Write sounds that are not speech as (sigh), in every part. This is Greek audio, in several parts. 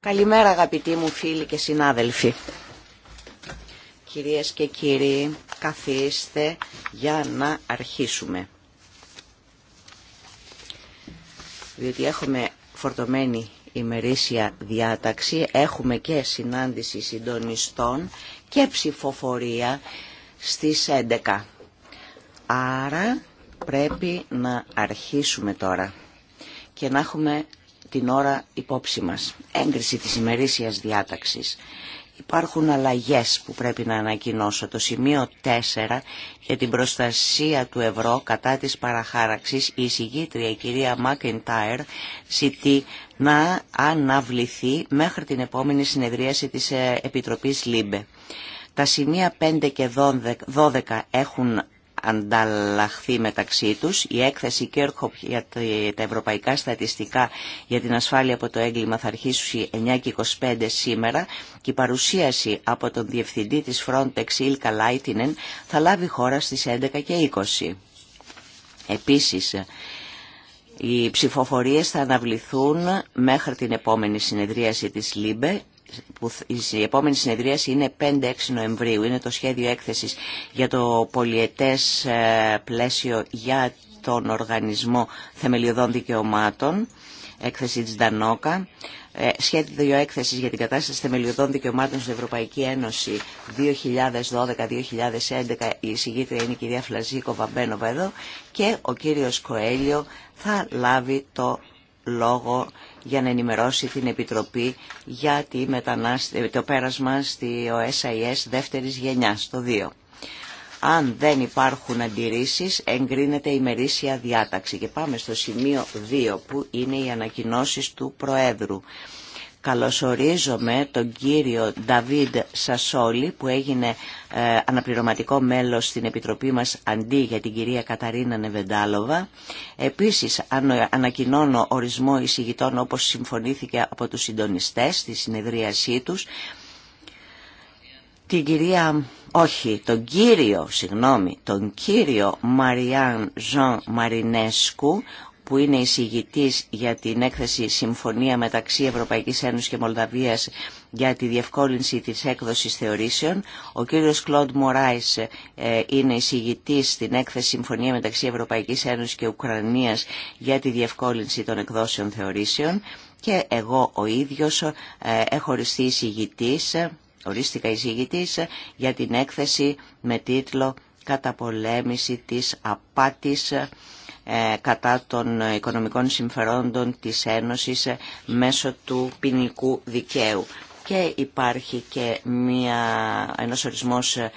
Καλημέρα αγαπητοί μου φίλοι και συνάδελφοι. Κυρίες και κύριοι, καθίστε για να αρχίσουμε. Διότι έχουμε φορτωμένη ημερήσια διάταξη, έχουμε και συνάντηση συντονιστών και ψηφοφορία στις 11. Άρα πρέπει να αρχίσουμε τώρα και να έχουμε την ώρα υπόψη μας. Έγκριση της ημερήσιας διάταξης. Υπάρχουν αλλαγές που πρέπει να ανακοινώσω. Το σημείο 4 για την προστασία του ευρώ κατά της παραχάραξης η εισηγήτρια η κυρία Μάκεντάιρ ζητεί να αναβληθεί μέχρι την επόμενη συνεδρίαση της ε, Επιτροπής ΛΥΜΠΕ. Τα σημεία 5 και 12 έχουν ανταλλαχθεί μεταξύ τους. Η έκθεση Κέρκοπ για τα ευρωπαϊκά στατιστικά για την ασφάλεια από το έγκλημα θα αρχίσει 9 και 25 σήμερα και η παρουσίαση από τον διευθυντή της Frontex Ilka Λάιτινεν θα λάβει χώρα στις 11 και 20. Επίσης, οι ψηφοφορίες θα αναβληθούν μέχρι την επόμενη συνεδρίαση της ΛΥΜΠΕ η επόμενη συνεδρίαση είναι 5-6 Νοεμβρίου. Είναι το σχέδιο έκθεσης για το πολιετές ε, πλαίσιο για τον Οργανισμό Θεμελιωδών Δικαιωμάτων, έκθεση της Ντανόκα. Ε, σχέδιο έκθεσης για την κατάσταση θεμελιωδών δικαιωμάτων στην Ευρωπαϊκή Ένωση 2012-2011. Η συγγήτρια είναι η κυρία Φλαζίκο Βαμπένοβα εδώ και ο κύριος Κοέλιο θα λάβει το λόγο για να ενημερώσει την Επιτροπή για τη το πέρασμα στη OSIS δεύτερης γενιάς, το 2. Αν δεν υπάρχουν αντιρρήσεις, εγκρίνεται η μερίσια διάταξη. Και πάμε στο σημείο 2, που είναι οι ανακοινώσει του Προέδρου. Καλωσορίζομαι τον κύριο Νταβίδ Σασόλη που έγινε ε, αναπληρωματικό μέλος στην Επιτροπή μας αντί για την κυρία Καταρίνα Νεβεντάλοβα. Επίσης ανακοινώνω ορισμό εισηγητών όπως συμφωνήθηκε από τους συντονιστές στη συνεδρίασή τους. Την κυρία, όχι, τον κύριο, συγγνώμη, τον κύριο Μαριάν Ζων Μαρινέσκου, που είναι εισηγητής για την έκθεση Συμφωνία μεταξύ Ευρωπαϊκής Ένωσης και Μολδαβίας για τη διευκόλυνση της έκδοσης θεωρήσεων. Ο κύριος Κλοντ Μωράης ε, είναι εισηγητής στην έκθεση Συμφωνία μεταξύ Ευρωπαϊκής Ένωσης και Ουκρανίας για τη διευκόλυνση των εκδόσεων θεωρήσεων. Και εγώ ο ίδιος ε, έχω οριστεί εισηγητής, ε, ορίστηκα εισηγητής για την έκθεση με τίτλο «Καταπολέμηση της απάτης ε, κατά των οικονομικών συμφερόντων της Ένωσης ε, μέσω του ποινικού δικαίου. Και υπάρχει και μια, ένας ορισμός ε,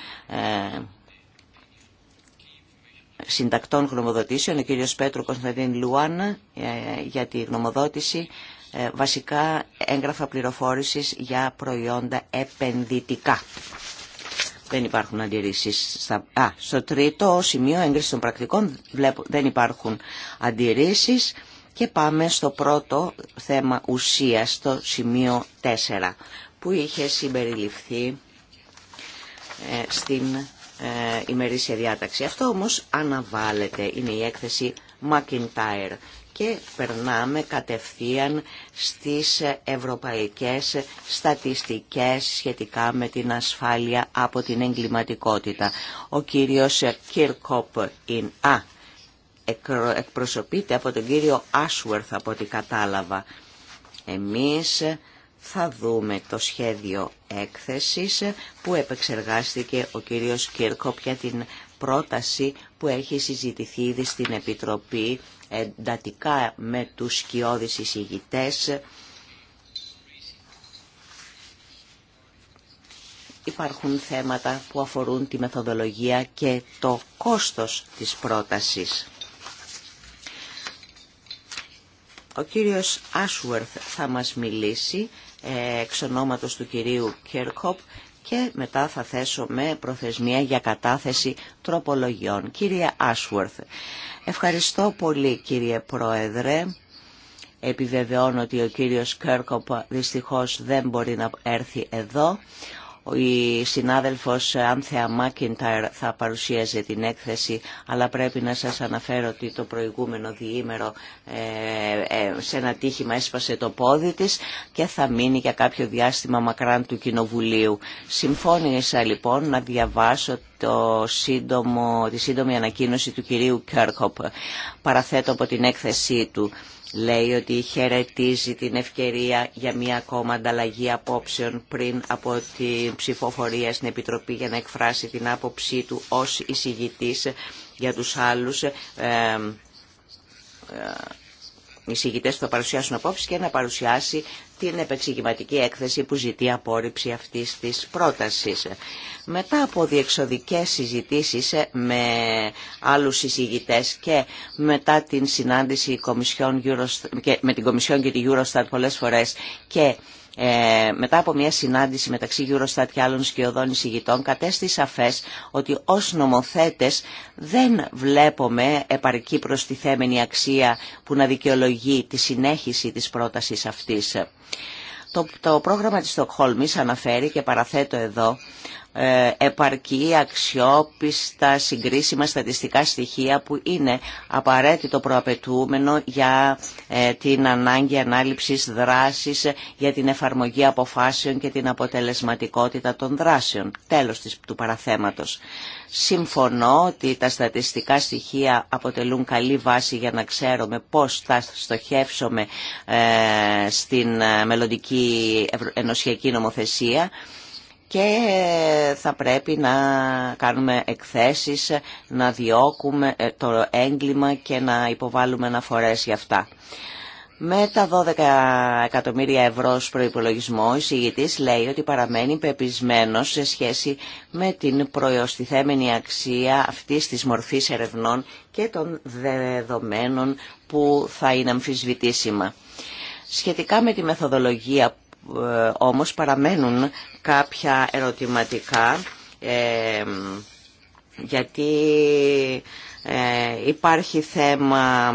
συντακτών γνωμοδοτήσεων, ο κύριος Πέτρο Κωνσταντίν Λουάν για τη γνωμοδότηση, βασικά έγγραφα πληροφόρησης για προϊόντα επενδυτικά. Δεν υπάρχουν αντιρρήσεις. Στα... Α, στο τρίτο σημείο έγκριση των πρακτικών βλέπω, δεν υπάρχουν αντιρρήσεις. Και πάμε στο πρώτο θέμα ουσία, στο σημείο 4, που είχε συμπεριληφθεί ε, στην ε, ημερήσια διάταξη. Αυτό όμως αναβάλλεται, είναι η έκθεση McIntyre και περνάμε κατευθείαν στις ευρωπαϊκές στατιστικές σχετικά με την ασφάλεια από την εγκληματικότητα. Ο κύριος Κίρκοπ είναι... Α, εκπροσωπείται από τον κύριο Άσουερθ από ό,τι κατάλαβα. Εμείς θα δούμε το σχέδιο έκθεσης που επεξεργάστηκε ο κύριος Κίρκοπ για την πρόταση που έχει συζητηθεί ήδη στην Επιτροπή εντατικά με τους σκιώδεις εισηγητές. Υπάρχουν θέματα που αφορούν τη μεθοδολογία και το κόστος της πρότασης. Ο κύριος Άσουερθ θα μας μιλήσει ε, εξ ονόματος του κυρίου Κέρκοπ και μετά θα θέσω με προθεσμία για κατάθεση τροπολογιών. Κύριε Άσουερθ, Ευχαριστώ πολύ κύριε Πρόεδρε. Επιβεβαιώνω ότι ο κύριος Κέρκοπ δυστυχώς δεν μπορεί να έρθει εδώ. Ο συνάδελφος Άνθεα Μάκινταρ θα παρουσίαζε την έκθεση, αλλά πρέπει να σας αναφέρω ότι το προηγούμενο διήμερο ε, ε, σε ένα τύχημα έσπασε το πόδι της και θα μείνει για κάποιο διάστημα μακράν του Κοινοβουλίου. Συμφώνησα λοιπόν να διαβάσω το σύντομο, τη σύντομη ανακοίνωση του κυρίου Κέρκοπ. Παραθέτω από την έκθεσή του Λέει ότι χαιρετίζει την ευκαιρία για μια ακόμα ανταλλαγή απόψεων πριν από την ψηφοφορία στην Επιτροπή για να εκφράσει την άποψή του ως εισηγητής για τους άλλους ε, ε εισηγητές που θα παρουσιάσουν απόψεις και να παρουσιάσει την επεξηγηματική έκθεση που ζητεί απόρριψη αυτής της πρότασης. Μετά από διεξοδικές συζητήσεις ε, με άλλους συζητητές και μετά την συνάντηση με την Κομισιόν και τη Eurostat πολλές φορές και ε, μετά από μια συνάντηση μεταξύ Eurostat και άλλων σκιωδών εισηγητών κατέστη σαφές ότι ως νομοθέτες δεν βλέπουμε επαρκή προστιθέμενη αξία που να δικαιολογεί τη συνέχιση της πρότασης αυτής. Το, το πρόγραμμα της Στοκχόλμης αναφέρει και παραθέτω εδώ ε, επαρκή, αξιόπιστα, συγκρίσιμα στατιστικά στοιχεία που είναι απαραίτητο προαπαιτούμενο για ε, την ανάγκη ανάληψης δράσης, ε, για την εφαρμογή αποφάσεων και την αποτελεσματικότητα των δράσεων. Τέλος του παραθέματος. Συμφωνώ ότι τα στατιστικά στοιχεία αποτελούν καλή βάση για να ξέρουμε πώς θα στοχεύσουμε στην μελλοντική ενωσιακή νομοθεσία και θα πρέπει να κάνουμε εκθέσεις, να διώκουμε ε, το έγκλημα και να υποβάλουμε αναφορές για αυτά. Με τα 12 εκατομμύρια ευρώ προϋπολογισμό, ο εισηγητής λέει ότι παραμένει πεπισμένος σε σχέση με την προϊωστηθέμενη αξία αυτής της μορφής ερευνών και των δεδομένων που θα είναι αμφισβητήσιμα. Σχετικά με τη μεθοδολογία ε, όμως παραμένουν κάποια ερωτηματικά ε, γιατί ε, υπάρχει θέμα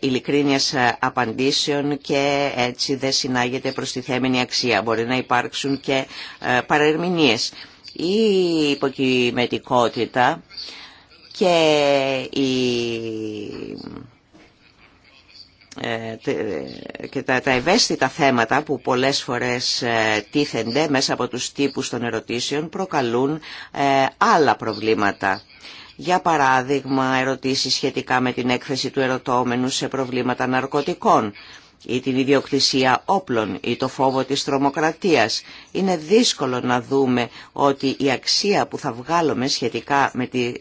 ειλικρίνειας απαντήσεων και έτσι δεν συνάγεται προς τη θέμενη αξία. Μπορεί να υπάρξουν και παρερμηνίες. Η υποκειμετικότητα και η ε, και τα, τα ευαίσθητα θέματα που πολλές φορές ε, τίθενται μέσα από τους τύπους των ερωτήσεων προκαλούν ε, άλλα προβλήματα. Για παράδειγμα, ερωτήσεις σχετικά με την έκθεση του ερωτώμενου σε προβλήματα ναρκωτικών ή την ιδιοκτησία όπλων ή το φόβο της τρομοκρατίας. Είναι δύσκολο να δούμε ότι η αξία που θα βγάλουμε σχετικά με τη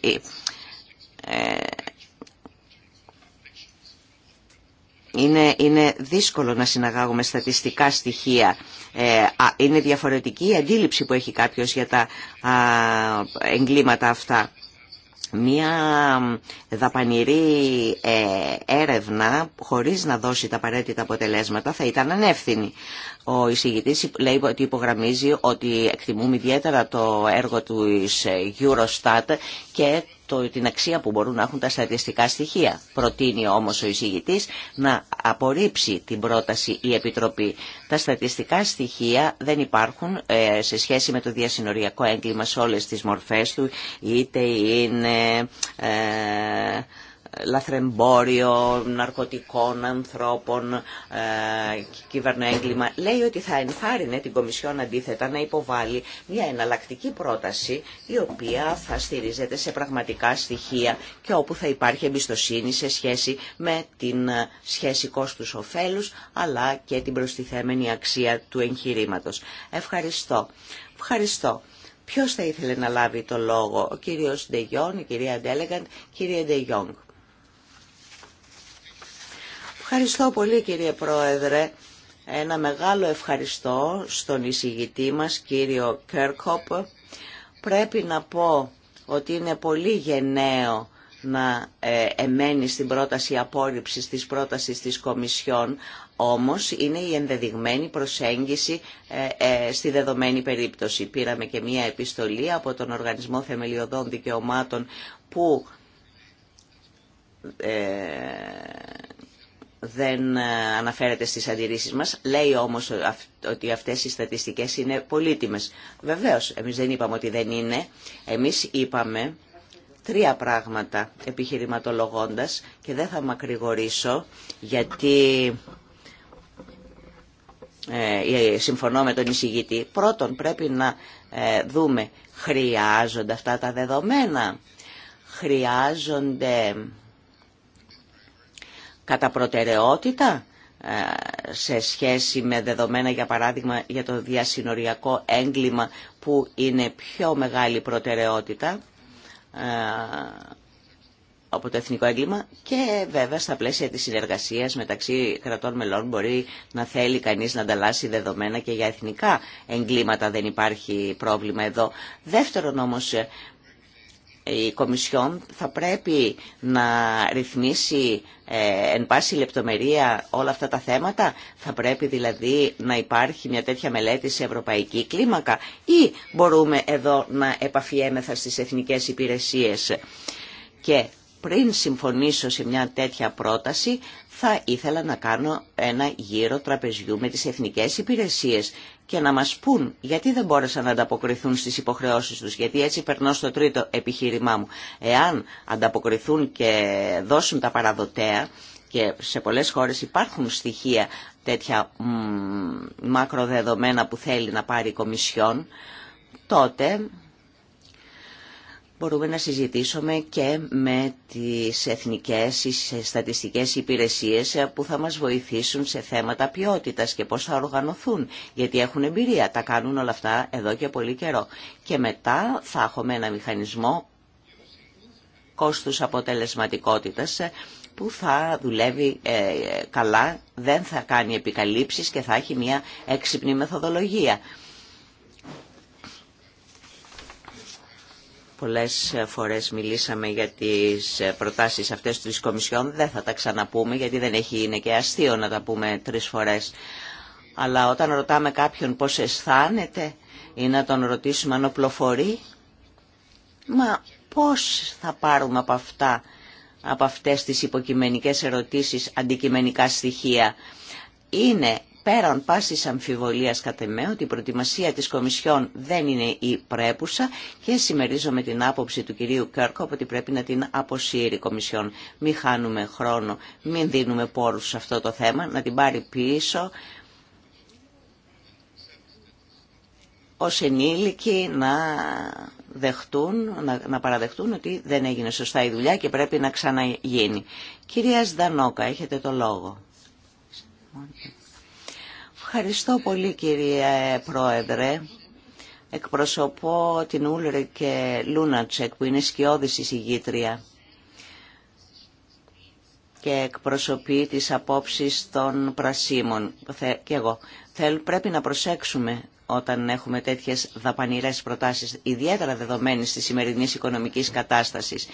είναι, είναι δύσκολο να συναγάγουμε στατιστικά στοιχεία. Ε, είναι διαφορετική η αντίληψη που έχει κάποιος για τα εγκλήματα αυτά. Μία δαπανηρή ε, έρευνα χωρίς να δώσει τα απαραίτητα αποτελέσματα θα ήταν ανεύθυνη. Ο εισηγητής λέει ότι υπογραμμίζει ότι εκτιμούμε ιδιαίτερα το έργο του Eurostat και το, την αξία που μπορούν να έχουν τα στατιστικά στοιχεία. Προτείνει όμως ο εισηγητής να απορρίψει την πρόταση η Επιτροπή. Τα στατιστικά στοιχεία δεν υπάρχουν ε, σε σχέση με το διασυνοριακό έγκλημα σε όλες τις μορφές του, είτε είναι... Ε, λαθρεμπόριο ναρκωτικών ανθρώπων, ε, κυβερνοέγκλημα, λέει ότι θα ενθάρρυνε την Κομισιόν αντίθετα να υποβάλει μια εναλλακτική πρόταση η οποία θα στηρίζεται σε πραγματικά στοιχεία και όπου θα υπάρχει εμπιστοσύνη σε σχέση με την ε, σχέση κόστους ωφέλους αλλά και την προστιθέμενη αξία του εγχειρήματο. Ευχαριστώ. Ευχαριστώ. Ποιος θα ήθελε να λάβει το λόγο, ο κύριος Ντεγιόν, η κυρία Ντέλεγαντ, κύριε Ευχαριστώ πολύ κύριε Πρόεδρε. Ένα μεγάλο ευχαριστώ στον εισηγητή μας κύριο Κέρκοπ. Πρέπει να πω ότι είναι πολύ γενναίο να ε, εμένει στην πρόταση απόρριψης της πρότασης της Κομισιόν, όμως είναι η ενδεδειγμένη προσέγγιση ε, ε, στη δεδομένη περίπτωση. Πήραμε και μία επιστολή από τον Οργανισμό Θεμελιωδών Δικαιωμάτων που δεν ε, αναφέρεται στις αντιρρήσεις μας. Λέει όμως ότι αυτές οι στατιστικές είναι πολύτιμες. Βεβαίως, εμείς δεν είπαμε ότι δεν είναι. Εμείς είπαμε τρία πράγματα επιχειρηματολογώντας και δεν θα μακρηγορήσω γιατί ε, ε συμφωνώ με τον εισηγητή. Πρώτον πρέπει να ε, δούμε χρειάζονται αυτά τα δεδομένα. Χρειάζονται κατά προτεραιότητα ε, σε σχέση με δεδομένα για παράδειγμα για το διασυνοριακό έγκλημα που είναι πιο μεγάλη προτεραιότητα ε, από το εθνικό έγκλημα και βέβαια στα πλαίσια της συνεργασίας μεταξύ κρατών μελών μπορεί να θέλει κανείς να ανταλλάσσει δεδομένα και για εθνικά εγκλήματα δεν υπάρχει πρόβλημα εδώ. Δεύτερον η Κομισιόν θα πρέπει να ρυθμίσει ε, εν πάση λεπτομερία όλα αυτά τα θέματα. Θα πρέπει δηλαδή να υπάρχει μια τέτοια μελέτη σε ευρωπαϊκή κλίμακα ή μπορούμε εδώ να επαφιέμεθα στις εθνικές υπηρεσίες. Και πριν συμφωνήσω σε μια τέτοια πρόταση θα ήθελα να κάνω ένα γύρο τραπεζιού με τις εθνικές υπηρεσίες και να μας πούν γιατί δεν μπόρεσαν να ανταποκριθούν στις υποχρεώσεις τους, γιατί έτσι περνώ στο τρίτο επιχείρημά μου. Εάν ανταποκριθούν και δώσουν τα παραδοτέα, και σε πολλές χώρες υπάρχουν στοιχεία τέτοια μακροδεδομένα που θέλει να πάρει η Κομισιόν, τότε μπορούμε να συζητήσουμε και με τις εθνικές στατιστικές υπηρεσίες ε, που θα μας βοηθήσουν σε θέματα ποιότητας και πώς θα οργανωθούν, γιατί έχουν εμπειρία, τα κάνουν όλα αυτά εδώ και πολύ καιρό. Και μετά θα έχουμε ένα μηχανισμό κόστους αποτελεσματικότητας ε, που θα δουλεύει ε, καλά, δεν θα κάνει επικαλύψεις και θα έχει μια έξυπνη μεθοδολογία. Πολλές ε, φορές μιλήσαμε για τις ε, προτάσεις αυτές της Κομισιόν. Δεν θα τα ξαναπούμε γιατί δεν έχει είναι και αστείο να τα πούμε τρεις φορές. Αλλά όταν ρωτάμε κάποιον πώς αισθάνεται ή να τον ρωτήσουμε αν οπλοφορεί, μα πώς θα πάρουμε από αυτά, από αυτές τις υποκειμενικές ερωτήσεις αντικειμενικά στοιχεία. Είναι πέραν πάσης αμφιβολίας κατά με ότι η προετοιμασία της Κομισιόν δεν είναι η πρέπουσα και συμμερίζομαι την άποψη του κυρίου Κέρκο ότι πρέπει να την αποσύρει η Κομισιόν. Μην χάνουμε χρόνο, μην δίνουμε πόρους σε αυτό το θέμα, να την πάρει πίσω ως ενήλικοι να δεχτούν, να, να παραδεχτούν ότι δεν έγινε σωστά η δουλειά και πρέπει να ξαναγίνει. Κυρία Σδανόκα, έχετε το λόγο. Ευχαριστώ πολύ κύριε Πρόεδρε. Εκπροσωπώ την Ούλρη και Λούνατσεκ που είναι σκιώδης εισηγήτρια και εκπροσωπεί τις απόψεις των πρασίμων. Και εγώ. πρέπει να προσέξουμε όταν έχουμε τέτοιες δαπανηρές προτάσεις, ιδιαίτερα δεδομένες της σημερινής οικονομικής κατάστασης.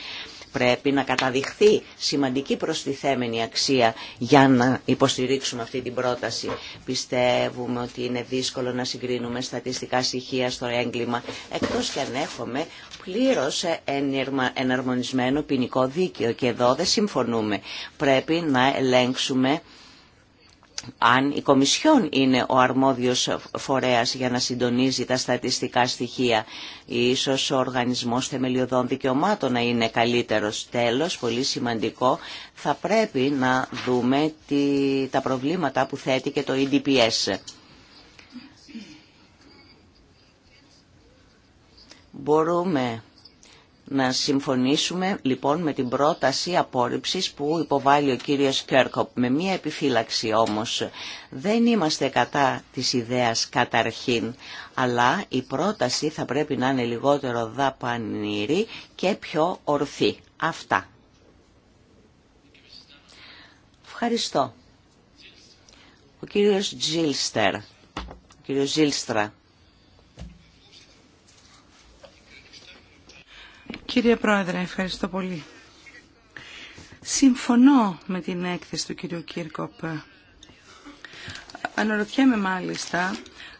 Πρέπει να καταδειχθεί σημαντική προστιθέμενη αξία για να υποστηρίξουμε αυτή την πρόταση. Πιστεύουμε ότι είναι δύσκολο να συγκρίνουμε στατιστικά στοιχεία στο έγκλημα, εκτός και αν έχουμε πλήρως εναρμονισμένο ποινικό δίκαιο. Και εδώ δεν συμφωνούμε. Πρέπει να ελέγξουμε αν η Κομισιόν είναι ο αρμόδιος φορέας για να συντονίζει τα στατιστικά στοιχεία. Ίσως ο Οργανισμός Θεμελιωδών Δικαιωμάτων να είναι καλύτερος. Τέλος, πολύ σημαντικό, θα πρέπει να δούμε τι, τα προβλήματα που θέτει και το EDPS. Μπορούμε να συμφωνήσουμε λοιπόν με την πρόταση απόρριψης που υποβάλλει ο κύριος Κέρκοπ. Με μία επιφύλαξη όμως. Δεν είμαστε κατά της ιδέας καταρχήν, αλλά η πρόταση θα πρέπει να είναι λιγότερο δαπανηρή και πιο ορθή. Αυτά. Ευχαριστώ. Ο κύριος Τζίλστερ, ο κύριος Κύριε Πρόεδρε, ευχαριστώ πολύ. Συμφωνώ με την έκθεση του κυρίου Κίρκοπ. Αναρωτιέμαι μάλιστα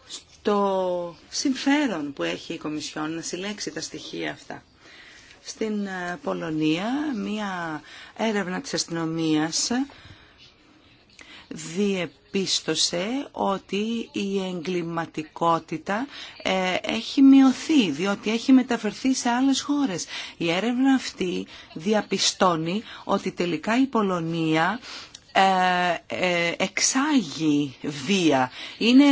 στο συμφέρον που έχει η Κομισιόν να συλλέξει τα στοιχεία αυτά. Στην ε, Πολωνία, μία έρευνα της αστυνομίας διεπ διαπίστωσε ότι η εγκληματικότητα ε, έχει μειωθεί, διότι έχει μεταφερθεί σε άλλες χώρες. Η έρευνα αυτή διαπιστώνει ότι τελικά η Πολωνία ε, ε, εξάγει βία. Είναι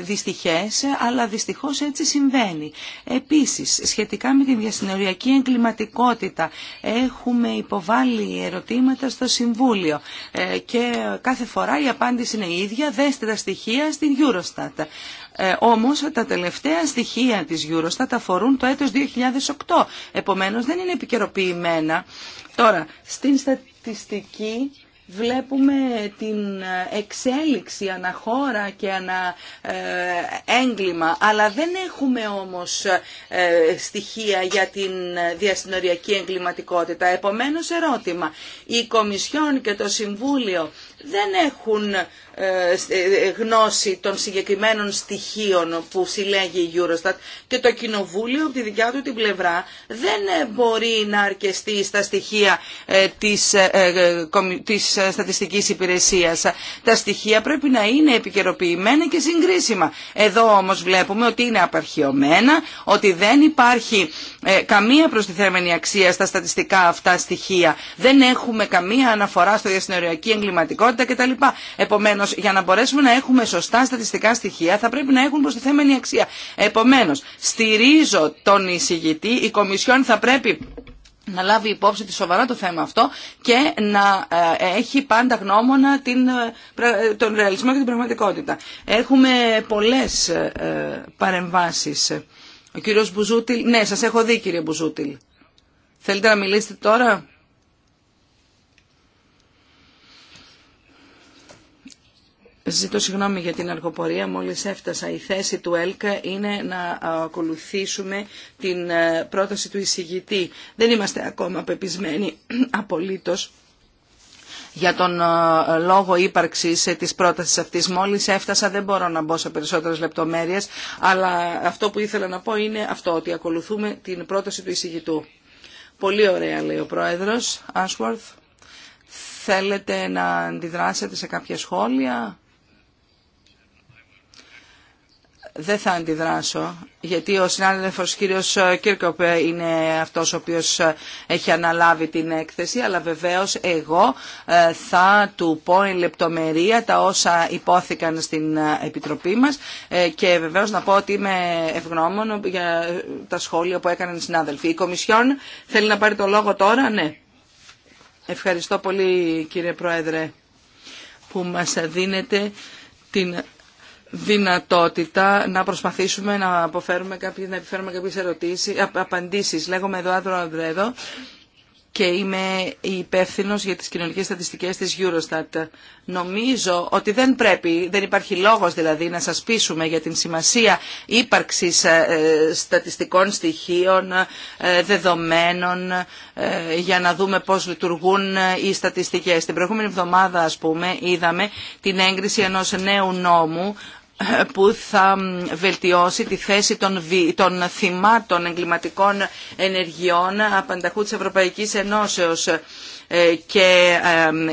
δυστυχές, αλλά δυστυχώς έτσι συμβαίνει. Επίσης, σχετικά με τη διασυνοριακή εγκληματικότητα, έχουμε υποβάλει ερωτήματα στο Συμβούλιο ε, και κάθε φορά η απάντηση είναι η ίδια, δέστε τα στοιχεία στην Eurostat. Ε, όμως τα τελευταία στοιχεία της Eurostat αφορούν το έτος 2008, επομένως δεν είναι επικαιροποιημένα. Τώρα, στην στατιστική βλέπουμε την ε, εξέλιξη αναχώρα και ανα ε, έγκλημα, αλλά δεν έχουμε όμως ε, στοιχεία για την διασυνοριακή εγκληματικότητα. Επομένως ερώτημα, Οι Κομισιόν και το Συμβούλιο δεν έχουν γνώση των συγκεκριμένων στοιχείων που συλλέγει η Eurostat και το Κοινοβούλιο από τη δικιά του την πλευρά δεν ε, μπορεί να αρκεστεί στα στοιχεία ε, της, ε, της στατιστικής υπηρεσίας. Τα στοιχεία πρέπει να είναι επικαιροποιημένα και συγκρίσιμα. Εδώ όμως βλέπουμε ότι είναι απαρχιωμένα, ότι δεν υπάρχει καμία προστιθέμενη αξία στα στατιστικά αυτά στοιχεία. Δεν έχουμε καμία αναφορά στο διασυνοριακή εγκληματικότητα κτλ. Επομένως για να μπορέσουμε να έχουμε σωστά στατιστικά στοιχεία, θα πρέπει να έχουν προστιθέμενη αξία. Επομένως, στηρίζω τον εισηγητή, η Κομισιόν θα πρέπει να λάβει υπόψη τη σοβαρά το θέμα αυτό και να ε, έχει πάντα γνώμονα την, ε, τον ρεαλισμό και την πραγματικότητα. Έχουμε πολλές ε, παρεμβάσεις. Ο κύριος Μπουζούτιλ, ναι σας έχω δει κύριε Μπουζούτιλ. Θέλετε να μιλήσετε τώρα. Ζητώ συγγνώμη για την αργοπορία, μόλις έφτασα. Η θέση του ΕΛΚΑ είναι να ακολουθήσουμε την ε, πρόταση του εισηγητή. Δεν είμαστε ακόμα πεπισμένοι (clears throat) απολύτως για τον ε, λόγο ύπαρξης ε, της πρότασης αυτής. Μόλις έφτασα δεν μπορώ να μπω σε περισσότερες λεπτομέρειες, αλλά αυτό που ήθελα να πω είναι αυτό, ότι ακολουθούμε την πρόταση του εισηγητού. Πολύ ωραία λέει ο Πρόεδρος, Ashworth. Θέλετε να αντιδράσετε σε κάποια σχόλια. δεν θα αντιδράσω, γιατί ο συνάδελφος κύριος ε, Κίρκοπ ε, είναι αυτός ο οποίος ε, έχει αναλάβει την έκθεση, αλλά βεβαίως εγώ θα του πω εν λεπτομερία τα όσα υπόθηκαν στην Επιτροπή μας και βεβαίως να πω ότι είμαι ευγνώμων για τα σχόλια που έκαναν οι συνάδελφοι. Η Κομισιόν θέλει να πάρει το λόγο τώρα, ναι. Ευχαριστώ πολύ κύριε Πρόεδρε που μας δίνετε την δυνατότητα να προσπαθήσουμε να, αποφέρουμε κάποιες, να επιφέρουμε κάποιες ερωτήσεις, α, απαντήσεις. Λέγομαι Εδωάδρο Ανδρέδο και είμαι υπεύθυνο για τις κοινωνικές στατιστικές της Eurostat. Νομίζω ότι δεν πρέπει, δεν υπάρχει λόγος δηλαδή να σας πείσουμε για την σημασία ύπαρξης ε, στατιστικών στοιχείων, ε, δεδομένων, ε, για να δούμε πώς λειτουργούν οι στατιστικές. Την προηγούμενη εβδομάδα, ας πούμε, είδαμε την έγκριση ενός νέου νόμου που θα βελτιώσει τη θέση των, των θυμάτων εγκληματικών ενεργειών απανταχού της Ευρωπαϊκής Ενώσεως. Ε, και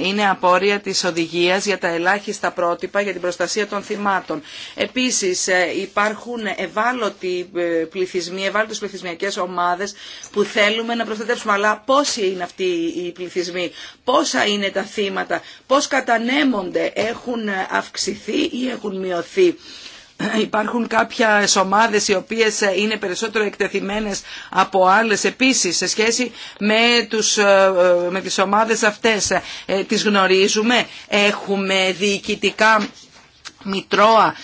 είναι απόρρια της οδηγίας για τα ελάχιστα πρότυπα για την προστασία των θυμάτων. Επίσης ε, υπάρχουν ευάλωτοι ε, πληθυσμοί, ευάλωτες πληθυσμιακές ομάδες που θέλουμε να προστατεύσουμε. Αλλά πόσοι είναι αυτοί οι πληθυσμοί, πόσα είναι τα θύματα, πώς κατανέμονται, έχουν αυξηθεί ή έχουν μειωθεί. Υπάρχουν κάποια ομάδε οι οποίε είναι περισσότερο εκτεθειμένε από άλλε επίση σε σχέση με, τους, ε, ε, με τι ομάδε αυτέ. Ε, τι γνωρίζουμε, έχουμε διοικητικά Μητρώα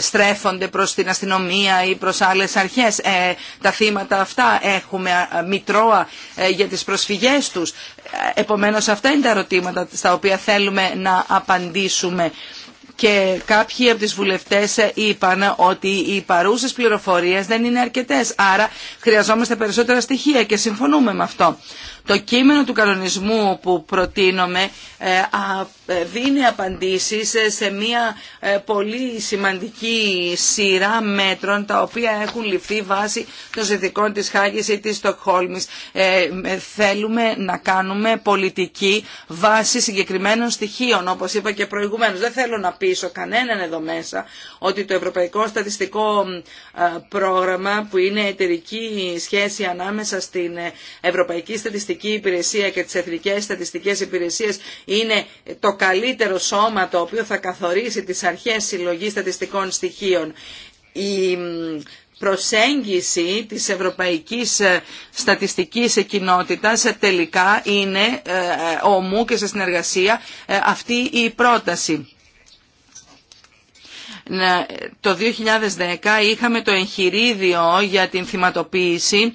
στρέφονται προς την αστυνομία ή προς άλλες αρχές. Τα θύματα αυτά έχουμε μητρώα για τις προσφυγές τους. Επομένως αυτά είναι τα ερωτήματα στα οποία θέλουμε να απαντήσουμε και κάποιοι από τις βουλευτές είπαν ότι οι παρούσες πληροφορίες δεν είναι αρκετές, άρα χρειαζόμαστε περισσότερα στοιχεία και συμφωνούμε με αυτό. Το κείμενο του κανονισμού που προτείνομαι ε, ε, δίνει απαντήσεις σε μια ε, πολύ σημαντική σειρά μέτρων τα οποία έχουν ληφθεί βάση των συνθηκών της Χάγης ή της Στοκχόλμης. Θέλουμε να κάνουμε πολιτική βάση συγκεκριμένων στοιχείων, όπως είπα και προηγουμένως. Δεν θέλω να πείσω κανέναν εδώ μέσα ότι το Ευρωπαϊκό Στατιστικό Πρόγραμμα που είναι εταιρική σχέση ανάμεσα στην Ευρωπαϊκή Στατιστική στατιστική υπηρεσία και τις εθνικές στατιστικές υπηρεσίες είναι το καλύτερο σώμα το οποίο θα καθορίσει τις αρχές συλλογής στατιστικών στοιχείων. Η προσέγγιση της Ευρωπαϊκής ε, Στατιστικής Κοινότητας τελικά είναι ε, ε, ομού και σε συνεργασία αυτή η πρόταση. Το 2010 είχαμε το εγχειρίδιο για την θυματοποίηση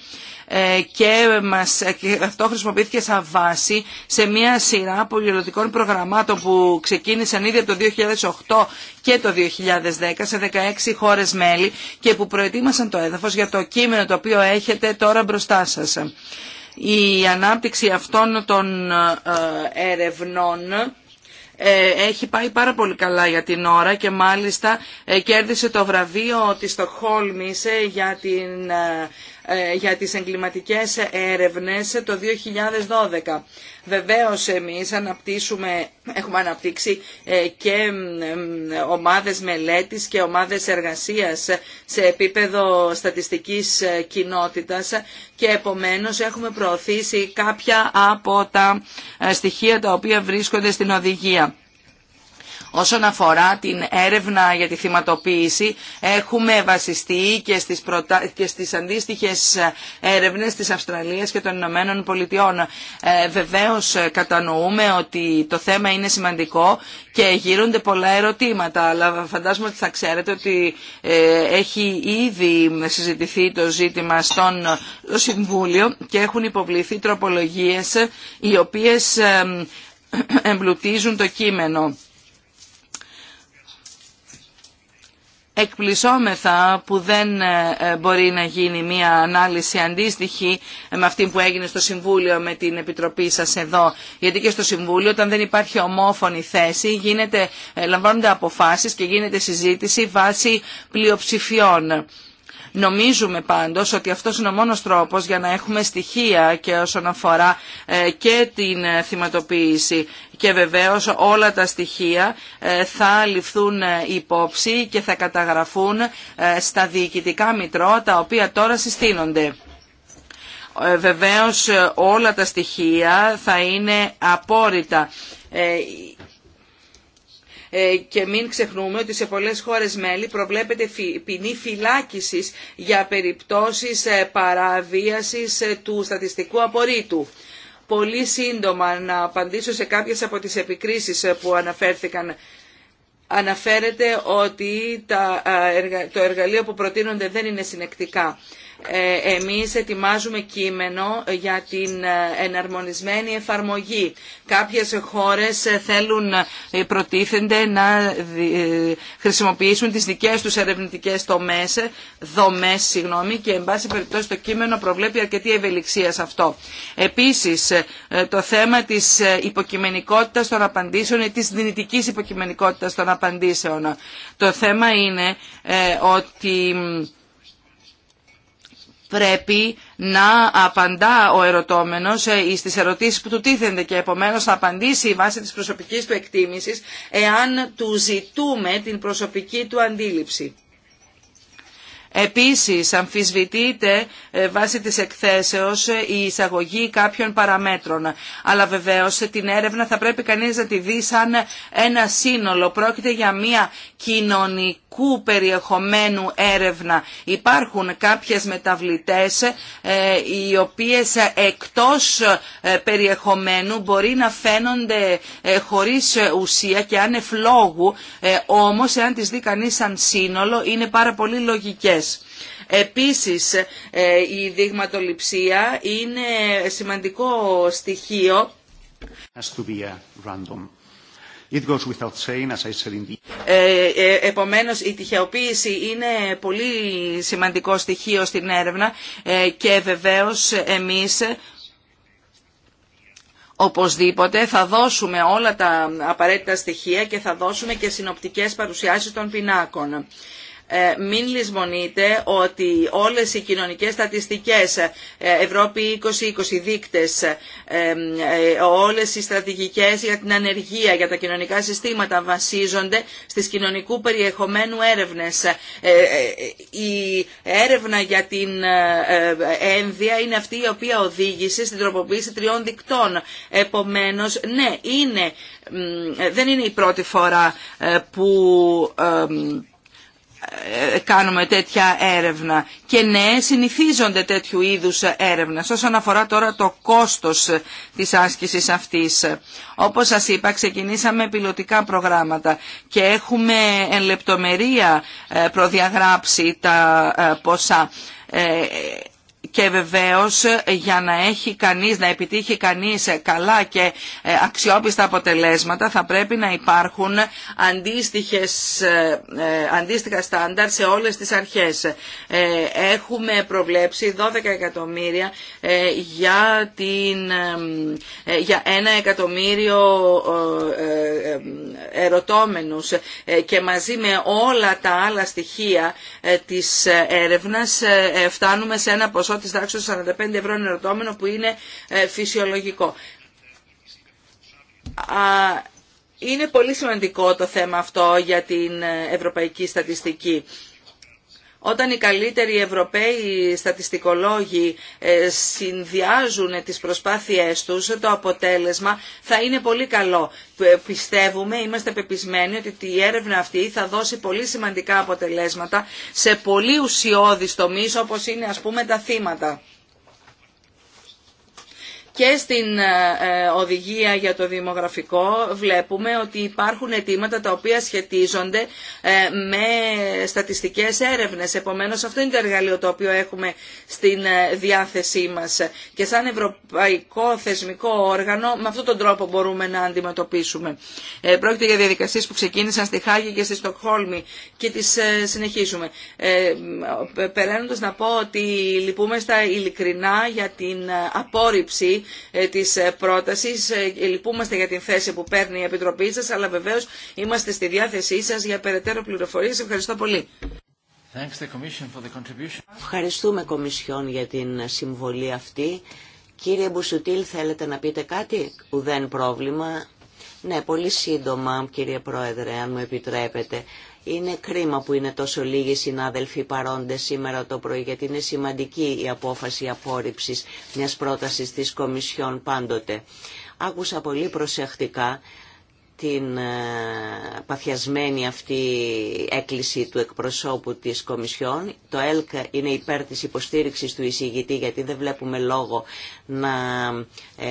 ε, και, μας, και αυτό χρησιμοποιήθηκε σαν βάση σε μια σειρά πολυερωτικών προγραμμάτων που ξεκίνησαν ήδη από το 2008 και το 2010 σε 16 χώρες μέλη και που προετοίμασαν το έδαφος για το κείμενο το οποίο έχετε τώρα μπροστά σας. Η ανάπτυξη αυτών των ε, ερευνών ε, έχει πάει πάρα πολύ καλά για την ώρα και μάλιστα κέρδισε το βραβείο της Στοχόλμης για την ε, για τις εγκληματικές έρευνες το 2012. Βεβαίως εμείς αναπτύσσουμε, έχουμε αναπτύξει ε, και ομάδες μελέτης και ομάδες εργασίας σε επίπεδο στατιστικής ε, κοινότητας και επομένως έχουμε προωθήσει κάποια από τα στοιχεία τα οποία βρίσκονται στην οδηγία. Όσον αφορά την έρευνα για τη θυματοποίηση, έχουμε βασιστεί και στις, προτα... και στις αντίστοιχες έρευνες της Αυστραλίας και των Ηνωμένων Πολιτειών. Ε, βεβαίως κατανοούμε ότι το θέμα είναι σημαντικό και γύρονται πολλά ερωτήματα, αλλά φαντάζομαι ότι θα ξέρετε ότι ε, έχει ήδη συζητηθεί το ζήτημα στον το Συμβούλιο και έχουν υποβληθεί τροπολογίες οι οποίες (clears throat) εμπλουτίζουν το κείμενο. εκπλησόμεθα που δεν ε, ε, μπορεί να γίνει μια ανάλυση αντίστοιχη με αυτή που έγινε στο Συμβούλιο με την Επιτροπή σας εδώ. Γιατί και στο Συμβούλιο όταν δεν υπάρχει ομόφωνη θέση γίνεται, ε, λαμβάνονται αποφάσεις και γίνεται συζήτηση βάσει πλειοψηφιών. Νομίζουμε πάντως ότι αυτός είναι ο μόνος τρόπος για να έχουμε στοιχεία και όσον αφορά ε, και την ε, θυματοποίηση και βεβαίως όλα τα στοιχεία ε, θα ληφθούν υπόψη και θα καταγραφούν στα διοικητικά μητρό τα οποία τώρα συστήνονται. Βεβαίως όλα τα στοιχεία θα είναι απόρριτα ε, και μην ξεχνούμε ότι σε πολλές χώρες μέλη προβλέπεται ποινή φυλάκισης για περιπτώσεις ε, παραβίασης ε, του στατιστικού απορρίτου. Πολύ σύντομα να απαντήσω σε κάποιες από τις επικρίσεις που αναφέρθηκαν αναφέρεται ότι το εργαλείο που προτείνονται δεν είναι συνεκτικά. Ε, εμείς ετοιμάζουμε κείμενο για την ε, εναρμονισμένη εφαρμογή. Κάποιες χώρες ε, θέλουν, προτίθενται να χρησιμοποιήσουν τις δικές τους ερευνητικές τομές, δομές συγγνώμη, και εν πάση περιπτώσει το κείμενο προβλέπει αρκετή ευελιξία σε αυτό. Επίσης το θέμα της υποκειμενικότητας των απαντήσεων ή της δυνητικής υποκειμενικότητας των απαντήσεων. Το θέμα είναι ότι πρέπει να απαντά ο ερωτώμενος στις ε, ερωτήσεις που του τίθενται και επομένως θα απαντήσει βάσει της προσωπικής του εκτίμησης εάν του ζητούμε την προσωπική του αντίληψη. Επίσης αμφισβητείται ε, βάσει της εκθέσεως ε, η εισαγωγή κάποιων παραμέτρων. Αλλά βεβαίως την έρευνα θα πρέπει κανείς να τη δει σαν ένα σύνολο. Πρόκειται για μια κοινωνικού περιεχομένου έρευνα. Υπάρχουν κάποιες μεταβλητές ε, οι οποίες εκτός περιεχομένου μπορεί να φαίνονται χωρίς ουσία και ανεφλόγου, όμως εάν τις δει κανείς σαν σύνολο είναι πάρα πολύ λογικές. Επίσης, ε, η δειγματοληψία είναι σημαντικό στοιχείο uh, It goes without saying, as I said ε, ε, επομένως η τυχεοποίηση είναι πολύ σημαντικό στοιχείο στην έρευνα και βεβαίως εμείς οπωσδήποτε θα δώσουμε όλα τα απαραίτητα στοιχεία και θα δώσουμε και συνοπτικές παρουσιάσεις των πινάκων. Ε, μην λησμονείτε ότι όλες οι κοινωνικές στατιστικές, ε, Ευρώπη 20-20 δείκτες, ε, όλες οι στρατηγικές για την ανεργία, για τα κοινωνικά συστήματα βασίζονται στις κοινωνικού περιεχομένου έρευνες. Η έρευνα για την ένδια είναι αυτή η οποία οδήγησε στην τροποποίηση τριών δικτών. Επομένως, ναι, είναι, δεν είναι η πρώτη φορά που ε, κάνουμε τέτοια έρευνα. Και ναι, συνηθίζονται τέτοιου είδους έρευνα. όσον αφορά τώρα το κόστος της άσκησης αυτής. Όπως σας είπα, ξεκινήσαμε πιλωτικά προγράμματα και έχουμε εν λεπτομερία ε, προδιαγράψει τα ε, ποσά και βεβαίως για να έχει κανείς, να επιτύχει κανείς καλά και ε, αξιόπιστα αποτελέσματα θα πρέπει να υπάρχουν ε, ε, αντίστοιχα στάνταρ σε όλες τις αρχές. Έχουμε προβλέψει 12 εκατομμύρια για, την, για ένα εκατομμύριο ερωτόμενους και μαζί με όλα τα άλλα στοιχεία της έρευνας φτάνουμε σε ένα ποσό Τη τάξη των 45 ευρώ ερωτώμενο που είναι ε, φυσιολογικό. Είναι πολύ σημαντικό το θέμα αυτό για την ε, ευρωπαϊκή στατιστική. Όταν οι καλύτεροι Ευρωπαίοι στατιστικολόγοι ε, συνδυάζουν τις προσπάθειές τους, το αποτέλεσμα θα είναι πολύ καλό. Ε, πιστεύουμε, είμαστε πεπισμένοι ότι η έρευνα αυτή θα δώσει πολύ σημαντικά αποτελέσματα σε πολύ ουσιώδεις τομείς όπως είναι ας πούμε τα θύματα. Και στην ε, ε, οδηγία για το δημογραφικό βλέπουμε ότι υπάρχουν αιτήματα τα οποία σχετίζονται ε, με στατιστικές έρευνες. Επομένως αυτό είναι το εργαλείο το οποίο έχουμε στην διάθεσή μας. Και σαν ευρωπαϊκό θεσμικό όργανο με αυτόν τον τρόπο μπορούμε να αντιμετωπίσουμε. Πρόκειται για διαδικασίες που ξεκίνησαν στη Χάγη και στη Στοκχόλμη και τις συνεχίζουμε. Περαίνοντας να πω ότι λυπούμε στα ειλικρινά για την απόρριψη ε, της ε, πρότασης. Ε, λυπούμαστε για την θέση που παίρνει η Επιτροπή σας, αλλά βεβαίως είμαστε στη διάθεσή σας για περαιτέρω πληροφορίες. Ευχαριστώ πολύ. Ευχαριστούμε Κομισιόν για την συμβολή αυτή. Κύριε Μπουσουτήλ, θέλετε να πείτε κάτι? δεν πρόβλημα. Ναι, πολύ σύντομα, κύριε Πρόεδρε, αν μου επιτρέπετε. Είναι κρίμα που είναι τόσο λίγοι συνάδελφοι παρόντες σήμερα το πρωί, γιατί είναι σημαντική η απόφαση απόρριψης μιας πρότασης της Κομισιόν πάντοτε. Άκουσα πολύ προσεκτικά την ε, παθιασμένη αυτή έκκληση του εκπροσώπου της Κομισιόν. Το ΕΛΚ είναι υπέρ της υποστήριξης του εισηγητή γιατί δεν βλέπουμε λόγο να ε,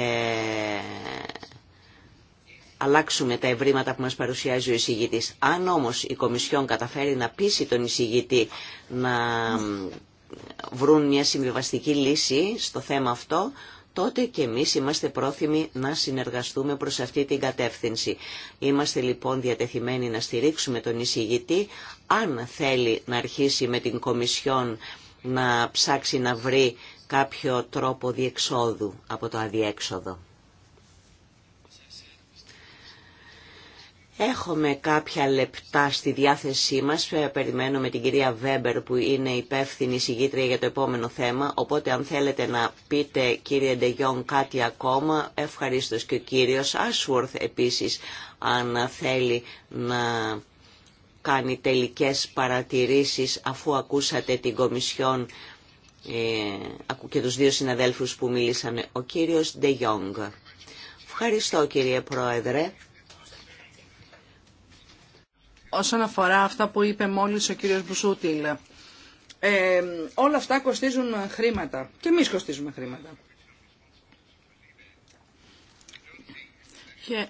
αλλάξουμε τα ευρήματα που μας παρουσιάζει ο εισηγητής. Αν όμως η Κομισιόν καταφέρει να πείσει τον εισηγητή να βρουν μια συμβιβαστική λύση στο θέμα αυτό, τότε και εμείς είμαστε πρόθυμοι να συνεργαστούμε προς αυτή την κατεύθυνση. Είμαστε λοιπόν διατεθειμένοι να στηρίξουμε τον εισηγητή, αν θέλει να αρχίσει με την Κομισιόν να ψάξει να βρει κάποιο τρόπο διεξόδου από το αδιέξοδο. Έχουμε κάποια λεπτά στη διάθεσή μας, ε, περιμένουμε την κυρία Βέμπερ που είναι υπεύθυνη συγγήτρια για το επόμενο θέμα, οπότε αν θέλετε να πείτε κύριε Ντεγιόν κάτι ακόμα, ευχαρίστω και ο κύριος Άσουορθ επίσης αν θέλει να κάνει τελικές παρατηρήσεις αφού ακούσατε την Κομισιόν ε, και τους δύο συναδέλφους που μίλησαν, ο κύριος Ντεγιόγκ. Ευχαριστώ κύριε Πρόεδρε όσον αφορά αυτά που είπε μόλις ο κύριος Μπουσούτιλ. Ε, όλα αυτά κοστίζουν χρήματα. Και εμείς κοστίζουμε χρήματα. Και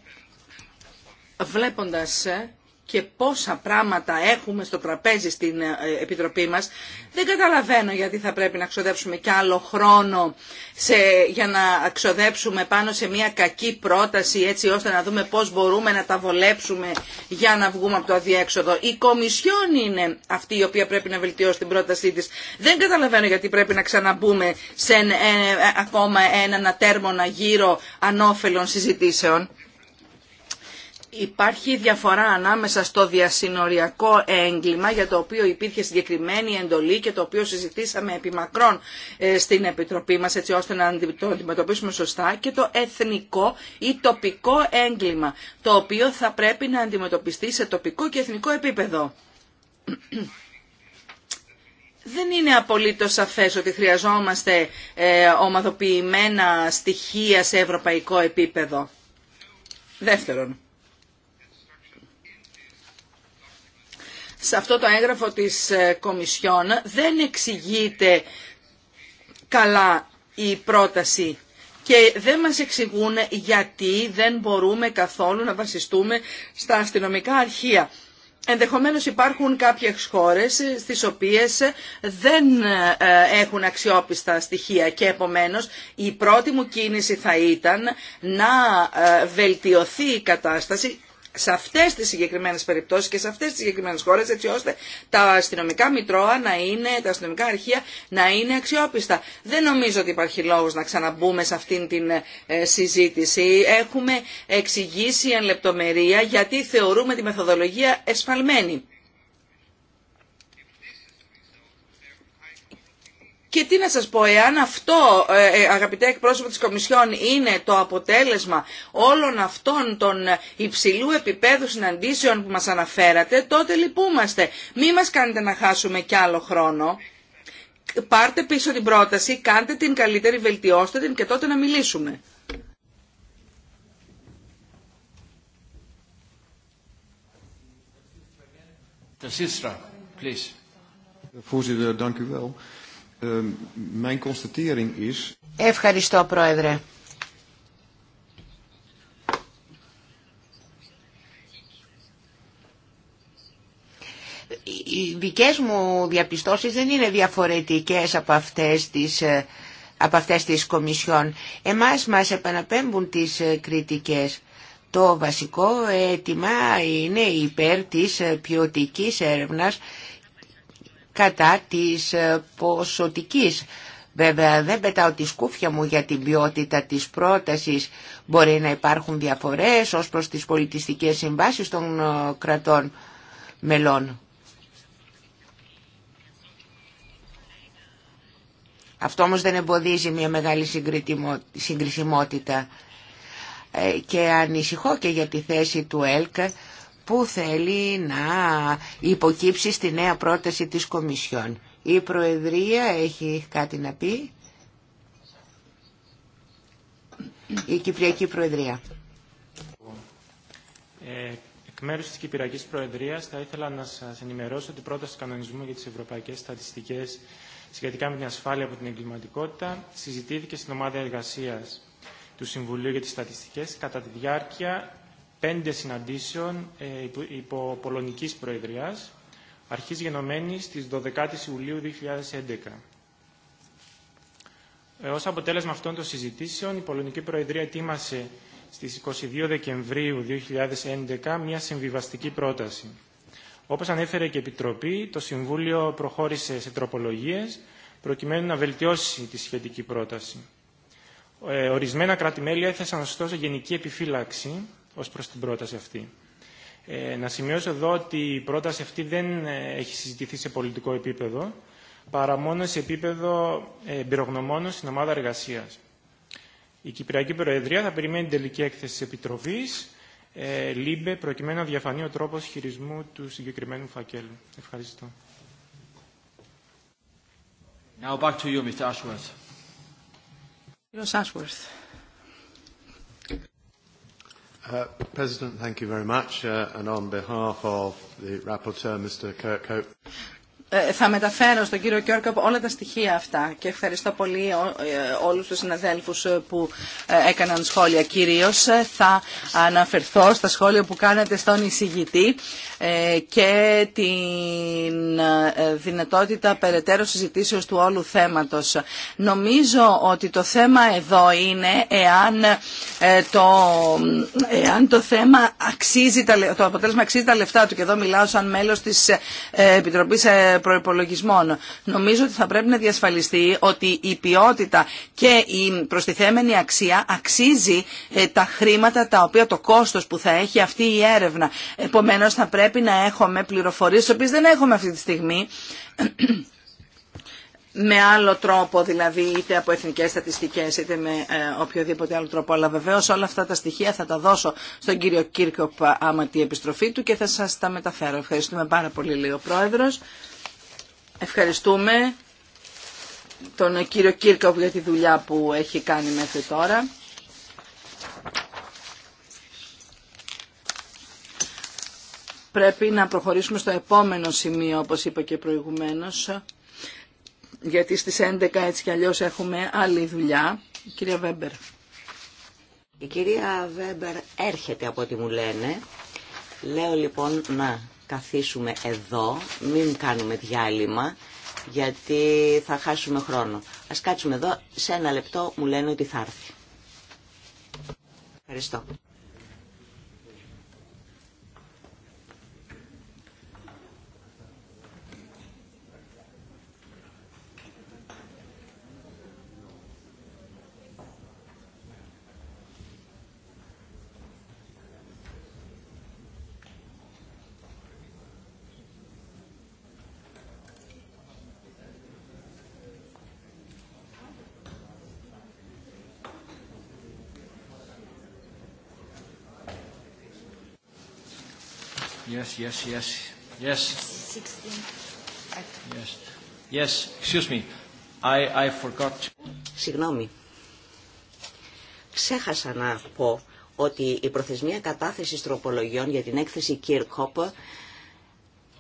βλέποντας ε, και πόσα πράγματα έχουμε στο τραπέζι στην ε, Επιτροπή μας, δεν καταλαβαίνω γιατί θα πρέπει να ξοδέψουμε κι άλλο χρόνο σε, για να ξοδέψουμε πάνω σε μια κακή πρόταση έτσι ώστε να δούμε πώς μπορούμε να τα βολέψουμε για να βγούμε από το αδιέξοδο. Η Κομισιόν είναι αυτή η οποία πρέπει να βελτιώσει την πρότασή της. Δεν καταλαβαίνω γιατί πρέπει να ξαναμπούμε σε ε, ακόμα έναν ατέρμονα γύρω ανώφελων συζητήσεων. Υπάρχει διαφορά ανάμεσα στο διασυνοριακό έγκλημα για το οποίο υπήρχε συγκεκριμένη εντολή και το οποίο συζητήσαμε επιμακρών ε, στην Επιτροπή μας έτσι ώστε να το αντιμετωπίσουμε σωστά και το εθνικό ή τοπικό έγκλημα το οποίο θα πρέπει να αντιμετωπιστεί σε τοπικό και εθνικό επίπεδο. (clears throat) Δεν είναι απολύτως σαφές ότι χρειαζόμαστε ε, ομαδοποιημένα στοιχεία σε ευρωπαϊκό επίπεδο. Δεύτερον, σε αυτό το έγγραφο της ε, Κομισιόν δεν εξηγείται καλά η πρόταση και δεν μας εξηγούν γιατί δεν μπορούμε καθόλου να βασιστούμε στα αστυνομικά αρχεία. Ενδεχομένως υπάρχουν κάποιες χώρες στις οποίες δεν ε, έχουν αξιόπιστα στοιχεία και επομένως η πρώτη μου κίνηση θα ήταν να ε, βελτιωθεί η κατάσταση σε αυτές τις συγκεκριμένε περιπτώσεις και σε αυτές τις συγκεκριμένε χώρε, έτσι ώστε τα αστυνομικά μητρώα να είναι, τα αστυνομικά αρχεία να είναι αξιόπιστα. Δεν νομίζω ότι υπάρχει λόγο να ξαναμπούμε σε αυτήν την ε, συζήτηση. Έχουμε εξηγήσει εν λεπτομερία γιατί θεωρούμε τη μεθοδολογία εσφαλμένη. Και τι να σας πω, εάν αυτό ε, ε, αγαπητέ εκπρόσωπο της Κομισιόν είναι το αποτέλεσμα όλων αυτών των υψηλού επίπεδου συναντήσεων που μας αναφέρατε, τότε λυπούμαστε. Μη μας κάνετε να χάσουμε κι άλλο χρόνο. Πάρτε πίσω την πρόταση, κάντε την καλύτερη, βελτιώστε την και τότε να μιλήσουμε. Ehm, Ευχαριστώ, Πρόεδρε. Οι δικές μου διαπιστώσεις δεν είναι διαφορετικές από αυτές τις, ε, από αυτές τις κομισιόν. Εμάς μας επαναπέμπουν τις ε, κριτικές. Το βασικό αίτημα είναι υπέρ της ε, ποιοτικής έρευνας κατά της ε, ποσοτικής. Βέβαια δεν πετάω τη σκούφια μου για την ποιότητα της πρότασης. Μπορεί να υπάρχουν διαφορές ως προς τις πολιτιστικές συμβάσεις των ε, κρατών μελών. Αυτό όμως δεν εμποδίζει μια μεγάλη συγκρισιμότητα ε, και ανησυχώ και για τη θέση του ΕΛΚ που θέλει να υποκύψει στη νέα πρόταση της Κομισιόν. Η Προεδρία έχει κάτι να πει. Η Κυπριακή Προεδρία. Ε, εκ μέρους της Κυπριακής Προεδρίας θα ήθελα να σας ενημερώσω ότι η πρόταση κανονισμού για τις ευρωπαϊκές στατιστικές σχετικά με την ασφάλεια από την εγκληματικότητα συζητήθηκε στην ομάδα εργασίας του Συμβουλίου για τις Στατιστικές κατά τη διάρκεια πέντε συναντήσεων ε, υπό Πολωνικής Προεδρίας, αρχής γενομένης στις 12 Ιουλίου 2011. Ε, ως αποτέλεσμα αυτών των συζητήσεων, η Πολωνική Προεδρία ετοίμασε στις 22 Δεκεμβρίου 2011 μια συμβιβαστική πρόταση. Όπως ανέφερε και η Επιτροπή, το Συμβούλιο προχώρησε σε τροπολογίες προκειμένου να βελτιώσει τη σχετική πρόταση. Ε, ορισμένα κράτη-μέλη έθεσαν ωστόσο γενική επιφύλαξη ως προς την πρόταση αυτή. Ε, να σημειώσω εδώ ότι η πρόταση αυτή δεν ε, έχει συζητηθεί σε πολιτικό επίπεδο, παρά μόνο σε επίπεδο ε, εμπειρογνωμόνων στην ομάδα εργασία. Η Κυπριακή Προεδρία θα περιμένει την τελική έκθεση τη Επιτροπή ε, ΛΥΜΠΕ, προκειμένου να διαφανεί ο τρόπο χειρισμού του συγκεκριμένου φακέλου. Ευχαριστώ. Now back to you, Mr. Ashworth. President, thank you very much. and on behalf of the rapporteur, Mr. Kirkhope. Ε, θα μεταφέρω στον κύριο από όλα τα στοιχεία αυτά και ευχαριστώ πολύ ε, όλους τους συναδέλφους ε, που έκαναν σχόλια. Κυρίως θα αναφερθώ στα σχόλια που κάνατε στον εισηγητή και την δυνατότητα περαιτέρω συζητήσεως του όλου θέματος. Νομίζω ότι το θέμα εδώ είναι εάν το, εάν το θέμα αξίζει, το αποτέλεσμα αξίζει τα λεφτά του και εδώ μιλάω σαν μέλος της Επιτροπής προπολογισμών. Νομίζω ότι θα πρέπει να διασφαλιστεί ότι η ποιότητα και η προστιθέμενη αξία αξίζει ε, τα χρήματα τα οποία το κόστο που θα έχει αυτή η έρευνα. Επομένω, θα πρέπει να έχουμε πληροφορίε, τις οποίε δεν έχουμε αυτή τη στιγμή, (clears throat) με άλλο τρόπο, δηλαδή είτε από εθνικές στατιστικές είτε με ε, οποιοδήποτε άλλο τρόπο. Αλλά βεβαίως όλα αυτά τα στοιχεία θα τα δώσω στον κύριο Κίρκοπ άμα τη επιστροφή του και θα σας τα μεταφέρω. Ευχαριστούμε πάρα πολύ, λέει ο Πρόεδρος. Ευχαριστούμε τον κύριο Κίρκοβ για τη δουλειά που έχει κάνει μέχρι τώρα. Πρέπει να προχωρήσουμε στο επόμενο σημείο, όπως είπα και προηγουμένως, γιατί στις 11 έτσι κι αλλιώς έχουμε άλλη δουλειά. Η κυρία Βέμπερ. Η κυρία Βέμπερ έρχεται από ό,τι μου λένε. Λέω λοιπόν να καθίσουμε εδώ, μην κάνουμε διάλειμμα, γιατί θα χάσουμε χρόνο. Ας κάτσουμε εδώ, σε ένα λεπτό μου λένε ότι θα έρθει. Ευχαριστώ. yes, yes, yes, yes. Yes. Yes, excuse me. I, I forgot Συγγνώμη. Ξέχασα να πω ότι η προθεσμία κατάθεση τροπολογιών για την έκθεση Kirchhoff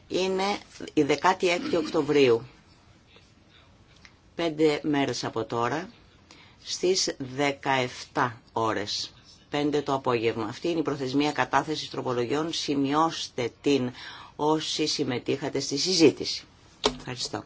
είναι η 16 Οκτωβρίου. Πέντε μέρες από τώρα, στις 17 ώρες. 5 το απόγευμα. Αυτή είναι η προθεσμία κατάθεσης τροπολογιών. Σημειώστε την όσοι συμμετείχατε στη συζήτηση. Ευχαριστώ.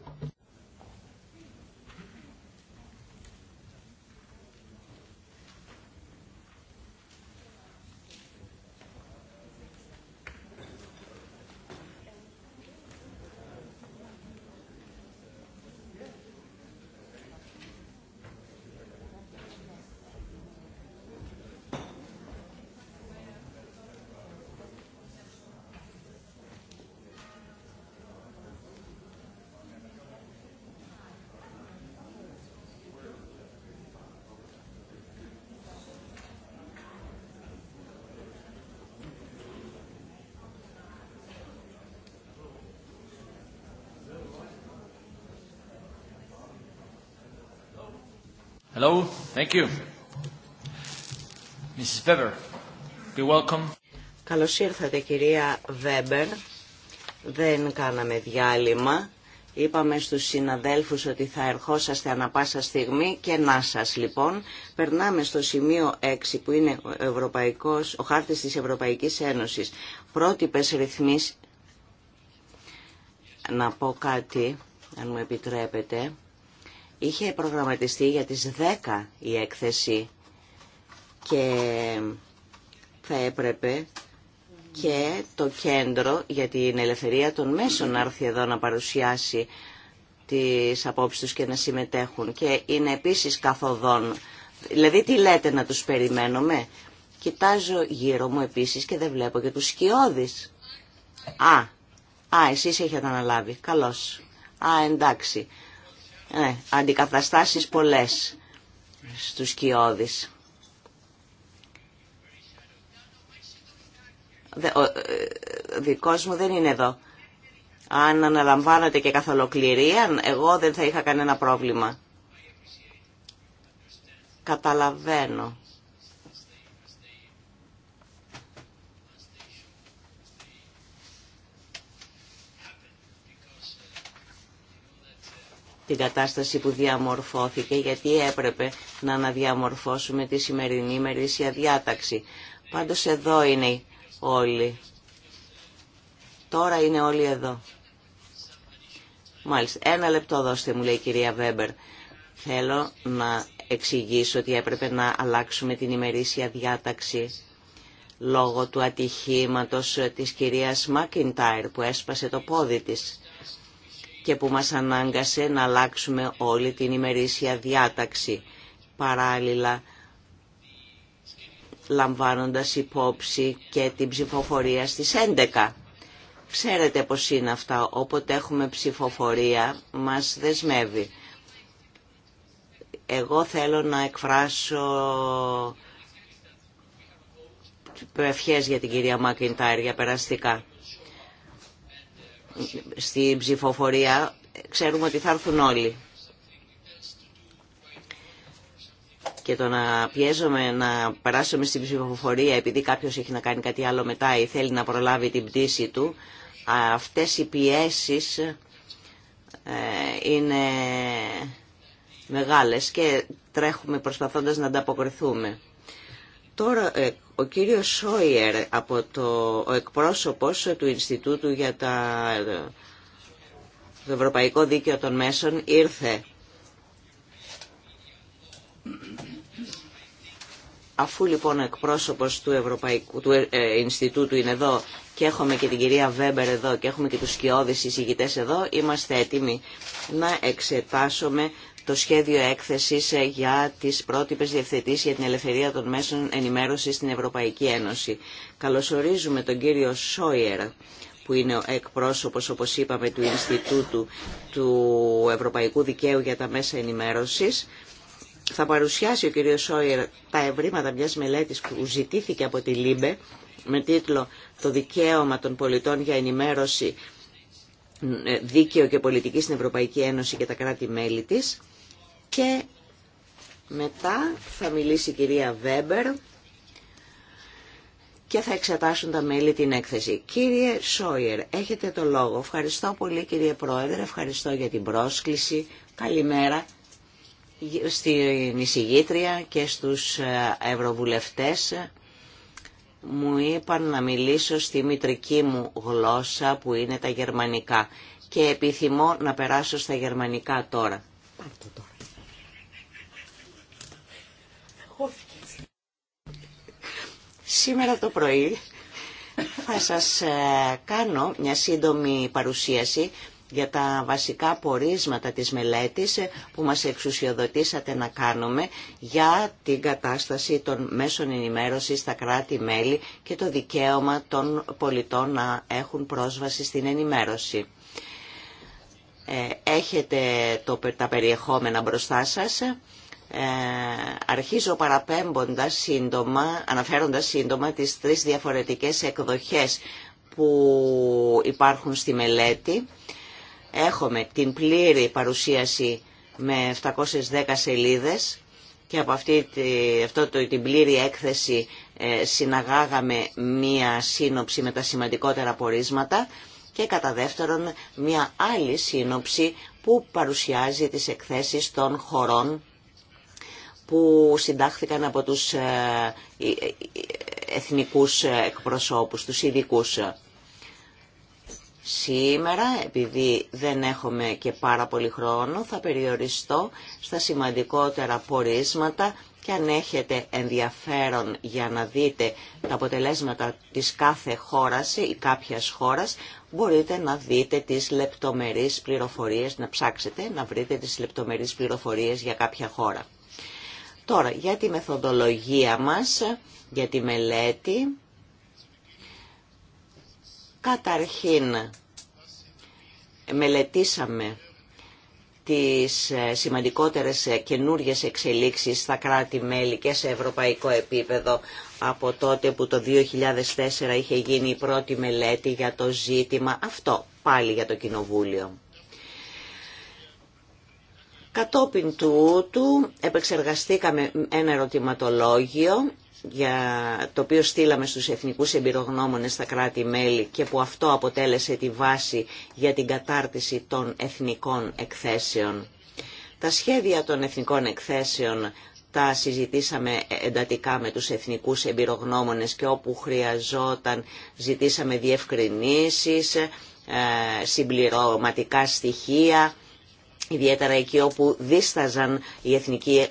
Hello. Thank Καλώς ήρθατε κυρία Βέμπερ. Δεν κάναμε διάλειμμα. Είπαμε στους συναδέλφους ότι θα ερχόσαστε ανα πάσα στιγμή και να σας λοιπόν. Περνάμε στο σημείο 6 που είναι ο, Ευρωπαϊκός, ο χάρτης της Ευρωπαϊκής Ένωσης. Πρότυπες ρυθμίσεις. Να πω κάτι, αν μου επιτρέπετε. Είχε προγραμματιστεί για τις 10 η έκθεση και θα έπρεπε και το κέντρο για την ελευθερία των μέσων να έρθει εδώ να παρουσιάσει τις απόψεις τους και να συμμετέχουν. Και είναι επίσης καθοδόν. Δηλαδή τι λέτε να τους περιμένουμε. Κοιτάζω γύρω μου επίσης και δεν βλέπω και τους σκιώδεις. Α, α εσείς έχετε αναλάβει. Καλώς. Α, εντάξει. Ε, αντικαταστάσεις πολλές στους κοιόδης. Ο ε, δικός μου δεν είναι εδώ. Αν αναλαμβάνετε και καθ' ολοκληρία, εγώ δεν θα είχα κανένα πρόβλημα. Καταλαβαίνω την κατάσταση που διαμορφώθηκε, γιατί έπρεπε να αναδιαμορφώσουμε τη σημερινή ημερήσια διάταξη. Πάντως εδώ είναι όλοι. Τώρα είναι όλοι εδώ. Μάλιστα, ένα λεπτό δώστε μου, λέει η κυρία Βέμπερ. Θέλω να εξηγήσω ότι έπρεπε να αλλάξουμε την ημερήσια διάταξη λόγω του ατυχήματος της κυρίας Μάκιντάιρ που έσπασε το πόδι της και που μας ανάγκασε να αλλάξουμε όλη την ημερήσια διάταξη. Παράλληλα, λαμβάνοντας υπόψη και την ψηφοφορία στις 11. Ξέρετε πως είναι αυτά, όποτε έχουμε ψηφοφορία μας δεσμεύει. Εγώ θέλω να εκφράσω ευχές για την κυρία Μακιντάρ για περαστικά στην ψηφοφορία ξέρουμε ότι θα έρθουν όλοι. Και το να πιέζομαι να περάσουμε στην ψηφοφορία επειδή κάποιος έχει να κάνει κάτι άλλο μετά ή θέλει να προλάβει την πτήση του, αυτές οι πιέσεις ε, είναι μεγάλες και τρέχουμε προσπαθώντας να ανταποκριθούμε. Τώρα ε, ο κύριος Σόιερ, από το, ο εκπρόσωπος του Ινστιτούτου για τα, το Ευρωπαϊκό Δίκαιο των Μέσων, ήρθε Αφού λοιπόν ο εκπρόσωπος του, Ευρωπαϊκού, του ε, Ινστιτούτου είναι εδώ και έχουμε και την κυρία Βέμπερ εδώ και έχουμε και τους σκιώδεις εισηγητές εδώ, είμαστε έτοιμοι να εξετάσουμε το σχέδιο έκθεσης ε, για τις πρότυπες διευθετήσεις για την ελευθερία των μέσων ενημέρωσης στην Ευρωπαϊκή Ένωση. Καλωσορίζουμε τον κύριο Σόιερ που είναι ο εκπρόσωπος, όπως είπαμε, του Ινστιτούτου του Ευρωπαϊκού Δικαίου για τα Μέσα Ενημέρωσης. Θα παρουσιάσει ο κύριος Σόιερ τα ευρήματα μιας μελέτης που ζητήθηκε από τη ΛΥΜΠΕ με τίτλο «Το δικαίωμα των πολιτών για ενημέρωση δίκαιο και πολιτική στην Ευρωπαϊκή Ένωση και τα κράτη-μέλη της και μετά θα μιλήσει η κυρία Βέμπερ και θα εξετάσουν τα μέλη την έκθεση. Κύριε Σόιερ, έχετε το λόγο. Ευχαριστώ πολύ κύριε Πρόεδρε, ευχαριστώ για την πρόσκληση. Καλημέρα στην εισηγήτρια και στους ε, ευρωβουλευτές. Μου είπαν να μιλήσω στη μητρική μου γλώσσα που είναι τα γερμανικά και επιθυμώ να περάσω στα γερμανικά τώρα. Σήμερα το πρωί θα σας ε, κάνω μια σύντομη παρουσίαση για τα βασικά πορίσματα της μελέτης ε, που μας εξουσιοδοτήσατε να κάνουμε για την κατάσταση των μέσων ενημέρωσης στα κράτη-μέλη και το δικαίωμα των πολιτών να έχουν πρόσβαση στην ενημέρωση. Ε, έχετε το, τα περιεχόμενα μπροστά σας. Ε, αρχίζω παραπέμποντας σύντομα, αναφέροντας σύντομα τις τρεις διαφορετικές εκδοχές που υπάρχουν στη μελέτη. Έχουμε την πλήρη παρουσίαση με 710 σελίδες και από αυτή αυτό το, την πλήρη έκθεση ε, συναγάγαμε μία σύνοψη με τα σημαντικότερα πορίσματα και κατά δεύτερον μία άλλη σύνοψη που παρουσιάζει τις εκθέσεις των χωρών που συντάχθηκαν από τους ε, ε, ε, εθνικούς εκπροσώπους, τους ειδικού. Σήμερα, επειδή δεν έχουμε και πάρα πολύ χρόνο, θα περιοριστώ στα σημαντικότερα πορίσματα και αν έχετε ενδιαφέρον για να δείτε τα αποτελέσματα της κάθε χώρας ή κάποιας χώρας, μπορείτε να δείτε τις λεπτομερείς πληροφορίες, να ψάξετε να βρείτε τις λεπτομερείς πληροφορίες για κάποια χώρα. Τώρα, για τη μεθοδολογία μας, για τη μελέτη, καταρχήν μελετήσαμε τις ε, σημαντικότερες ε, καινούριες εξελίξεις στα κράτη-μέλη και σε ευρωπαϊκό επίπεδο από τότε που το 2004 είχε γίνει η πρώτη μελέτη για το ζήτημα αυτό, πάλι για το Κοινοβούλιο. Κατόπιν τούτου επεξεργαστήκαμε ένα ερωτηματολόγιο για το οποίο στείλαμε στους εθνικούς εμπειρογνώμονες στα κράτη-μέλη και που αυτό αποτέλεσε τη βάση για την κατάρτιση των εθνικών εκθέσεων. Τα σχέδια των εθνικών εκθέσεων τα συζητήσαμε εντατικά με τους εθνικούς εμπειρογνώμονες και όπου χρειαζόταν ζητήσαμε διευκρινήσεις, ε, συμπληρωματικά στοιχεία ιδιαίτερα εκεί όπου δίσταζαν οι εθνικοί ε,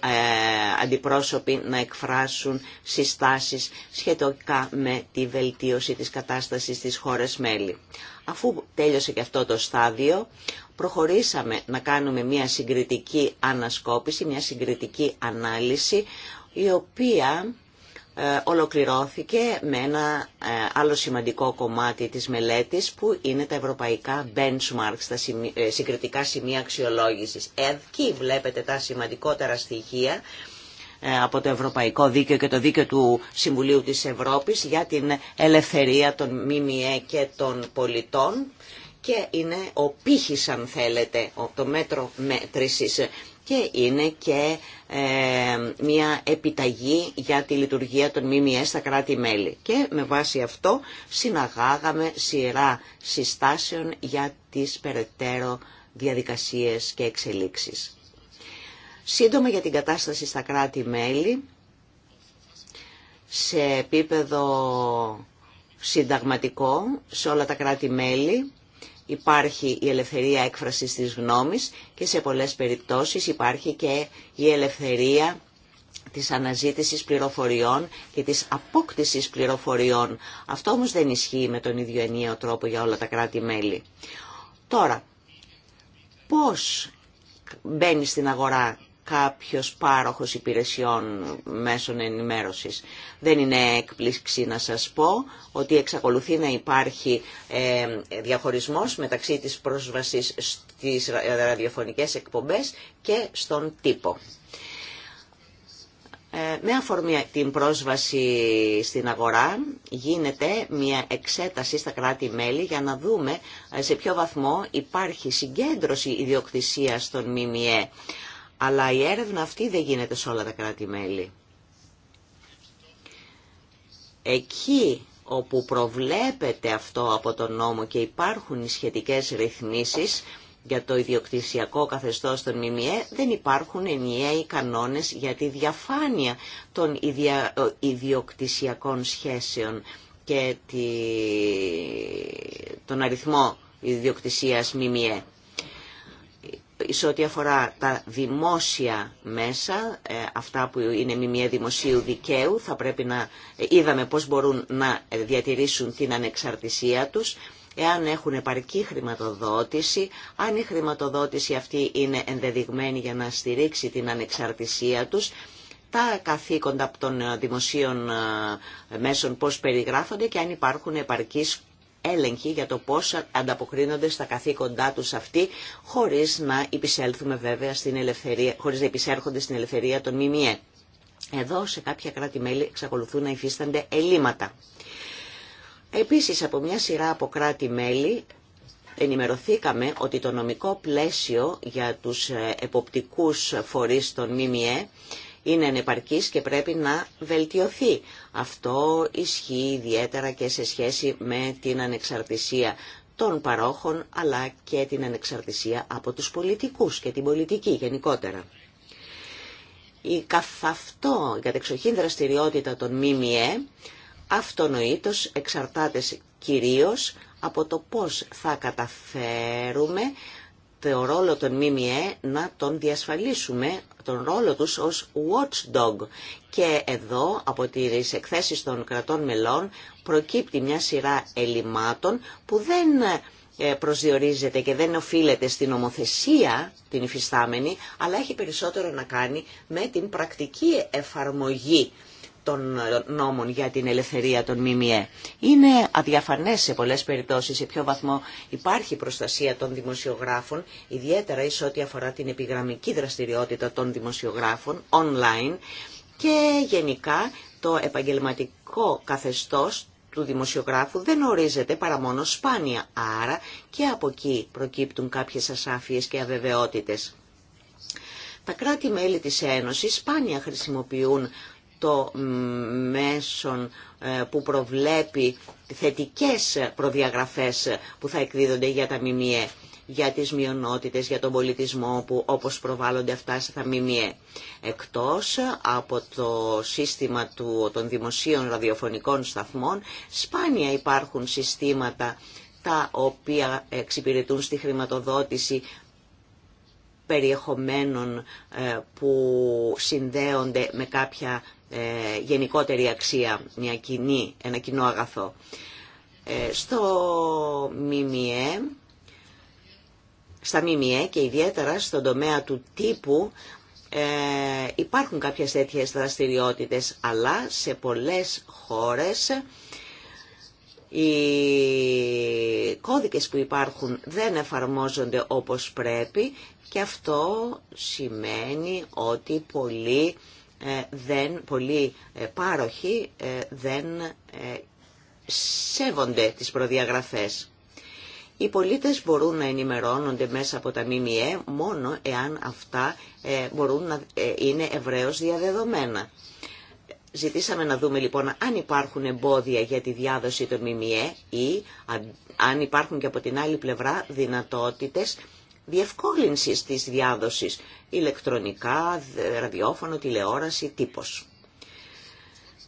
αντιπρόσωποι να εκφράσουν συστάσεις σχετικά με τη βελτίωση της κατάστασης στις χώρες μέλη. Αφού τέλειωσε και αυτό το στάδιο, προχωρήσαμε να κάνουμε μια συγκριτική ανασκόπηση, μια συγκριτική ανάλυση, η οποία ε, ολοκληρώθηκε με ένα ε, άλλο σημαντικό κομμάτι της μελέτης που είναι τα ευρωπαϊκά benchmarks, τα ε, συγκριτικά σημεία αξιολόγησης. Εκεί βλέπετε τα σημαντικότερα στοιχεία από το Ευρωπαϊκό Δίκαιο και το Δίκαιο του Συμβουλίου της Ευρώπης για την ελευθερία των ΜΜΕ και των πολιτών και είναι ο πύχης αν θέλετε, το μέτρο μέτρησης και είναι και ε, μια επιταγή για τη λειτουργία των ΜΜΕ στα κράτη-μέλη. Και με βάση αυτό συναγάγαμε σειρά συστάσεων για τις περαιτέρω διαδικασίες και εξελίξεις. Σύντομα για την κατάσταση στα κράτη-μέλη, σε επίπεδο συνταγματικό, σε όλα τα κράτη-μέλη, υπάρχει η ελευθερία έκφρασης της γνώμης και σε πολλές περιπτώσεις υπάρχει και η ελευθερία της αναζήτησης πληροφοριών και της απόκτησης πληροφοριών. Αυτό όμως δεν ισχύει με τον ίδιο ενιαίο τρόπο για όλα τα κράτη-μέλη. Τώρα, πώς μπαίνει στην αγορά κάποιος πάροχος υπηρεσιών μέσων ενημέρωσης. Δεν είναι έκπληξη να σας πω ότι εξακολουθεί να υπάρχει ε, διαχωρισμός μεταξύ της πρόσβασης στις ραδιοφωνικές εκπομπές και στον τύπο. Ε, με αφορμή την πρόσβαση στην αγορά γίνεται μια εξέταση στα κράτη-μέλη για να δούμε ε, σε ποιο βαθμό υπάρχει συγκέντρωση ιδιοκτησίας των ΜΜΕ αλλά η έρευνα αυτή δεν γίνεται σε όλα τα κράτη-μέλη. Εκεί όπου προβλέπεται αυτό από τον νόμο και υπάρχουν οι σχετικές ρυθμίσεις για το ιδιοκτησιακό καθεστώς των ΜΜΕ, δεν υπάρχουν ενιαίοι κανόνες για τη διαφάνεια των ιδιοκτησιακών σχέσεων και τη... τον αριθμό ιδιοκτησίας ΜΜΕ σε ό,τι αφορά τα δημόσια μέσα, ε, αυτά που είναι μια δημοσίου δικαίου, θα πρέπει να ε, είδαμε πώς μπορούν να ε, διατηρήσουν την ανεξαρτησία τους, εάν έχουν επαρκή χρηματοδότηση, αν η χρηματοδότηση αυτή είναι ενδεδειγμένη για να στηρίξει την ανεξαρτησία τους, τα καθήκοντα των δημοσίων μέσων πώς περιγράφονται και αν υπάρχουν επαρκείς έλεγχοι για το πώς ανταποκρίνονται στα καθήκοντά τους αυτοί, χωρίς να επισέλθουμε βέβαια στην ελευθερία, χωρίς να επισέρχονται στην ελευθερία των ΜΜΕ. Εδώ σε κάποια κράτη-μέλη εξακολουθούν να υφίστανται ελλείμματα. Επίσης από μια σειρά από κράτη-μέλη ενημερωθήκαμε ότι το νομικό πλαίσιο για τους εποπτικούς φορείς των ΜΜΕ είναι ανεπαρκής και πρέπει να βελτιωθεί. Αυτό ισχύει ιδιαίτερα και σε σχέση με την ανεξαρτησία των παρόχων αλλά και την ανεξαρτησία από τους πολιτικούς και την πολιτική γενικότερα. Η καθ' αυτό, η κατεξοχήν δραστηριότητα των ΜΜΕ αυτονοήτως εξαρτάται κυρίως από το πώς θα καταφέρουμε το ρόλο των ΜΜΕ να τον διασφαλίσουμε τον ρόλο τους ως watchdog. Και εδώ από τις εκθέσεις των κρατών μελών προκύπτει μια σειρά ελλημάτων που δεν ε, προσδιορίζεται και δεν οφείλεται στην ομοθεσία την υφιστάμενη, αλλά έχει περισσότερο να κάνει με την πρακτική εφαρμογή των νόμων για την ελευθερία των ΜΜΕ. Είναι αδιαφανές σε πολλές περιπτώσεις σε ποιο βαθμό υπάρχει προστασία των δημοσιογράφων, ιδιαίτερα εις ό,τι αφορά την επιγραμμική δραστηριότητα των δημοσιογράφων online και γενικά το επαγγελματικό καθεστώς του δημοσιογράφου δεν ορίζεται παρά μόνο σπάνια, άρα και από εκεί προκύπτουν κάποιες ασάφειες και αβεβαιότητες. Τα κράτη-μέλη της Ένωσης σπάνια χρησιμοποιούν το μέσον ε, που προβλέπει θετικές προδιαγραφές που θα εκδίδονται για τα ΜΜΕ, για τις μειονότητες, για τον πολιτισμό που όπως προβάλλονται αυτά στα ΜΜΕ. Εκτός από το σύστημα του, των δημοσίων ραδιοφωνικών σταθμών, σπάνια υπάρχουν συστήματα τα οποία εξυπηρετούν στη χρηματοδότηση περιεχομένων ε, που συνδέονται με κάποια ε, γενικότερη αξία, μια κοινή, ένα κοινό αγαθό. Ε, στο ΜΜΕ, στα ΜΜΕ και ιδιαίτερα στον τομέα του τύπου ε, υπάρχουν κάποιες τέτοιες δραστηριότητες, αλλά σε πολλές χώρες οι κώδικες που υπάρχουν δεν εφαρμόζονται όπως πρέπει και αυτό σημαίνει ότι πολλοί ε, δεν, πολλοί ε, πάροχοι ε, δεν σέβονται τις προδιαγραφές. Οι πολίτες μπορούν να ενημερώνονται μέσα από τα ΜΜΕ μόνο εάν αυτά μπορούν να είναι ευρέως διαδεδομένα. Ζητήσαμε να δούμε λοιπόν αν υπάρχουν εμπόδια για τη διάδοση των ΜΜΕ ή αν υπάρχουν και από την άλλη πλευρά δυνατότητες διευκόλυνσης της διάδοσης ηλεκτρονικά, ραδιόφωνο, τηλεόραση, τύπος.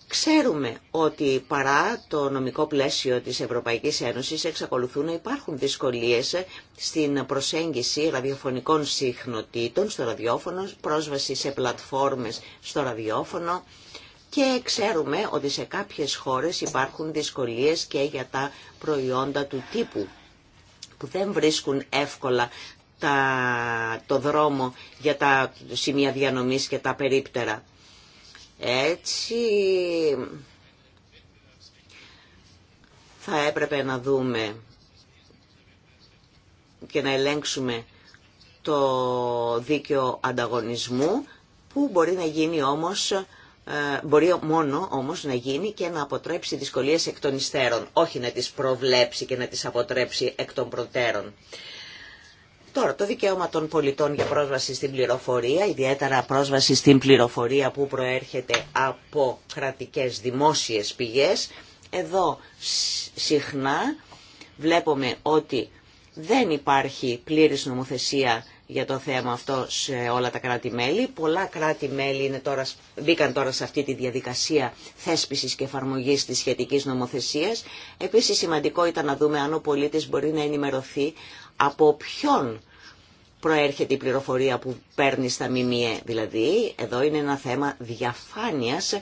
Ξέρουμε ότι παρά το νομικό πλαίσιο της Ευρωπαϊκής Ένωσης εξακολουθούν να υπάρχουν δυσκολίες στην προσέγγιση ραδιοφωνικών συχνοτήτων στο ραδιόφωνο, πρόσβαση σε πλατφόρμες στο ραδιόφωνο και ξέρουμε ότι σε κάποιες χώρες υπάρχουν δυσκολίες και για τα προϊόντα του τύπου που δεν βρίσκουν εύκολα τα, το δρόμο για τα σημεία διανομής και τα περίπτερα. Έτσι θα έπρεπε να δούμε και να ελέγξουμε το δίκαιο ανταγωνισμού που μπορεί να γίνει όμως ε, μπορεί μόνο όμως να γίνει και να αποτρέψει δυσκολίες εκ των υστέρων, όχι να τις προβλέψει και να τις αποτρέψει εκ των προτέρων. Τώρα, το δικαίωμα των πολιτών για πρόσβαση στην πληροφορία, ιδιαίτερα πρόσβαση στην πληροφορία που προέρχεται από κρατικές δημόσιες πηγές. Εδώ συχνά βλέπουμε ότι δεν υπάρχει πλήρης νομοθεσία για το θέμα αυτό σε όλα τα κράτη-μέλη. Πολλά κράτη-μέλη μπήκαν τώρα σε αυτή τη διαδικασία θέσπισης και εφαρμογής της σχετικής νομοθεσίας. Επίσης σημαντικό ήταν να δούμε αν ο πολίτης μπορεί να ενημερωθεί από ποιον προέρχεται η πληροφορία που παίρνει στα ΜΜΕ. Δηλαδή, εδώ είναι ένα θέμα διαφάνειας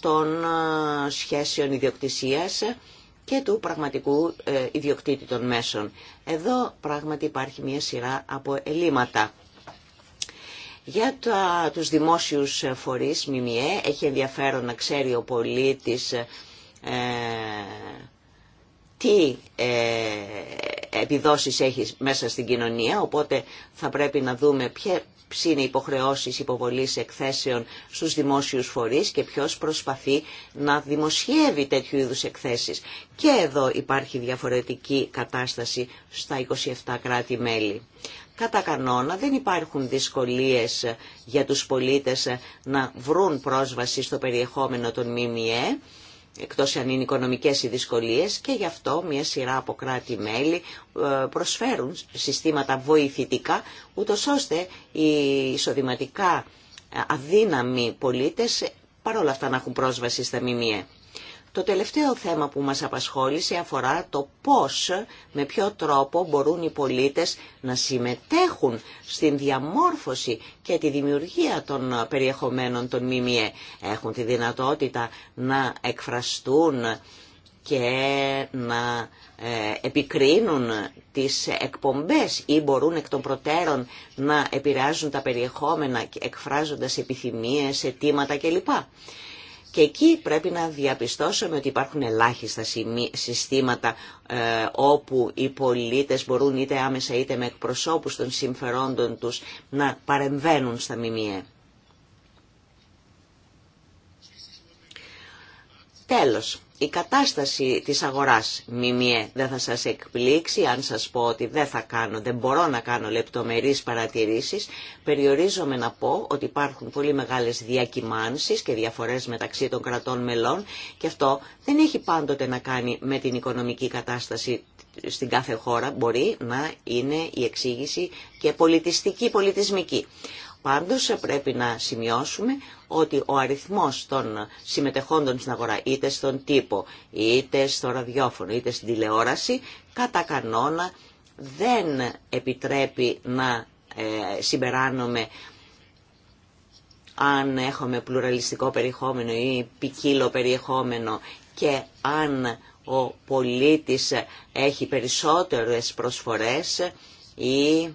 των ε, σχέσεων ιδιοκτησίας και του πραγματικού ε, ιδιοκτήτη των μέσων. Εδώ πράγματι υπάρχει μια σειρά από ελλείμματα. Για τα, τους δημόσιους ε, φορείς, ΜΜΕ, έχει ενδιαφέρον να ξέρει ο πολίτης ε, τι ε, επιδόσεις έχει μέσα στην κοινωνία, οπότε θα πρέπει να δούμε ποιε είναι οι υποχρεώσεις υποβολής εκθέσεων στους δημόσιους φορείς και ποιος προσπαθεί να δημοσιεύει τέτοιου είδους εκθέσεις. Και εδώ υπάρχει διαφορετική κατάσταση στα 27 κράτη-μέλη. Κατά κανόνα δεν υπάρχουν δυσκολίες για τους πολίτες να βρουν πρόσβαση στο περιεχόμενο των ΜΜΕ εκτός αν είναι οικονομικές οι δυσκολίες και γι' αυτό μια σειρά από κράτη-μέλη ε, προσφέρουν συστήματα βοηθητικά ούτως ώστε οι εισοδηματικά ε, αδύναμοι πολίτες παρόλα αυτά να έχουν πρόσβαση στα ΜΜΕ. Το τελευταίο θέμα που μας απασχόλησε αφορά το πώς, με ποιο τρόπο μπορούν οι πολίτες να συμμετέχουν στην διαμόρφωση και τη δημιουργία των περιεχομένων των ΜΜΕ. Έχουν τη δυνατότητα να εκφραστούν και να ε, επικρίνουν τις εκπομπές ή μπορούν εκ των προτέρων να επηρεάζουν τα περιεχόμενα εκφράζοντας επιθυμίες, αιτήματα κλπ. Και εκεί πρέπει να διαπιστώσουμε ότι υπάρχουν ελάχιστα συστήματα ε, όπου οι πολίτες μπορούν είτε άμεσα είτε με εκπροσώπους των συμφερόντων τους να παρεμβαίνουν στα ΜΜΕ. Τέλος, η κατάσταση της αγοράς μιμιέ δεν θα σας εκπλήξει αν σας πω ότι δεν θα κάνω, δεν μπορώ να κάνω λεπτομερείς παρατηρήσεις. Περιορίζομαι να πω ότι υπάρχουν πολύ μεγάλες διακυμάνσεις και διαφορές μεταξύ των κρατών μελών και αυτό δεν έχει πάντοτε να κάνει με την οικονομική κατάσταση στην κάθε χώρα. Μπορεί να είναι η εξήγηση και πολιτιστική, πολιτισμική. Πάντως πρέπει να σημειώσουμε ότι ο αριθμός των συμμετεχόντων στην αγορά, είτε στον τύπο, είτε στο ραδιόφωνο, είτε στην τηλεόραση, κατά κανόνα δεν επιτρέπει να ε, συμπεράνομαι αν έχουμε πλουραλιστικό περιεχόμενο ή ποικίλο περιεχόμενο και αν ο πολίτης έχει περισσότερες προσφορές ή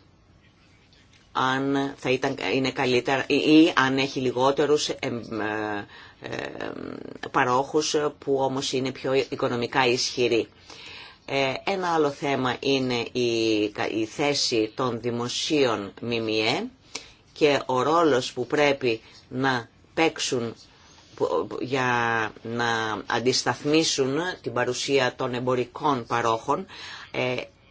αν θα ήταν, είναι καλύτερα ή αν έχει λιγότερους ε, ε, παρόχους που όμως είναι πιο οικονομικά ισχυροί. Ε, ένα άλλο θέμα είναι η, θέση των δημοσίων ΜΜΕ και ο ρόλος που πρέπει να παίξουν για να αντισταθμίσουν την παρουσία των εμπορικών παρόχων.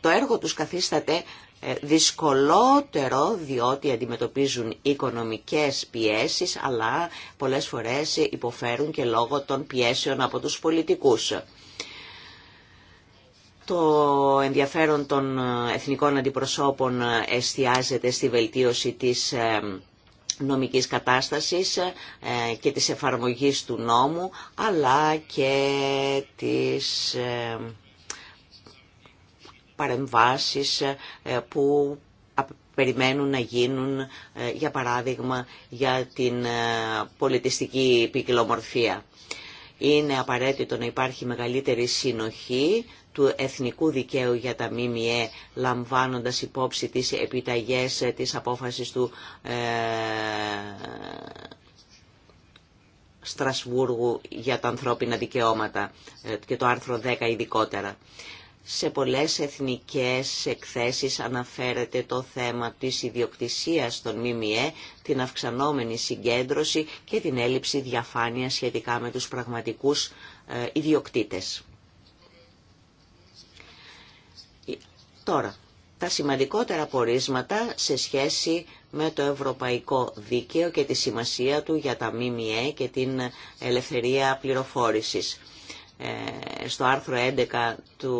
Το έργο τους καθίσταται ε, δυσκολότερο διότι αντιμετωπίζουν οικονομικές πιέσεις αλλά πολλές φορές υποφέρουν και λόγω των πιέσεων από τους πολιτικούς. Το ενδιαφέρον των εθνικών αντιπροσώπων εστιάζεται στη βελτίωση της ε, νομικής κατάστασης ε, και της εφαρμογής του νόμου αλλά και της παρεμβάσεις ε, που περιμένουν να γίνουν, ε, για παράδειγμα, για την ε, πολιτιστική ποικιλομορφία. Είναι απαραίτητο να υπάρχει μεγαλύτερη συνοχή του εθνικού δικαίου για τα ΜΜΕ, λαμβάνοντας υπόψη τις επιταγές της απόφασης του ε, Στρασβούργου για τα ανθρώπινα δικαιώματα και το άρθρο 10 ειδικότερα. Σε πολλές εθνικές εκθέσεις αναφέρεται το θέμα της ιδιοκτησίας των ΜΜΕ, την αυξανόμενη συγκέντρωση και την έλλειψη διαφάνεια σχετικά με τους πραγματικούς ε, ιδιοκτήτες. Ε, τώρα, τα σημαντικότερα πορίσματα σε σχέση με το ευρωπαϊκό δίκαιο και τη σημασία του για τα ΜΜΕ και την ε, ελευθερία πληροφόρησης. Ε, στο άρθρο 11 του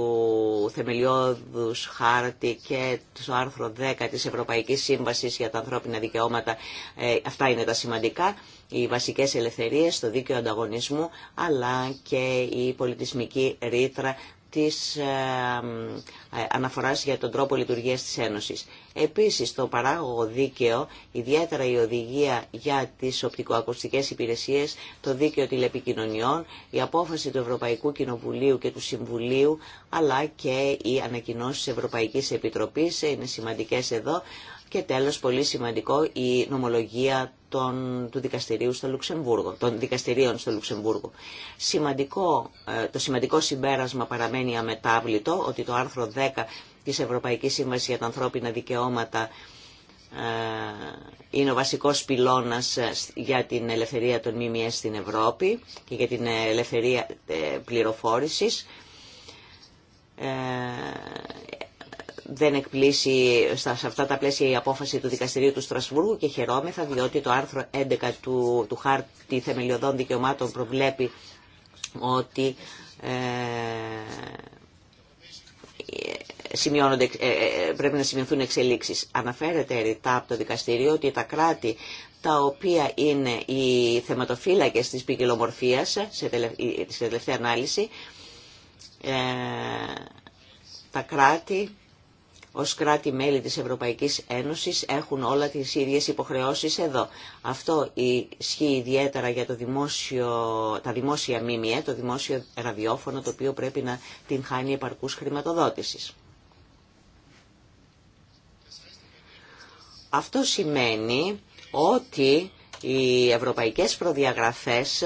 Θεμελιώδους Χάρτη και στο άρθρο 10 της Ευρωπαϊκής Σύμβασης για τα ανθρώπινα δικαιώματα. Ε, αυτά είναι τα σημαντικά, οι βασικές ελευθερίες, το δίκαιο ανταγωνισμού, αλλά και η πολιτισμική ρήτρα της ε, ε, αναφοράς για τον τρόπο λειτουργίας της Ένωσης. Επίσης, το παράγωγο δίκαιο, ιδιαίτερα η οδηγία για τις οπτικοακουστικές υπηρεσίες, το δίκαιο τηλεπικοινωνιών, η απόφαση του Ευρωπαϊκού Κοινοβουλίου και του Συμβουλίου, αλλά και οι ανακοινώσεις Ευρωπαϊκής Επιτροπής ε, είναι σημαντικές εδώ, και τέλος, πολύ σημαντικό, η νομολογία των, του δικαστηρίου στο Λουξεμβούργο, των δικαστηρίων στο Λουξεμβούργο. Σημαντικό, ε, το σημαντικό συμπέρασμα παραμένει αμετάβλητο ότι το άρθρο 10 της Ευρωπαϊκής Σύμβασης για τα Ανθρώπινα Δικαιώματα ε, είναι ο βασικός πυλώνας ε, για την ελευθερία των ΜΜΕ στην Ευρώπη και για την ελευθερία πληροφόρησης δεν εκπλήσει σε αυτά τα πλαίσια η απόφαση του Δικαστηρίου του Στρασβούργου και χαιρόμεθα διότι το άρθρο 11 του, του Χάρτη Θεμελιωδών Δικαιωμάτων προβλέπει ότι ε, σημειώνονται, ε, ε, πρέπει να σημειωθούν εξελίξεις. Αναφέρεται ρητά από το Δικαστηρίο ότι τα κράτη τα οποία είναι οι θεματοφύλακες της ποικιλομορφία σε, τελευταία ανάλυση τα κράτη ως κράτη-μέλη της Ευρωπαϊκής Ένωσης έχουν όλα τις ίδιες υποχρεώσεις εδώ. Αυτό ισχύει ιδιαίτερα για το δημόσιο, τα δημόσια μήμια, το δημόσιο ραδιόφωνο, το οποίο πρέπει να την χάνει επαρκούς χρηματοδότησης. Αυτό σημαίνει ότι οι ευρωπαϊκές προδιαγραφές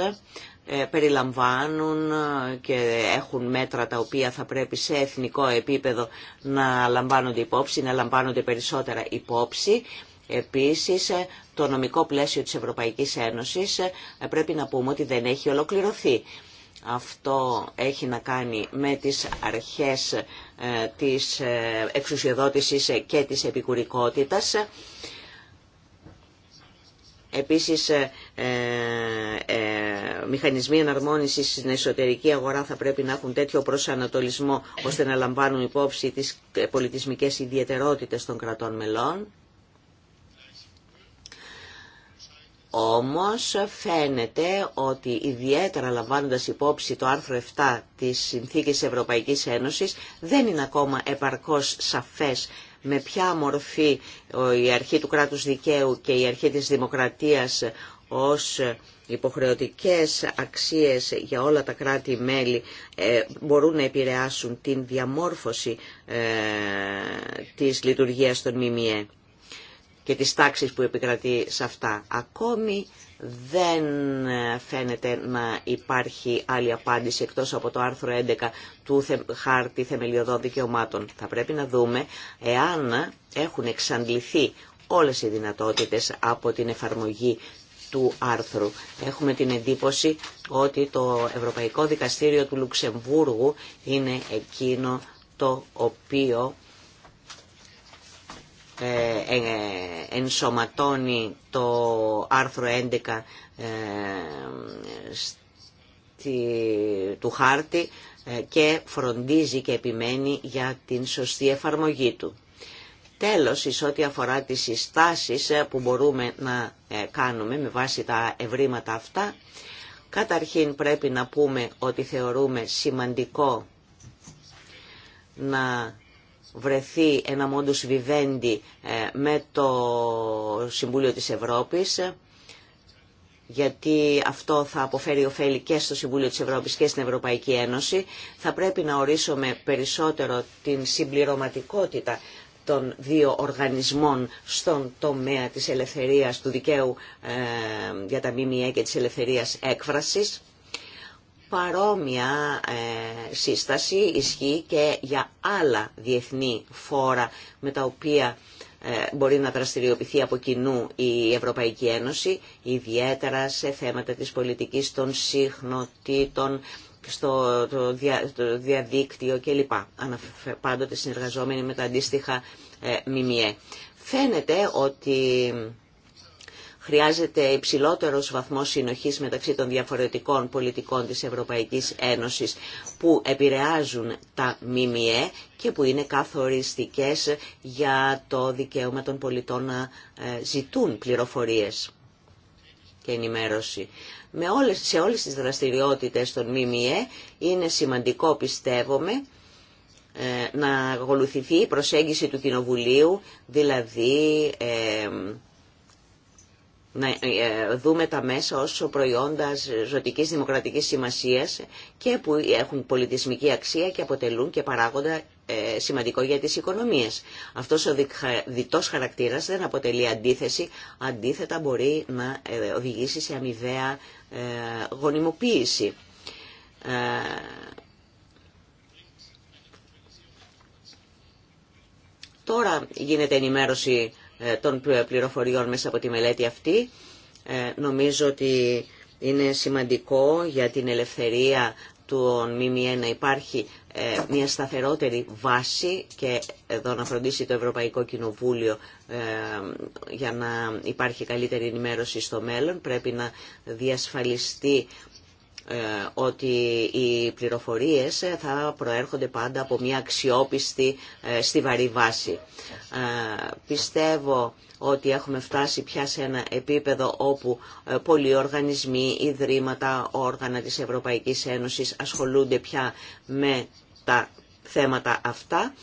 ε, περιλαμβάνουν και έχουν μέτρα τα οποία θα πρέπει σε εθνικό επίπεδο να λαμβάνονται υπόψη, να λαμβάνονται περισσότερα υπόψη. Επίσης, ε, το νομικό πλαίσιο της Ευρωπαϊκής Ένωσης ε, πρέπει να πούμε ότι δεν έχει ολοκληρωθεί. Αυτό έχει να κάνει με τις αρχές της εξουσιοδότησης και της επικουρικότητας Επίσης, ε, ε, ε, μηχανισμοί εναρμόνισης στην εσωτερική αγορά θα πρέπει να έχουν τέτοιο προσανατολισμό ώστε να λαμβάνουν υπόψη τις πολιτισμικές ιδιαιτερότητες των κρατών μελών. Όμως φαίνεται ότι ιδιαίτερα λαμβάνοντας υπόψη το άρθρο 7 της Συνθήκης Ευρωπαϊκής Ένωσης δεν είναι ακόμα επαρκώς σαφές με ποια μορφή η αρχή του κράτους δικαίου και η αρχή της δημοκρατίας ως υποχρεωτικές αξίες για όλα τα κράτη-μέλη ε, μπορούν να επηρεάσουν την διαμόρφωση ε, της λειτουργίας των ΜΜΕ και τις τάξεις που επικρατεί σε αυτά. Ακόμη δεν φαίνεται να υπάρχει άλλη απάντηση εκτός από το άρθρο 11 του χάρτη θεμελιωδών δικαιωμάτων. Θα πρέπει να δούμε εάν έχουν εξαντληθεί όλες οι δυνατότητες από την εφαρμογή του άρθρου. Έχουμε την εντύπωση ότι το Ευρωπαϊκό Δικαστήριο του Λουξεμβούργου είναι εκείνο το οποίο ε, ε, ενσωματώνει το άρθρο 11 ε, του χάρτη και φροντίζει και επιμένει για την σωστή εφαρμογή του. Τέλος, εις ό,τι αφορά τις συστάσεις που μπορούμε να κάνουμε με βάση τα ευρήματα αυτά, καταρχήν πρέπει να πούμε ότι θεωρούμε σημαντικό να βρεθεί ένα μόντους βιβέντη ε, με το Συμβούλιο της Ευρώπης γιατί αυτό θα αποφέρει ωφέλη και στο Συμβούλιο της Ευρώπης και στην Ευρωπαϊκή Ένωση, θα πρέπει να ορίσουμε περισσότερο την συμπληρωματικότητα των δύο οργανισμών στον τομέα της ελευθερίας του δικαίου ε, για τα ΜΜΕ και της ελευθερίας έκφρασης. Παρόμοια ε, σύσταση ισχύει και για άλλα διεθνή φόρα με τα οποία ε, μπορεί να δραστηριοποιηθεί από κοινού η Ευρωπαϊκή Ένωση, ιδιαίτερα σε θέματα της πολιτικής των συχνοτήτων, στο το διαδίκτυο κλπ. Πάντοτε συνεργαζόμενοι με τα αντίστοιχα ε, Φαίνεται ότι Χρειάζεται υψηλότερος βαθμός συνοχής μεταξύ των διαφορετικών πολιτικών της Ευρωπαϊκής Ένωσης που επηρεάζουν τα ΜΜΕ και που είναι καθοριστικές για το δικαίωμα των πολιτών να ε, ζητούν πληροφορίες και ενημέρωση. Με όλες, σε όλες τις δραστηριότητες των ΜΜΕ είναι σημαντικό πιστεύουμε να ακολουθηθεί η προσέγγιση του Κοινοβουλίου, δηλαδή ε, να ε, δούμε τα μέσα ως προϊόντα ζωτικής δημοκρατικής σημασίας και που έχουν πολιτισμική αξία και αποτελούν και παράγοντα ε, σημαντικό για τις οικονομίες. Αυτός ο διτός χαρακτήρας δεν αποτελεί αντίθεση, αντίθετα μπορεί να ε, οδηγήσει σε αμοιβαία γονιμοποίηση. Τώρα γίνεται ενημέρωση ε, των πληροφοριών μέσα από τη μελέτη αυτή. Ε, νομίζω ότι είναι σημαντικό για την ελευθερία του ΜΜΕ να υπάρχει ε, μια σταθερότερη βάση και εδώ να φροντίσει το Ευρωπαϊκό Κοινοβούλιο για να υπάρχει καλύτερη ενημέρωση στο μέλλον. Πρέπει να διασφαλιστεί ε, ότι οι πληροφορίες ε, θα προέρχονται πάντα από μια αξιόπιστη ε, στιβαρή βάση. Πιστεύω ότι έχουμε φτάσει πια σε ένα επίπεδο όπου πολλοί οργανισμοί, ιδρύματα, όργανα της Ευρωπαϊκής Ένωσης ασχολούνται πια με τα θέματα αυτά.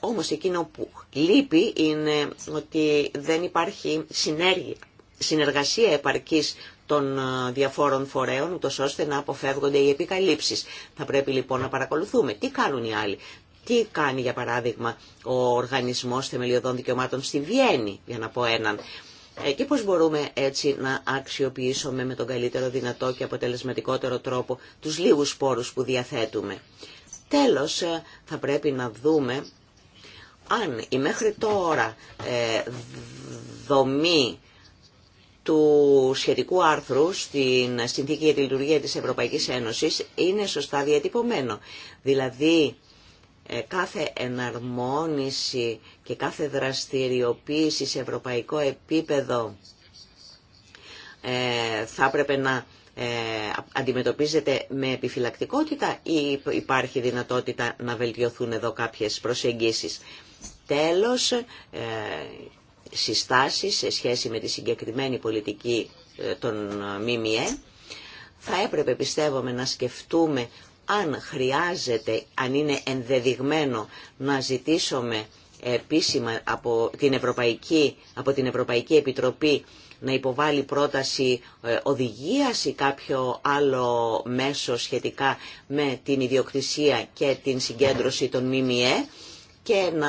όμως εκείνο που λείπει είναι ότι δεν υπάρχει συνεργασία επαρκής των διαφόρων φορέων, ούτως ώστε να αποφεύγονται οι επικαλύψεις. Θα πρέπει λοιπόν να παρακολουθούμε τι κάνουν οι άλλοι. Τι κάνει για παράδειγμα ο Οργανισμός Θεμελιωδών Δικαιωμάτων στη Βιέννη, για να πω έναν, ε, και πώς μπορούμε έτσι να αξιοποιήσουμε με τον καλύτερο δυνατό και αποτελεσματικότερο τρόπο τους λίγους σπόρους που διαθέτουμε. Τέλος, ε, θα πρέπει να δούμε αν η μέχρι τώρα ε, δομή του σχετικού άρθρου στην Συνθήκη για τη Λειτουργία της Ευρωπαϊκής Ένωσης είναι σωστά διατυπωμένο. Δηλαδή, ε, κάθε εναρμόνιση και κάθε δραστηριοποίηση σε ευρωπαϊκό επίπεδο ε, θα έπρεπε να ε, αντιμετωπίζεται με επιφυλακτικότητα ή υπάρχει δυνατότητα να βελτιωθούν εδώ κάποιες προσεγγίσεις. Τέλος, συστάσεις σε σχέση με τη συγκεκριμένη πολιτική ε, των ε, ΜΜΕ. Θα έπρεπε πιστεύουμε να σκεφτούμε αν χρειάζεται, αν είναι ενδεδειγμένο να ζητήσουμε επίσημα από την Ευρωπαϊκή, από την Ευρωπαϊκή Επιτροπή να υποβάλει πρόταση ε, οδηγίας ή κάποιο άλλο μέσο σχετικά με την ιδιοκτησία και την συγκέντρωση των ΜΜΕ και να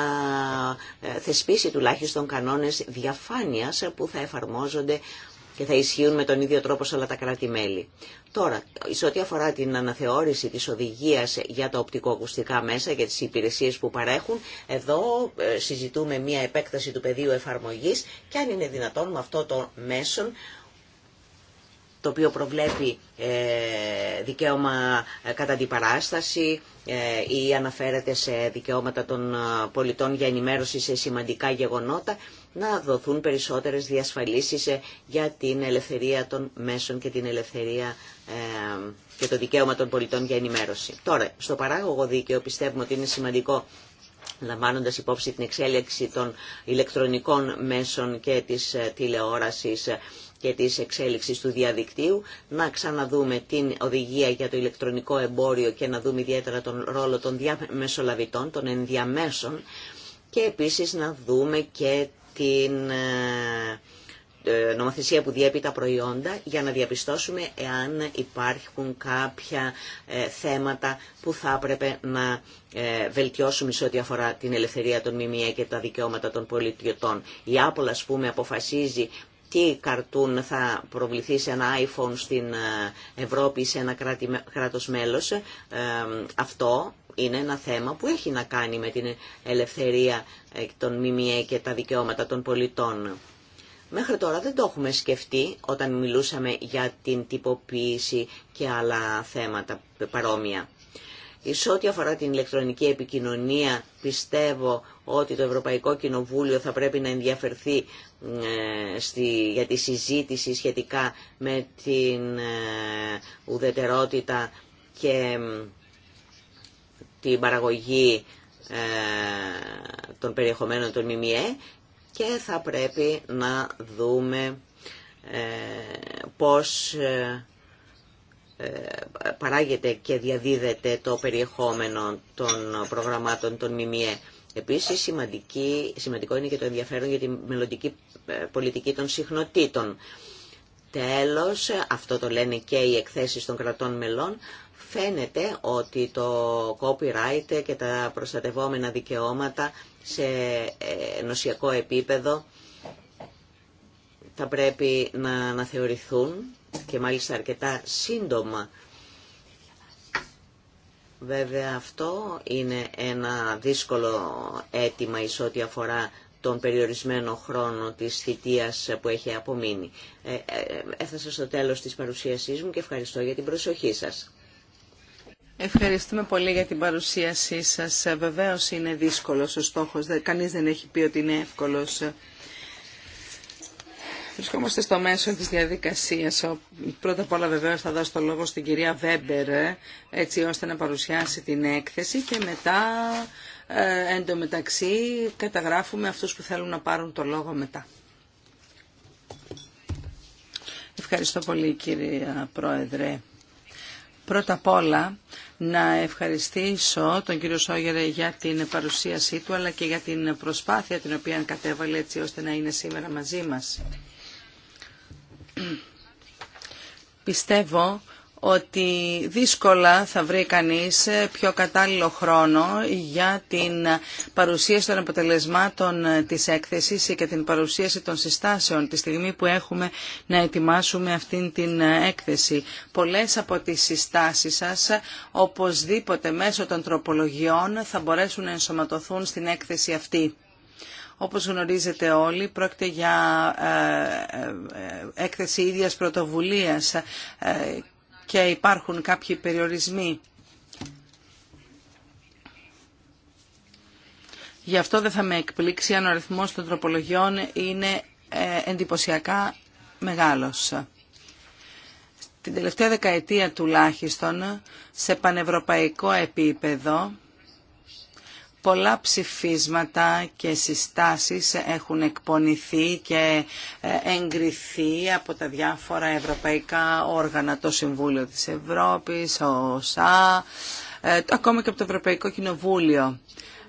ε, θεσπίσει τουλάχιστον κανόνες διαφάνειας που θα εφαρμόζονται και θα ισχύουν με τον ίδιο τρόπο σε όλα τα κράτη-μέλη. Τώρα, σε ό,τι αφορά την αναθεώρηση της οδηγίας για τα οπτικοακουστικά μέσα και τις υπηρεσίες που παρέχουν, εδώ ε, συζητούμε μία επέκταση του πεδίου εφαρμογής και αν είναι δυνατόν με αυτό το μέσον το οποίο προβλέπει ε, δικαίωμα ε, κατά αντιπαράσταση ε, ή αναφέρεται σε δικαιώματα των πολιτών για ενημέρωση σε σημαντικά γεγονότα, να δοθούν περισσότερες διασφαλίσεις για την ελευθερία των μέσων και την ελευθερία και το δικαίωμα των πολιτών για ενημέρωση. Τώρα, στο παράγωγο δίκαιο πιστεύουμε ότι είναι σημαντικό λαμβάνοντα υπόψη την εξέλιξη των ηλεκτρονικών μέσων και της τηλεόρασης και της εξέλιξης του διαδικτύου, να ξαναδούμε την οδηγία για το ηλεκτρονικό εμπόριο και να δούμε ιδιαίτερα τον ρόλο των διαμεσολαβητών, των ενδιαμέσων και επίσης να δούμε και την ε, ε, νομοθεσία που διέπει τα προϊόντα για να διαπιστώσουμε εάν υπάρχουν κάποια ε, θέματα που θα έπρεπε να ε, βελτιώσουμε σε ό,τι αφορά την ελευθερία των ΜΜΕ και τα δικαιώματα των πολιτιωτών. Η Apple, ας πούμε, αποφασίζει τι καρτούν θα προβληθεί σε ένα iPhone στην ε, Ευρώπη ή σε ένα κράτος μέλος. Ε, αυτό είναι ένα θέμα που έχει να κάνει με την ελευθερία ε, των ΜΜΕ και τα δικαιώματα των πολιτών. Μέχρι τώρα δεν το έχουμε σκεφτεί όταν μιλούσαμε για την τυποποίηση και άλλα θέματα παρόμοια. Σε ό,τι αφορά την ηλεκτρονική επικοινωνία, πιστεύω ότι το Ευρωπαϊκό Κοινοβούλιο θα πρέπει να ενδιαφερθεί ε, στη, για τη συζήτηση σχετικά με την ε, ουδετερότητα και την παραγωγή ε, των περιεχομένων των ΜΜΕ και θα πρέπει να δούμε πώς ε, παράγεται και διαδίδεται το περιεχόμενο των προγραμμάτων των ΜΜΕ. Επίσης σημαντικό είναι και το ενδιαφέρον για τη μελλοντική ε, πολιτική των συχνοτήτων. Τέλος, αυτό το λένε και οι εκθέσεις των κρατών μελών, φαίνεται ότι το copyright και τα προστατευόμενα δικαιώματα σε ε, νοσιακό επίπεδο θα πρέπει να αναθεωρηθούν και μάλιστα αρκετά σύντομα. Βέβαια αυτό είναι ένα δύσκολο αίτημα εις ό,τι αφορά τον περιορισμένο χρόνο της θητείας που έχει απομείνει. Ε, ε, έφτασα στο τέλος της παρουσίασής μου και ευχαριστώ για την προσοχή σας. Ευχαριστούμε πολύ για την παρουσίασή σας. Βεβαίως είναι δύσκολος ο στόχος. Κανείς δεν έχει πει ότι είναι εύκολος. Βρισκόμαστε στο μέσο της διαδικασίας. Πρώτα απ' όλα βεβαίως θα δώσω το λόγο στην κυρία Βέμπερ ε, έτσι ώστε να παρουσιάσει την έκθεση και μετά ε, καταγράφουμε αυτούς που θέλουν να πάρουν το λόγο μετά. Ευχαριστώ πολύ κύριε Πρόεδρε. Πρώτα απ' όλα να ευχαριστήσω τον κύριο Σόγερε για την παρουσίασή του αλλά και για την προσπάθεια την οποία κατέβαλε έτσι ώστε να είναι σήμερα μαζί μας. Πιστεύω ότι δύσκολα θα βρει κανείς πιο κατάλληλο χρόνο για την παρουσίαση των αποτελεσμάτων της έκθεσης και την παρουσίαση των συστάσεων τη στιγμή που έχουμε να ετοιμάσουμε αυτήν την έκθεση. Πολλές από τις συστάσεις σας οπωσδήποτε μέσω των τροπολογιών θα μπορέσουν να ενσωματωθούν στην έκθεση αυτή. Όπως γνωρίζετε όλοι, πρόκειται για ε, ε, έκθεση ίδιας πρωτοβουλίας ε, και υπάρχουν κάποιοι περιορισμοί. Γι' αυτό δεν θα με εκπλήξει αν ο αριθμός των τροπολογιών είναι εντυπωσιακά μεγάλος. Την τελευταία δεκαετία τουλάχιστον, σε πανευρωπαϊκό επίπεδο, Πολλά ψηφίσματα και συστάσεις έχουν εκπονηθεί και ε, εγκριθεί από τα διάφορα ευρωπαϊκά όργανα, το Συμβούλιο της Ευρώπης, ο ΣΑ, ε, ακόμα και από το Ευρωπαϊκό Κοινοβούλιο.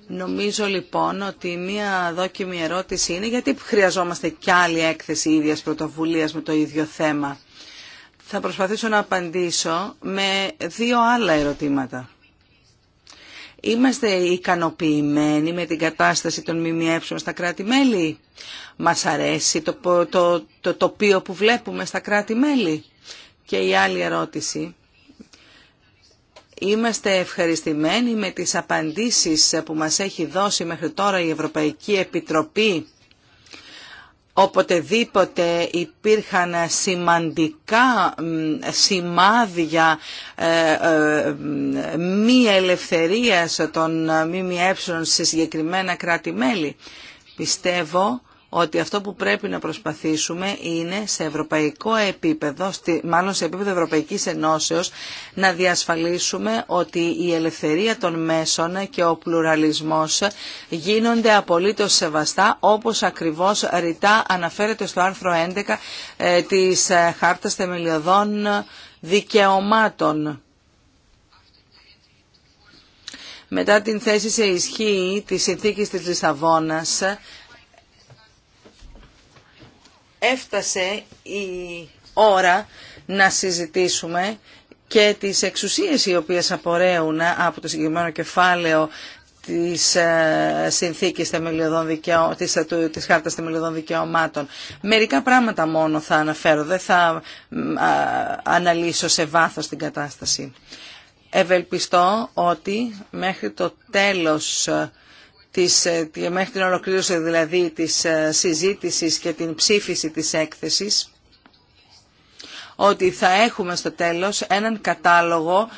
Νομίζω λοιπόν ότι μία δόκιμη ερώτηση είναι γιατί χρειαζόμαστε κι άλλη έκθεση ίδιας πρωτοβουλίας με το ίδιο θέμα. Θα προσπαθήσω να απαντήσω με δύο άλλα ερωτήματα. Είμαστε ικανοποιημένοι με την κατάσταση των ΜΜΕ στα κράτη-μέλη. Μας αρέσει το, το, το, το τοπίο που βλέπουμε στα κράτη-μέλη. Και η άλλη ερώτηση. Είμαστε ευχαριστημένοι με τις απαντήσεις που μας έχει δώσει μέχρι τώρα η Ευρωπαϊκή Επιτροπή οποτεδήποτε υπήρχαν σημαντικά σημάδια ε, ε, μη ελευθερίας των ΜΜΕ σε συγκεκριμένα κράτη-μέλη. Πιστεύω ότι αυτό που πρέπει να προσπαθήσουμε είναι σε ευρωπαϊκό επίπεδο, μάλλον σε επίπεδο Ευρωπαϊκής Ενώσεως, να διασφαλίσουμε ότι η ελευθερία των μέσων και ο πλουραλισμός γίνονται απολύτως σεβαστά, όπως ακριβώς ρητά αναφέρεται στο άρθρο 11 ε, της ε, Χάρτας Θεμελιωδών Δικαιωμάτων μετά την θέση σε ισχύ της συνθήκης της Λισαβόνας έφτασε η ώρα να συζητήσουμε και τις εξουσίες οι οποίες απορρέουν από το συγκεκριμένο κεφάλαιο της ε, συνθήκης θεμελιωδών δικαιω... της, ε, της χάρτας θεμελιωδών δικαιωμάτων. Μερικά πράγματα μόνο θα αναφέρω, δεν θα αναλύσω σε βάθος την κατάσταση. Ευελπιστώ ότι μέχρι το τέλος ε, ε, μέχρι την ολοκλήρωση δηλαδή της ε, συζήτησης και την ψήφιση της έκθεσης ότι θα έχουμε στο τέλος έναν κατάλογο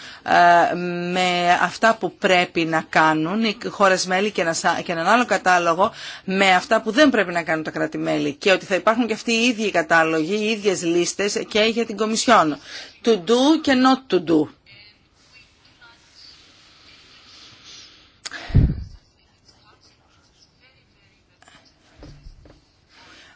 ε, με αυτά που πρέπει να κάνουν οι χώρες μέλη και έναν άλλο κατάλογο με αυτά που δεν πρέπει να κάνουν τα κράτη-μέλη και ότι θα υπάρχουν και αυτοί οι ίδιοι κατάλογοι, οι ίδιες λίστες και για την Κομισιόν. To do και not to do.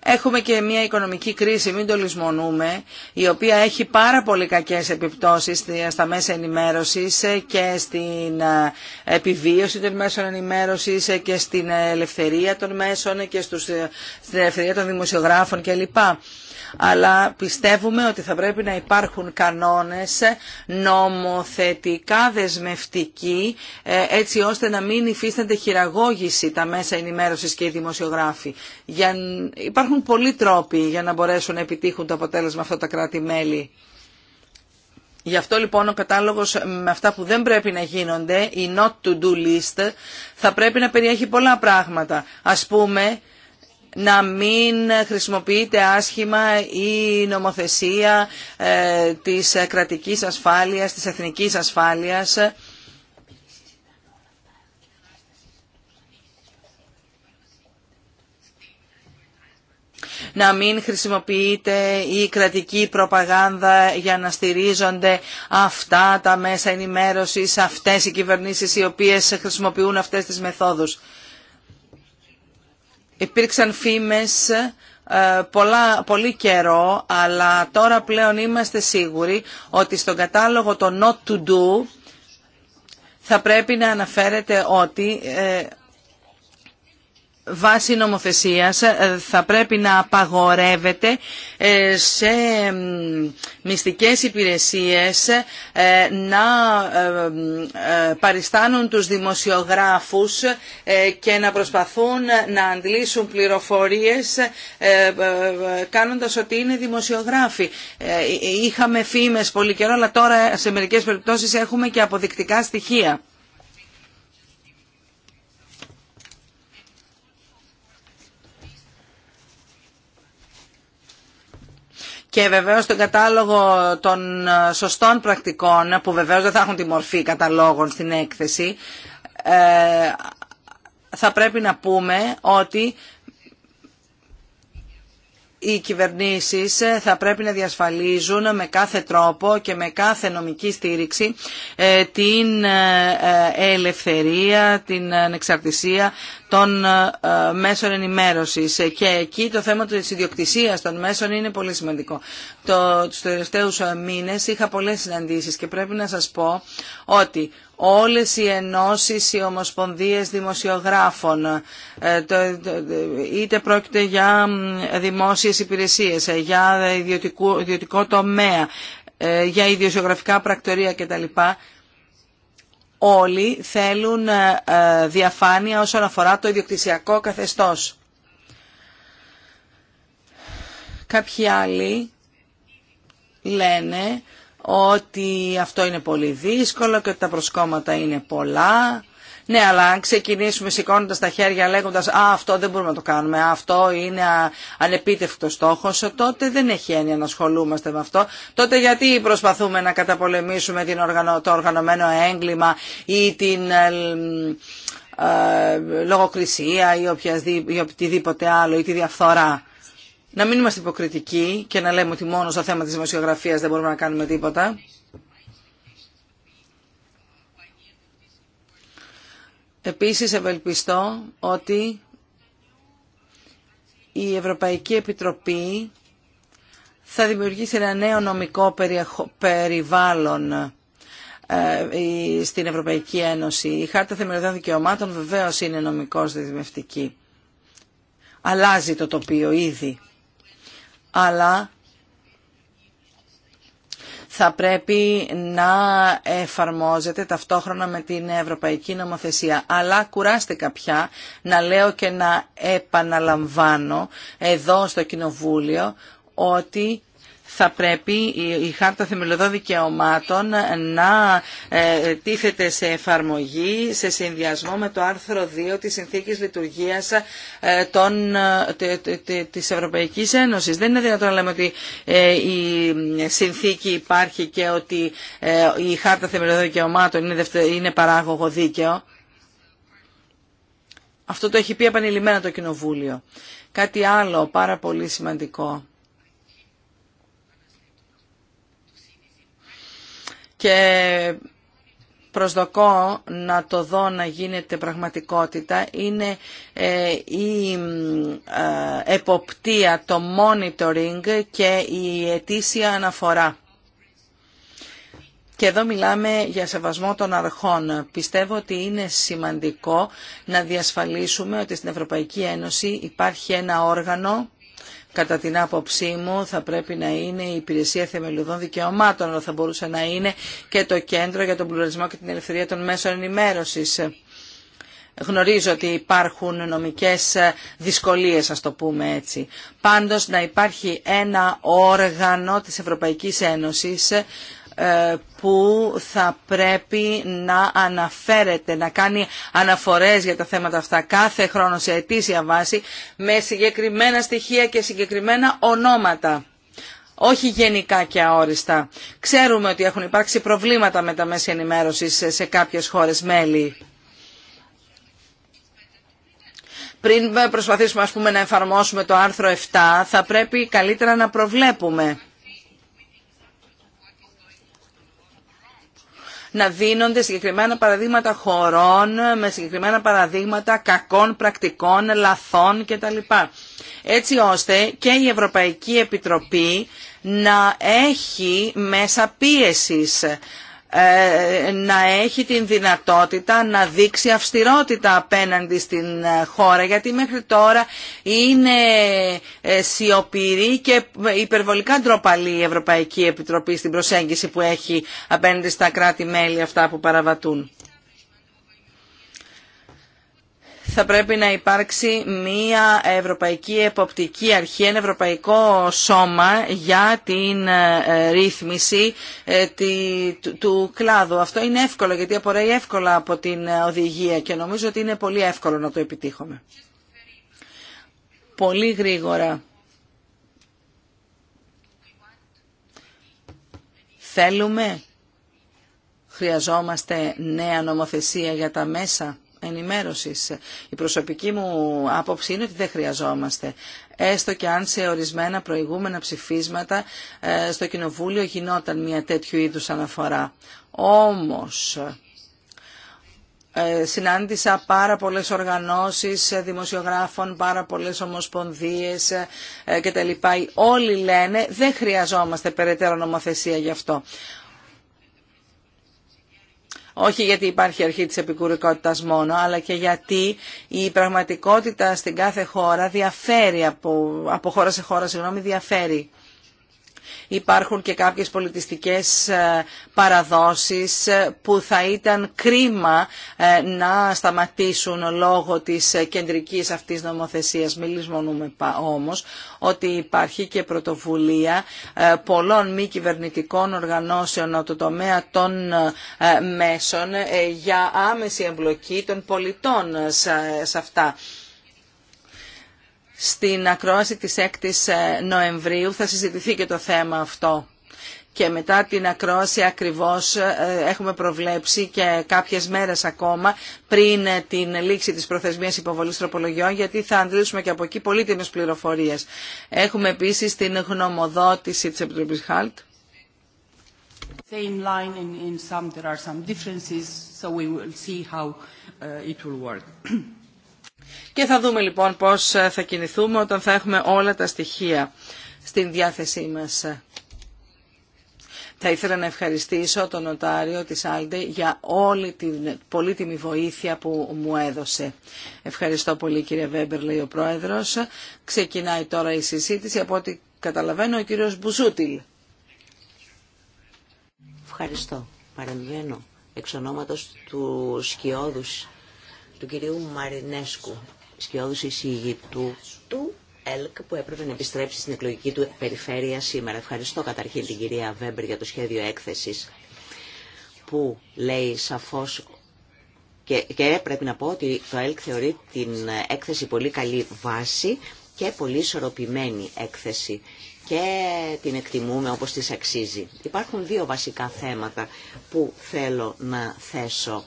Έχουμε και μια οικονομική κρίση, μην το λησμονούμε, η οποία έχει πάρα πολύ κακές επιπτώσεις στα μέσα ενημέρωσης και στην ε, επιβίωση των μέσων ενημέρωσης και στην ελευθερία των μέσων και ε, στην ελευθερία των δημοσιογράφων κλπ αλλά πιστεύουμε ότι θα πρέπει να υπάρχουν κανόνες νομοθετικά δεσμευτικοί ε, έτσι ώστε να μην υφίστανται χειραγώγηση τα μέσα ενημέρωσης και οι δημοσιογράφοι. Για... Υπάρχουν πολλοί τρόποι για να μπορέσουν να επιτύχουν το αποτέλεσμα αυτά τα κράτη-μέλη. Γι' αυτό λοιπόν ο κατάλογος με αυτά που δεν πρέπει να γίνονται, η not to do list, θα πρέπει να περιέχει πολλά πράγματα. Ας πούμε, να μην χρησιμοποιείται άσχημα η νομοθεσία ε, της κρατικής ασφάλειας, της εθνικής ασφάλειας. να μην χρησιμοποιείται η κρατική προπαγάνδα για να στηρίζονται αυτά τα μέσα ενημέρωσης, αυτές οι κυβερνήσεις οι οποίες χρησιμοποιούν αυτές τις μεθόδους. Υπήρξαν φήμες ε, πολύ καιρό, αλλά τώρα πλέον είμαστε σίγουροι ότι στον κατάλογο το not to do θα πρέπει να αναφέρεται ότι ε, βάση νομοθεσίας ε, θα πρέπει να απαγορεύεται ε, σε μυστικές υπηρεσίες ε, να παριστάνουν τους δημοσιογράφους και να προσπαθούν να αντλήσουν πληροφορίες κάνοντας ότι είναι δημοσιογράφοι. Είχαμε φήμες πολύ καιρό, αλλά τώρα σε μερικές περιπτώσεις έχουμε και αποδεικτικά στοιχεία. και βεβαίω τον κατάλογο των ε, σωστών πρακτικών που βεβαίω δεν θα έχουν τη μορφή καταλόγων στην έκθεση ε, θα πρέπει να πούμε ότι οι κυβερνήσεις θα πρέπει να διασφαλίζουν με κάθε τρόπο και με κάθε νομική στήριξη ε, την ελευθερία, την ανεξαρτησία των ε, ε, μέσων ενημέρωσης ε, και εκεί το θέμα της ιδιοκτησίας των μέσων είναι πολύ σημαντικό. Το, τους τελευταίους μήνες είχα πολλές συναντήσεις και πρέπει να σας πω ότι όλες οι ενώσεις, οι ομοσπονδίες δημοσιογράφων, είτε πρόκειται για δημόσιες υπηρεσίες, για ιδιωτικό τομέα, για ιδιοσιογραφικά πρακτορία κτλ όλοι θέλουν ε, ε, διαφάνεια όσον αφορά το ιδιοκτησιακό καθεστώς. Κάποιοι άλλοι λένε ότι αυτό είναι πολύ δύσκολο και ότι τα προσκόμματα είναι πολλά. Ναι, αλλά αν ξεκινήσουμε σηκώνοντα τα χέρια λέγοντα Α, αυτό δεν μπορούμε να το κάνουμε, αυτό είναι ανεπίτευκτο στόχο, τότε δεν έχει έννοια να ασχολούμαστε με αυτό. Τότε γιατί προσπαθούμε να καταπολεμήσουμε την το οργανωμένο έγκλημα ή την ε, ε, λογοκρισία ή, οποιασδή, ή οτιδήποτε άλλο ή τη διαφθορά. Να μην είμαστε υποκριτικοί και να λέμε ότι μόνο στο θέμα τη δημοσιογραφία δεν μπορούμε να κάνουμε τίποτα. Επίσης ευελπιστώ ότι η Ευρωπαϊκή Επιτροπή θα δημιουργήσει ένα νέο νομικό περιβάλλον ε, στην Ευρωπαϊκή Ένωση. Η Χάρτα Θεμελιωδών Δικαιωμάτων βεβαίως είναι νομικός δεσμευτική. Αλλάζει το τοπίο ήδη. Αλλά θα πρέπει να εφαρμόζεται ταυτόχρονα με την Ευρωπαϊκή Νομοθεσία. Αλλά κουράστηκα πια να λέω και να επαναλαμβάνω εδώ στο Κοινοβούλιο ότι θα πρέπει η Χάρτα Θεμελιωδών Δικαιωμάτων να ε, τίθεται σε εφαρμογή σε συνδυασμό με το άρθρο 2 της Συνθήκης Λειτουργίας ε, των, της Ευρωπαϊκής Ένωσης. Δεν είναι δυνατόν να λέμε ότι ε, η συνθήκη υπάρχει και ότι η Χάρτα Θεμελιωδών Δικαιωμάτων είναι παράγωγο δίκαιο. Αυτό το έχει πει επανειλημμένα το Κοινοβούλιο. Κάτι άλλο πάρα πολύ σημαντικό και προσδοκώ να το δω να γίνεται πραγματικότητα είναι ε, η ε, εποπτεία, το monitoring και η αιτήσια αναφορά. Και εδώ μιλάμε για σεβασμό των αρχών. Πιστεύω ότι είναι σημαντικό να διασφαλίσουμε ότι στην Ευρωπαϊκή Ένωση υπάρχει ένα όργανο κατά την άποψή μου θα πρέπει να είναι η Υπηρεσία Θεμελιωδών Δικαιωμάτων, αλλά θα μπορούσε να είναι και το Κέντρο για τον Πλουραλισμό και την Ελευθερία των Μέσων Ενημέρωσης. Γνωρίζω ότι υπάρχουν νομικές δυσκολίες, ας το πούμε έτσι. Πάντως να υπάρχει ένα όργανο της Ευρωπαϊκής Ένωσης ε, που θα πρέπει να αναφέρεται, να κάνει αναφορές για τα θέματα αυτά κάθε χρόνο σε αιτήσια βάση με συγκεκριμένα στοιχεία και συγκεκριμένα ονόματα. Όχι γενικά και αόριστα. Ξέρουμε ότι έχουν υπάρξει προβλήματα με τα μέσα ενημέρωση σε κάποιες χώρες μέλη. Πριν προσπαθήσουμε να εφαρμόσουμε το άρθρο 7, θα πρέπει καλύτερα να προβλέπουμε να δίνονται συγκεκριμένα παραδείγματα χωρών, με συγκεκριμένα παραδείγματα κακών πρακτικών, λαθών κτλ. Έτσι ώστε και η Ευρωπαϊκή Επιτροπή να έχει μέσα πίεσης ε, να έχει την δυνατότητα να δείξει αυστηρότητα απέναντι στην ε, χώρα γιατί μέχρι τώρα είναι ε, σιωπηρή και υπερβολικά ντροπαλή η Ευρωπαϊκή Επιτροπή στην προσέγγιση που έχει απέναντι στα κράτη-μέλη αυτά που παραβατούν. θα πρέπει να υπάρξει μια ευρωπαϊκή εποπτική αρχή, ένα ευρωπαϊκό σώμα για την ε, ρύθμιση ε, του κλάδου. Αυτό είναι εύκολο γιατί απορρέει εύκολα από την οδηγία και νομίζω ότι είναι πολύ εύκολο να το επιτύχουμε. Πολύ γρήγορα. Θέλουμε, χρειαζόμαστε νέα νομοθεσία για τα μέσα ενημέρωσης. Η προσωπική μου άποψη είναι ότι δεν χρειαζόμαστε. Έστω και αν σε ορισμένα προηγούμενα ψηφίσματα ε, στο Κοινοβούλιο γινόταν μια τέτοιου είδους αναφορά. Όμως, ε, συνάντησα πάρα πολλές οργανώσεις ε, δημοσιογράφων, πάρα πολλές ομοσπονδίες κτλ. Όλοι λένε δεν χρειαζόμαστε περαιτέρω νομοθεσία γι' αυτό. Όχι γιατί υπάρχει αρχή της επικουρικότητας μόνο, αλλά και γιατί η πραγματικότητα στην κάθε χώρα διαφέρει από, από χώρα σε χώρα, συγγνώμη, διαφέρει υπάρχουν και κάποιες πολιτιστικές ε, παραδόσεις ε, που θα ήταν κρίμα ε, να σταματήσουν λόγω της κεντρικής αυτής νομοθεσίας. Μιλήσουμε όμως ότι υπάρχει και πρωτοβουλία πολλών μη κυβερνητικών οργανώσεων από το τομέα των μέσων για άμεση εμπλοκή των πολιτών σε αυτά. Στην ακρόαση της 6ης ε, Νοεμβρίου θα συζητηθεί και το θέμα αυτό. Και μετά την ακρόαση ακριβώς ε, έχουμε προβλέψει και κάποιες μέρες ακόμα πριν ε, την λήξη της προθεσμίας υποβολής τροπολογιών γιατί θα αντλήσουμε και από εκεί πολύτιμες πληροφορίες. Έχουμε επίσης την γνωμοδότηση της Επιτροπής ΧΑΛΤ. (clears throat) Και θα δούμε λοιπόν πώς θα κινηθούμε όταν θα έχουμε όλα τα στοιχεία στην διάθεσή μας. Θα ήθελα να ευχαριστήσω τον νοτάριο της Άλντε για όλη την πολύτιμη βοήθεια που μου έδωσε. Ευχαριστώ πολύ κύριε Βέμπερ, λέει ο Πρόεδρος. Ξεκινάει τώρα η συζήτηση, από ό,τι καταλαβαίνω ο κύριος Μπουζούτιλ. Ευχαριστώ. Παρεμβαίνω εξ του Σκιώδους, του κυρίου Μαρινέσκου σκιώδους εισηγητού του ΕΛΚ που έπρεπε να επιστρέψει στην εκλογική του περιφέρεια σήμερα. Ευχαριστώ καταρχήν την κυρία Βέμπερ για το σχέδιο έκθεσης που λέει σαφώς και, και πρέπει να πω ότι το ΕΛΚ θεωρεί την έκθεση πολύ καλή βάση και πολύ ισορροπημένη έκθεση και την εκτιμούμε όπως της αξίζει. Υπάρχουν δύο βασικά θέματα που θέλω να θέσω.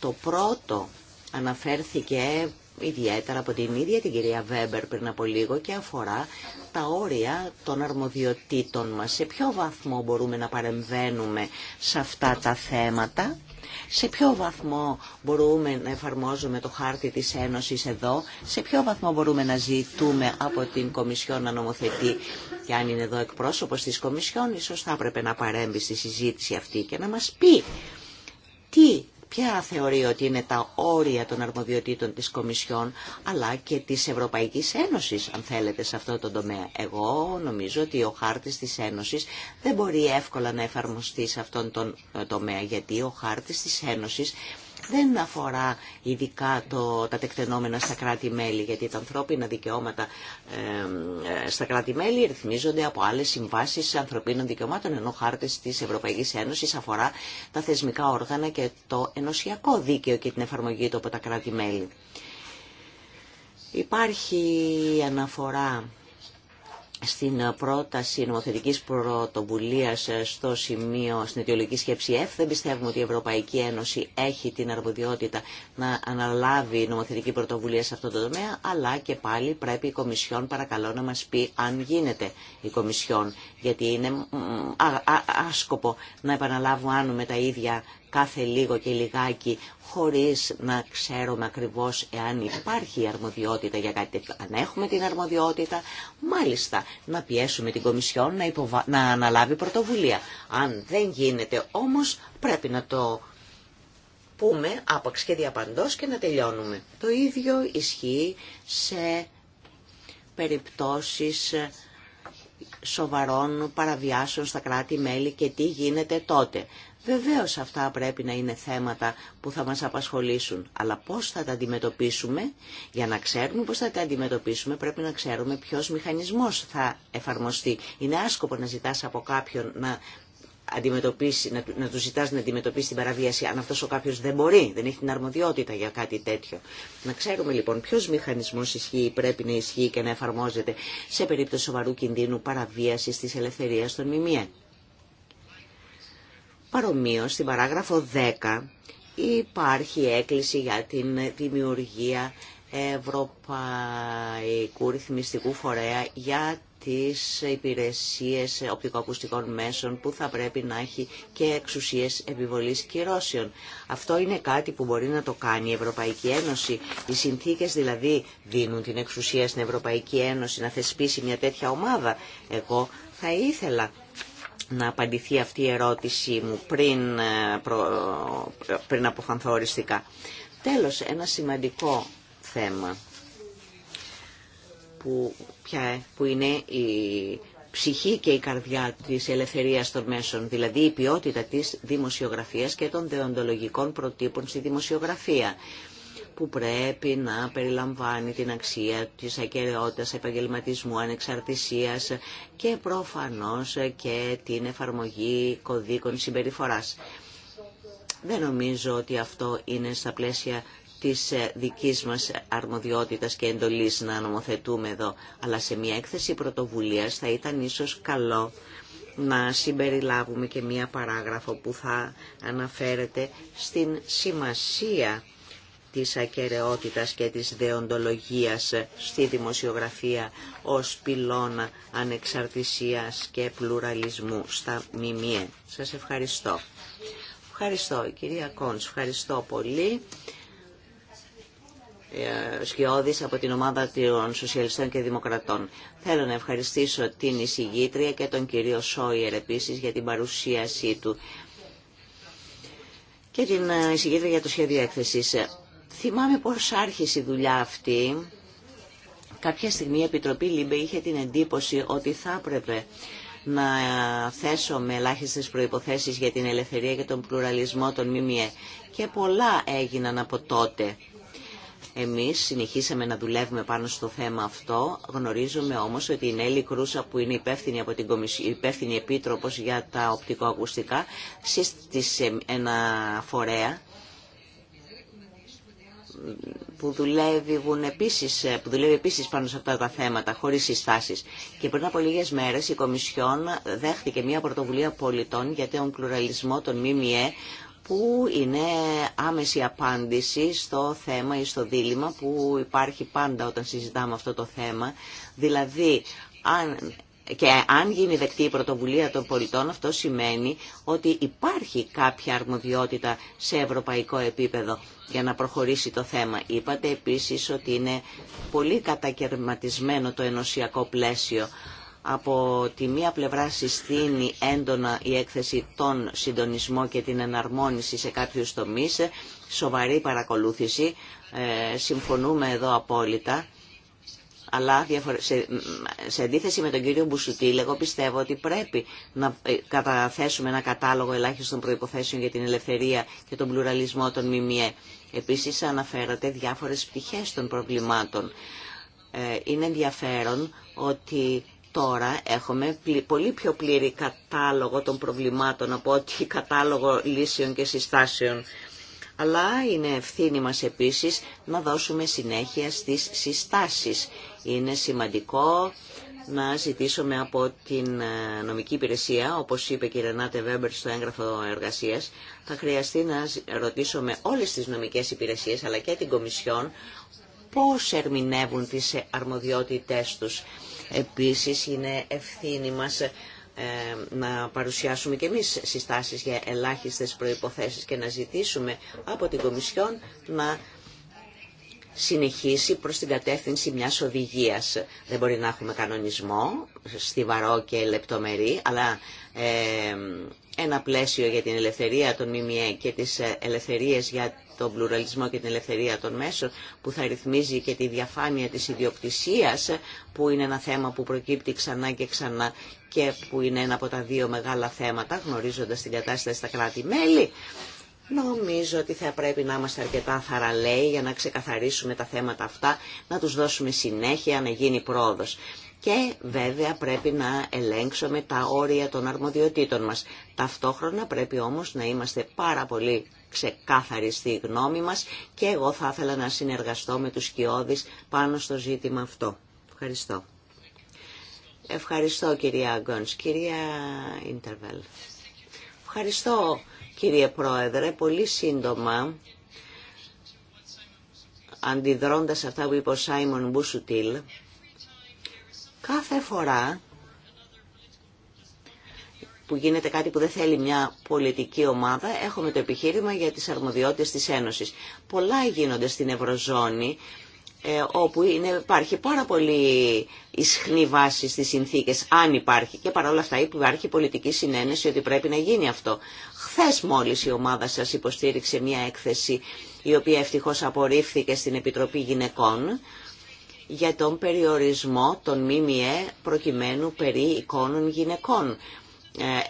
Το πρώτο αναφέρθηκε ιδιαίτερα από την ίδια την κυρία Βέμπερ πριν από λίγο και αφορά τα όρια των αρμοδιοτήτων μας. Σε ποιο βαθμό μπορούμε να παρεμβαίνουμε σε αυτά τα θέματα, σε ποιο βαθμό μπορούμε να εφαρμόζουμε το χάρτη της Ένωσης εδώ, σε ποιο βαθμό μπορούμε να ζητούμε από την Κομισιόν να νομοθετεί και αν είναι εδώ εκπρόσωπος της Κομισιόν, ίσως θα έπρεπε να παρέμβει στη συζήτηση αυτή και να μας πει τι ποια θεωρεί ότι είναι τα όρια των αρμοδιοτήτων της Κομισιόν αλλά και της Ευρωπαϊκής Ένωσης αν θέλετε σε αυτό το τομέα. Εγώ νομίζω ότι ο χάρτης της Ένωσης δεν μπορεί εύκολα να εφαρμοστεί σε αυτόν τον ε, τομέα γιατί ο χάρτης της Ένωσης δεν αφορά ειδικά το, τα τεκτενόμενα στα κράτη-μέλη, γιατί τα ανθρώπινα δικαιώματα ε, στα κράτη-μέλη ρυθμίζονται από άλλε συμβάσει ανθρωπίνων δικαιωμάτων, ενώ χάρτε τη Ευρωπαϊκή Ένωση αφορά τα θεσμικά όργανα και το ενωσιακό δίκαιο και την εφαρμογή του από τα κράτη-μέλη. Υπάρχει αναφορά στην πρόταση νομοθετική πρωτοβουλία στο σημείο, στην αιτιολογική σκέψη F. Δεν πιστεύουμε ότι η Ευρωπαϊκή Ένωση έχει την αρμοδιότητα να αναλάβει νομοθετική πρωτοβουλία σε αυτό το τομέα, αλλά και πάλι πρέπει η Κομισιόν παρακαλώ να μα πει αν γίνεται η Κομισιόν, γιατί είναι άσκοπο να επαναλάβουμε τα ίδια κάθε λίγο και λιγάκι χωρίς να ξέρουμε ακριβώς εάν υπάρχει αρμοδιότητα για κάτι τέτοιο. Αν έχουμε την αρμοδιότητα, μάλιστα να πιέσουμε την Κομισιόν να, υποβα... να αναλάβει πρωτοβουλία. Αν δεν γίνεται όμως πρέπει να το πούμε άπαξ και διαπαντός και να τελειώνουμε. Το ίδιο ισχύει σε περιπτώσεις σοβαρών παραβιάσεων στα κράτη-μέλη και τι γίνεται τότε. Βεβαίως αυτά πρέπει να είναι θέματα που θα μας απασχολήσουν, αλλά πώς θα τα αντιμετωπίσουμε, για να ξέρουμε πώς θα τα αντιμετωπίσουμε πρέπει να ξέρουμε ποιος μηχανισμός θα εφαρμοστεί. Είναι άσκοπο να ζητάς από κάποιον να να, να του ζητάς να αντιμετωπίσει την παραβίαση αν αυτός ο κάποιος δεν μπορεί, δεν έχει την αρμοδιότητα για κάτι τέτοιο. Να ξέρουμε λοιπόν ποιος μηχανισμός ισχύει, πρέπει να ισχύει και να εφαρμόζεται σε περίπτωση σοβαρού κινδύνου παραβίασης της ελευθερίας των μημιών. Παρομοίως, στην παράγραφο 10 υπάρχει έκκληση για την δημιουργία Ευρωπαϊκού Ρυθμιστικού Φορέα για τις υπηρεσίες οπτικοακουστικών μέσων που θα πρέπει να έχει και εξουσίες επιβολής κυρώσεων. Αυτό είναι κάτι που μπορεί να το κάνει η Ευρωπαϊκή Ένωση. Οι συνθήκες δηλαδή δίνουν την εξουσία στην Ευρωπαϊκή Ένωση να θεσπίσει μια τέτοια ομάδα. Εγώ θα ήθελα να απαντηθεί αυτή η ερώτησή μου πριν, ε, ε, πριν αποφανθώ οριστικά. Τέλος, ένα σημαντικό θέμα που, πια, που είναι η ψυχή και η καρδιά της ελευθερίας των μέσων, δηλαδή η ποιότητα της δημοσιογραφίας και των δεοντολογικών προτύπων στη δημοσιογραφία που πρέπει να περιλαμβάνει την αξία της ακαιρεότητας επαγγελματισμού, ανεξαρτησίας και προφανώς και την εφαρμογή κωδίκων συμπεριφοράς. Δεν νομίζω ότι αυτό είναι στα πλαίσια της δικής μας αρμοδιότητας και εντολής να νομοθετούμε εδώ, αλλά σε μια έκθεση πρωτοβουλίας θα ήταν ίσως καλό να συμπεριλάβουμε και μία παράγραφο που θα αναφέρεται στην σημασία της ακαιρεότητας και της δεοντολογίας στη δημοσιογραφία ως πυλώνα ανεξαρτησίας και πλουραλισμού στα ΜΜΕ. Σας ευχαριστώ. Ευχαριστώ κυρία Κόντς, ευχαριστώ πολύ. Ε, σκιώδης από την ομάδα των Σοσιαλιστών και Δημοκρατών. Θέλω να ευχαριστήσω την εισηγήτρια και τον κύριο Σόιερ επίσης για την παρουσίασή του και την ε, εισηγήτρια για το σχέδιο έκθεσης. Θυμάμαι πώς άρχισε η δουλειά αυτή. Κάποια στιγμή η Επιτροπή Λίμπε είχε την εντύπωση ότι θα έπρεπε να θέσουμε ελάχιστε προϋποθέσεις για την ελευθερία και τον πλουραλισμό των ΜΜΕ. Και πολλά έγιναν από τότε. Εμείς συνεχίσαμε να δουλεύουμε πάνω στο θέμα αυτό. Γνωρίζουμε όμως ότι η Νέλη Κρούσα που είναι υπεύθυνη, από την υπεύθυνη επίτροπος για τα οπτικοακουστικά σύστησε ένα φορέα που επίσης, που δουλεύει επίσης πάνω σε αυτά τα θέματα, χωρίς συστάσεις. Και πριν από λίγες μέρες η Κομισιόν δέχτηκε μια πρωτοβουλία πολιτών για τον πλουραλισμό των ΜΜΕ, που είναι άμεση απάντηση στο θέμα ή στο δίλημα που υπάρχει πάντα όταν συζητάμε αυτό το θέμα. Δηλαδή, αν και αν γίνει δεκτή η πρωτοβουλία των πολιτών, αυτό σημαίνει ότι υπάρχει κάποια αρμοδιότητα σε ευρωπαϊκό επίπεδο για να προχωρήσει το θέμα. Είπατε επίσης ότι είναι πολύ κατακαιρματισμένο το ενωσιακό πλαίσιο. Από τη μία πλευρά συστήνει έντονα η έκθεση των συντονισμό και την εναρμόνιση σε κάποιους τομείς, σοβαρή παρακολούθηση, ε, συμφωνούμε εδώ απόλυτα. Αλλά σε αντίθεση με τον κύριο Μπουσουτή εγώ πιστεύω ότι πρέπει να ε, καταθέσουμε ένα κατάλογο ελάχιστων προϋποθέσεων για την ελευθερία και τον πλουραλισμό των ΜΜΕ. Επίσης αναφέρατε διάφορες πτυχές των προβλημάτων. Ε, είναι ενδιαφέρον ότι τώρα έχουμε πολύ πιο πλήρη κατάλογο των προβλημάτων από ότι (laughs) κατάλογο λύσεων και συστάσεων. Αλλά είναι ευθύνη μας επίσης να δώσουμε συνέχεια στις συστάσεις. Είναι σημαντικό να ζητήσουμε από την ε, νομική υπηρεσία, όπως είπε η Ρενάτε Βέμπερ στο έγγραφο εργασίας, θα χρειαστεί να ρωτήσουμε όλες τις νομικές υπηρεσίες αλλά και την Κομισιόν πώς ερμηνεύουν τις αρμοδιότητές τους. Επίσης είναι ευθύνη μας ε, να παρουσιάσουμε και εμείς συστάσεις για ελάχιστες προϋποθέσεις και να ζητήσουμε από την Κομισιόν να συνεχίσει προς την κατεύθυνση μιας οδηγίας. Δεν μπορεί να έχουμε κανονισμό, στιβαρό και λεπτομερή, αλλά ε, ένα πλαίσιο για την ελευθερία των ΜΜΕ και τις ε, ελευθερίες για τον πλουραλισμό και την ελευθερία των μέσων που θα ρυθμίζει και τη διαφάνεια της ιδιοκτησίας που είναι ένα θέμα που προκύπτει ξανά και ξανά και που είναι ένα από τα δύο μεγάλα θέματα γνωρίζοντας την κατάσταση στα κράτη-μέλη Νομίζω ότι θα πρέπει να είμαστε αρκετά θαραλέοι για να ξεκαθαρίσουμε τα θέματα αυτά, να τους δώσουμε συνέχεια, να γίνει πρόοδος. Και βέβαια πρέπει να ελέγξουμε τα όρια των αρμοδιοτήτων μας. Ταυτόχρονα πρέπει όμως να είμαστε πάρα πολύ ξεκάθαροι στη γνώμη μας και εγώ θα ήθελα να συνεργαστώ με τους σκιώδεις πάνω στο ζήτημα αυτό. Ευχαριστώ. Ευχαριστώ κυρία Γκόνς. Κυρία Ιντερβέλ. Ευχαριστώ κύριε Πρόεδρε, πολύ σύντομα, αντιδρώντας αυτά που είπε ο Σάιμον Μπουσουτήλ, κάθε φορά που γίνεται κάτι που δεν θέλει μια πολιτική ομάδα, έχουμε το επιχείρημα για τις αρμοδιότητες της Ένωσης. Πολλά γίνονται στην Ευρωζώνη ε, όπου είναι, υπάρχει πάρα πολύ ισχνή βάση στις συνθήκες, αν υπάρχει, και παρόλα αυτά υπάρχει πολιτική συνένεση ότι πρέπει να γίνει αυτό. Χθες μόλις η ομάδα σας υποστήριξε μια έκθεση η οποία ευτυχώς απορρίφθηκε στην Επιτροπή Γυναικών για τον περιορισμό των ΜΜΕ προκειμένου περί εικόνων γυναικών.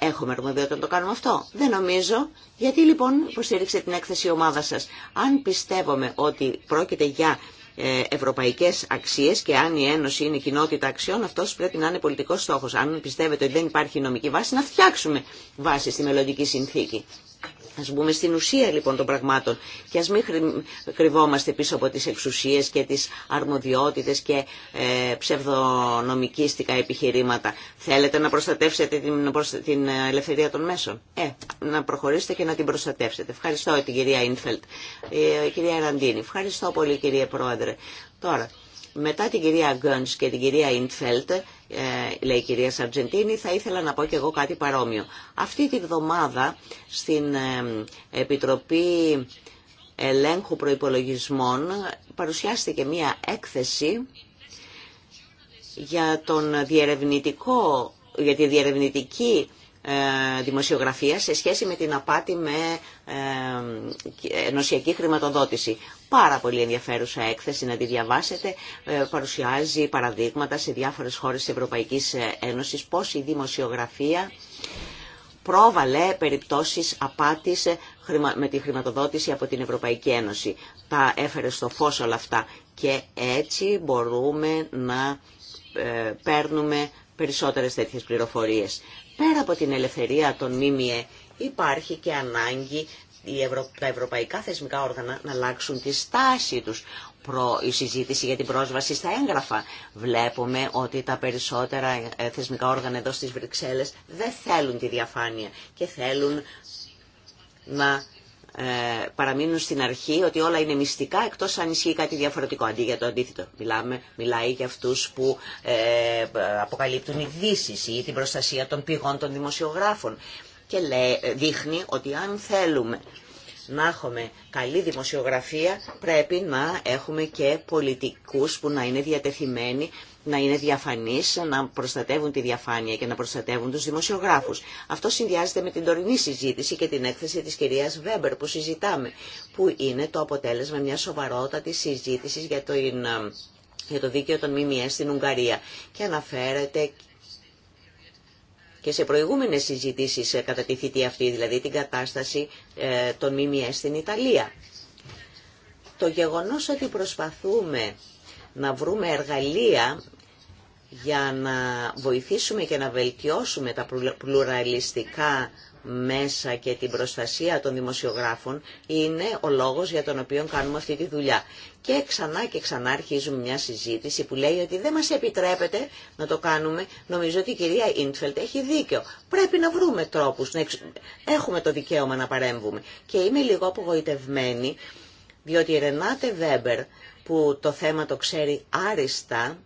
Ε, έχουμε αρμοδιότητα να το κάνουμε αυτό. Δεν νομίζω. Γιατί λοιπόν υποστήριξε την έκθεση η ομάδα σας. Αν πιστεύουμε ότι πρόκειται για ε, ευρωπαϊκές αξίες και αν η Ένωση είναι κοινότητα αξιών, αυτός πρέπει να είναι πολιτικός στόχος. Αν πιστεύετε ότι δεν υπάρχει νομική βάση, να φτιάξουμε βάση στη μελλοντική συνθήκη. Α μπούμε στην ουσία λοιπόν των πραγμάτων και α μην κρυβόμαστε πίσω από τι εξουσίε και τι αρμοδιότητε και ε, ψευδονομικίστικα επιχειρήματα. Θέλετε να προστατεύσετε την, ελευθερία των μέσων. Ε, να προχωρήσετε και να την προστατεύσετε. Ευχαριστώ την κυρία Ίνφελτ, ε, κυρία Ραντίνη. Ευχαριστώ πολύ κύριε Πρόεδρε. Τώρα, μετά την κυρία Γκόντ και την κυρία Ινφελτ, ε, λέει η κυρία Σαρτζεντίνη, θα ήθελα να πω και εγώ κάτι παρόμοιο. Αυτή τη βδομάδα στην ε, Επιτροπή Ελέγχου Προϋπολογισμών παρουσιάστηκε μία έκθεση για, τον διερευνητικό, για τη διερευνητική ε, δημοσιογραφία σε σχέση με την απάτη με ενωσιακή χρηματοδότηση. Πάρα πολύ ενδιαφέρουσα έκθεση να τη διαβάσετε. Ε, παρουσιάζει παραδείγματα σε διάφορες χώρες της Ευρωπαϊκής ε, Ένωσης πώς η δημοσιογραφία πρόβαλε περιπτώσεις απάτης ε, με τη χρηματοδότηση από την Ευρωπαϊκή Ένωση. Τα έφερε στο φως όλα αυτά και έτσι μπορούμε να παίρνουμε περισσότερες τέτοιες πληροφορίες. Πέρα από την ελευθερία των ΜΜΕ υπάρχει και ανάγκη ευρω... τα ευρωπαϊκά θεσμικά όργανα να αλλάξουν τη στάση τους προ η συζήτηση για την πρόσβαση στα έγγραφα. Βλέπουμε ότι τα περισσότερα ε, θεσμικά όργανα εδώ στις Βρυξέλλες δεν θέλουν τη διαφάνεια και θέλουν να ε, παραμείνουν στην αρχή ότι όλα είναι μυστικά εκτός αν ισχύει κάτι διαφορετικό. Αντί για το αντίθετο. Μιλάμε, μιλάει για αυτούς που ε, αποκαλύπτουν ειδήσει ή την προστασία των πηγών των δημοσιογράφων και δείχνει ότι αν θέλουμε να έχουμε καλή δημοσιογραφία πρέπει να έχουμε και πολιτικούς που να είναι διατεθειμένοι να είναι διαφανείς, να προστατεύουν τη διαφάνεια και να προστατεύουν τους δημοσιογράφους. Αυτό συνδυάζεται με την τωρινή συζήτηση και την έκθεση της κυρίας Βέμπερ που συζητάμε, που είναι το αποτέλεσμα μιας σοβαρότατης συζήτησης για το, ε, για το δίκαιο των ΜΜΕ στην Ουγγαρία και αναφέρεται και σε προηγούμενες συζητήσεις ε, κατά τη θητεία αυτή, δηλαδή την κατάσταση ε, των ΜΜΕ στην Ιταλία. Το γεγονός ότι προσπαθούμε να βρούμε εργαλεία για να βοηθήσουμε και να βελτιώσουμε τα πλουραλιστικά μέσα και την προστασία των δημοσιογράφων είναι ο λόγος για τον οποίο κάνουμε αυτή τη δουλειά. Και ξανά και ξανά αρχίζουμε μια συζήτηση που λέει ότι δεν μας επιτρέπεται να το κάνουμε. Νομίζω ότι η κυρία Ίντφελτ έχει δίκιο. Πρέπει να βρούμε τρόπους, να έχουμε το δικαίωμα να παρέμβουμε. Και είμαι λίγο απογοητευμένη, διότι η Ρενάτε Βέμπερ, που το θέμα το ξέρει άριστα,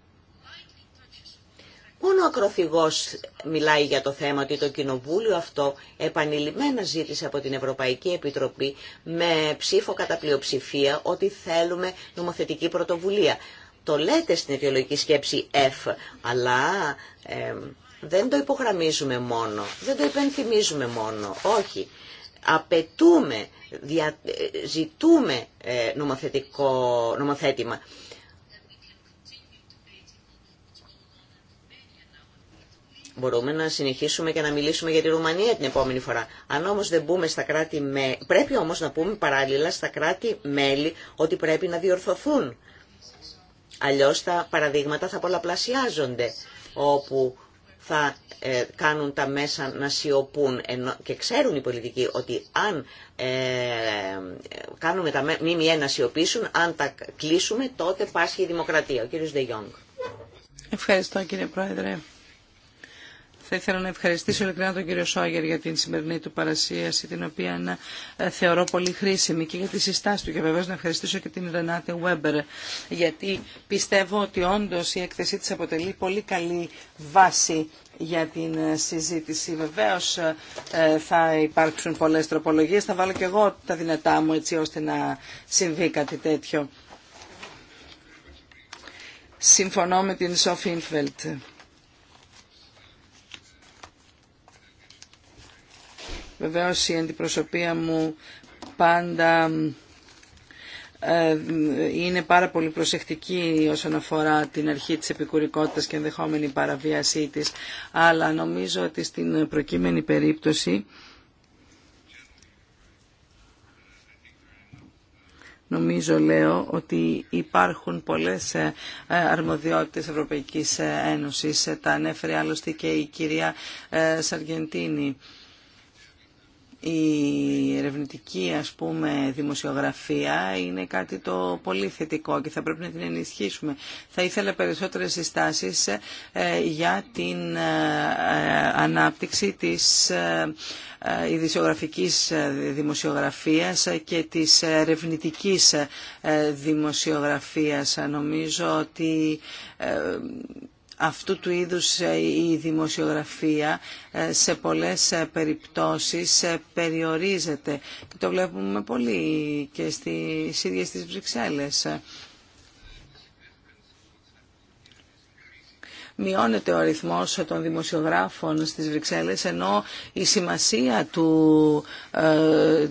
Μόνο ο ακροθυγός μιλάει για το θέμα ότι το κοινοβούλιο αυτό επανειλημμένα ζήτησε από την Ευρωπαϊκή Επιτροπή με ψήφο κατά πλειοψηφία ότι θέλουμε νομοθετική πρωτοβουλία. Το λέτε στην αιτιολογική σκέψη F, αλλά δεν το υπογραμμίζουμε μόνο, δεν το υπενθυμίζουμε μόνο, όχι. Απαιτούμε, δια, ε, ζητούμε ε, νομοθετικό, νομοθέτημα. Μπορούμε να συνεχίσουμε και να μιλήσουμε για τη Ρουμανία την επόμενη φορά. Αν όμως δεν μπούμε στα κράτη μέλη, πρέπει όμως να πούμε παράλληλα στα κράτη μέλη ότι πρέπει να διορθωθούν. Αλλιώς τα παραδείγματα θα πολλαπλασιάζονται όπου θα ε, κάνουν τα μέσα να σιωπούν και ξέρουν οι πολιτικοί ότι αν ε, κάνουμε τα ΜΜΕ να σιωπήσουν, αν τα κλείσουμε τότε πάσχει η δημοκρατία. Ο κύριος Ευχαριστώ κύριε Πρόεδρε. Θα ήθελα να ευχαριστήσω ειλικρινά τον κύριο Σόγερ για την σημερινή του παρασίαση, την οποία ε, θεωρώ πολύ χρήσιμη και για τη συστάση του. Και βεβαίω να ευχαριστήσω και την Ρενάτε Βέμπερ, γιατί πιστεύω ότι όντω η έκθεσή τη αποτελεί πολύ καλή βάση για την ε, συζήτηση. Βεβαίω ε, θα υπάρξουν πολλέ τροπολογίε. Θα βάλω και εγώ τα δυνατά μου έτσι ώστε να συμβεί κάτι τέτοιο. Συμφωνώ με την Σόφι Βεβαίως η αντιπροσωπεία μου πάντα ε, είναι πάρα πολύ προσεκτική όσον αφορά την αρχή της επικουρικότητας και ενδεχόμενη παραβίασή της. Αλλά νομίζω ότι στην προκείμενη περίπτωση Νομίζω, λέω, ότι υπάρχουν πολλές ε, αρμοδιότητες Ευρωπαϊκής Ένωσης. Τα ανέφερε άλλωστε και η κυρία ε, Σαργεντίνη η ερευνητική ας πούμε δημοσιογραφία είναι κάτι το πολύ θετικό και θα πρέπει να την ενισχύσουμε. Θα ήθελα περισσότερες συστάσεις ε, για την ε, ε, ανάπτυξη της ειδησιογραφικής δημοσιογραφίας και της ερευνητική δημοσιογραφίας. Νομίζω ότι αυτού του είδους ε, η δημοσιογραφία ε, σε πολλές ε, περιπτώσεις περιορίζεται. Και το βλέπουμε πολύ και στις ίδιες τις Βρυξέλλες. μειώνεται ο αριθμός των δημοσιογράφων στις Βρυξέλλες ενώ η σημασία του, ε,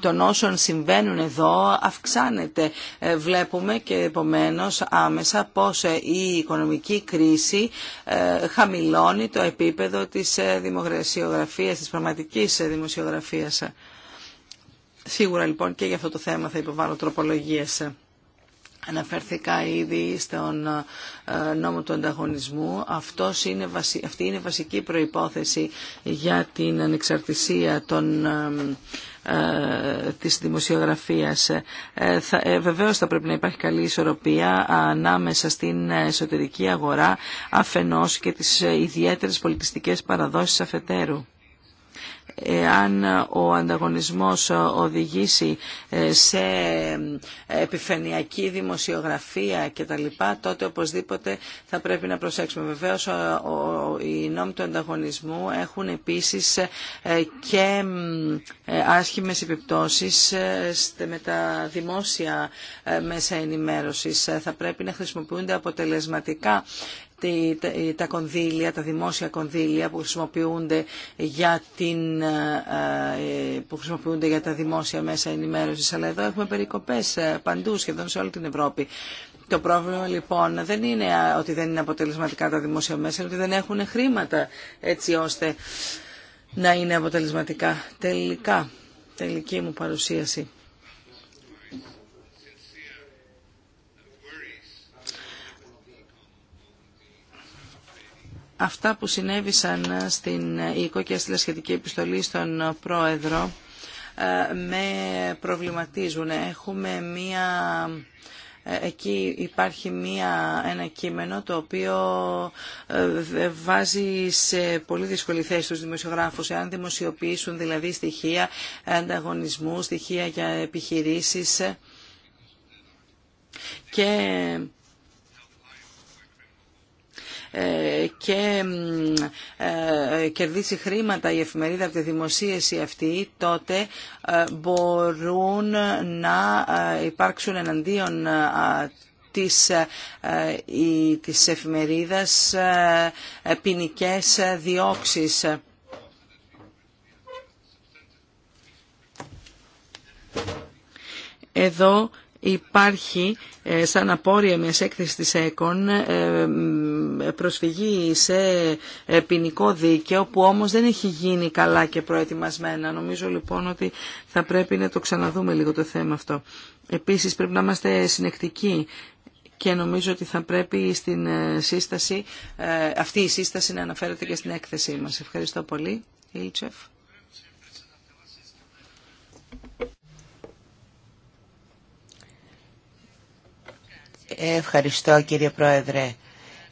των όσων συμβαίνουν εδώ αυξάνεται. Ε, βλέπουμε και επομένως άμεσα πως ε, η οικονομική κρίση χαμηλώνει το επίπεδο της δημοσιογραφίας, της πραγματικής δημοσιογραφίας. Σίγουρα λοιπόν και για αυτό το θέμα θα υποβάλω τροπολογίες. Αναφέρθηκα ήδη στον ε, νόμο του ανταγωνισμού. Αυτός είναι, αυτή είναι βασική προϋπόθεση για την ανεξαρτησία των ε, ε, της δημοσιογραφίας. Βεβαίως θα πρέπει να υπάρχει καλή ισορροπία ανάμεσα στην εσωτερική αγορά αφενός και τις ιδιαίτερες πολιτιστικές παραδόσεις αφετέρου εάν ο ανταγωνισμός οδηγήσει ε, σε ε, επιφανειακή δημοσιογραφία και τα λοιπά, τότε οπωσδήποτε θα πρέπει να προσέξουμε. Βεβαίως, οι νόμοι του ανταγωνισμού έχουν επίσης ε, και άσχημες επιπτώσεις με τα δημόσια μέσα ενημέρωσης. Θα πρέπει να χρησιμοποιούνται αποτελεσματικά ε, τα κονδύλια, τα δημόσια κονδύλια που χρησιμοποιούνται για, την, ε, ε, που χρησιμοποιούνται για τα δημόσια μέσα ενημέρωσης. Αλλά εδώ έχουμε περικοπές παντού, σχεδόν σε όλη την Ευρώπη. Το πρόβλημα λοιπόν δεν είναι ότι δεν είναι αποτελεσματικά τα δημόσια μέσα, αλλά ότι δεν έχουν χρήματα έτσι ώστε να είναι αποτελεσματικά. Τελικά, τελική μου παρουσίαση. αυτά που συνέβησαν στην ΙΚΟ και σχετική επιστολή στον Πρόεδρο ε, με προβληματίζουν. Έχουμε μία... Ε, εκεί υπάρχει μία, ένα κείμενο το οποίο ε, βάζει σε πολύ δύσκολη θέση τους δημοσιογράφους. Εάν δημοσιοποιήσουν δηλαδή στοιχεία ανταγωνισμού, στοιχεία για επιχειρήσεις και ε, και ε, ε, κερδίσει χρήματα η εφημερίδα από τη δημοσίευση αυτή, τότε μπορούν να υπάρξουν εναντίον της, της εφημερίδας ποινικέ διώξεις. Εδώ υπάρχει ε, σαν απόρρια μιας έκθεσης της ΕΚΟΝ ε, προσφυγή σε ε, ποινικό δίκαιο που όμως δεν έχει γίνει καλά και προετοιμασμένα. Νομίζω λοιπόν ότι θα πρέπει να το ξαναδούμε λίγο το θέμα αυτό. Επίσης πρέπει να είμαστε συνεκτικοί και νομίζω ότι θα πρέπει στην σύσταση, αυτή η σύσταση να αναφέρεται και στην έκθεσή μας. Ευχαριστώ πολύ. Ήλτσεφ. Ευχαριστώ κύριε Πρόεδρε.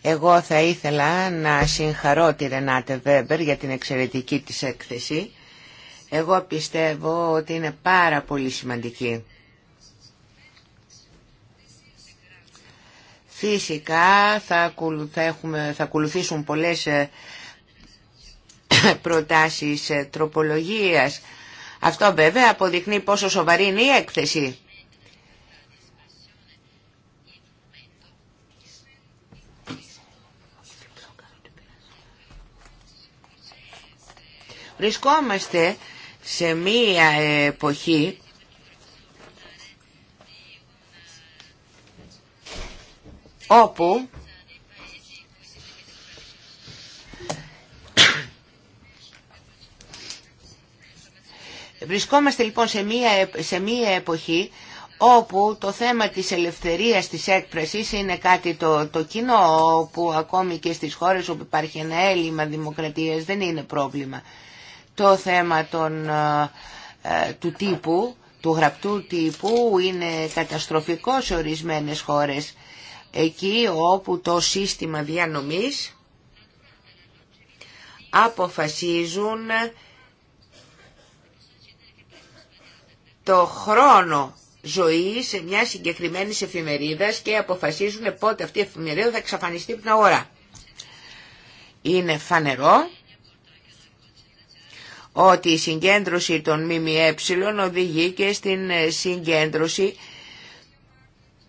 Εγώ θα ήθελα να συγχαρώ τη Ρενάτε Βέμπερ για την εξαιρετική της έκθεση. Εγώ πιστεύω ότι είναι πάρα πολύ σημαντική. Φυσικά θα, θα ακολουθήσουν πολλές ε, προτάσεις ε, τροπολογίας. Αυτό βέβαια αποδεικνύει πόσο σοβαρή είναι η έκθεση. Βρισκόμαστε σε μία εποχή όπου Βρισκόμαστε λοιπόν σε μία, σε μία εποχή όπου το θέμα της ελευθερίας της έκφρασης είναι κάτι το, το κοινό, που ακόμη και στις χώρες όπου υπάρχει ένα έλλειμμα δημοκρατίας δεν είναι πρόβλημα. Το θέμα των, ε, ε, του τύπου, του γραπτού τύπου είναι καταστροφικό σε ορισμένες χώρες. Εκεί όπου το σύστημα διανομής αποφασίζουν το χρόνο ζωής σε μια συγκεκριμένη εφημερίδα και αποφασίζουν πότε αυτή η εφημερίδα θα εξαφανιστεί από την αγορά. Είναι φανερό ότι η συγκέντρωση των ΜΜΕ οδηγεί και στην ε, συγκέντρωση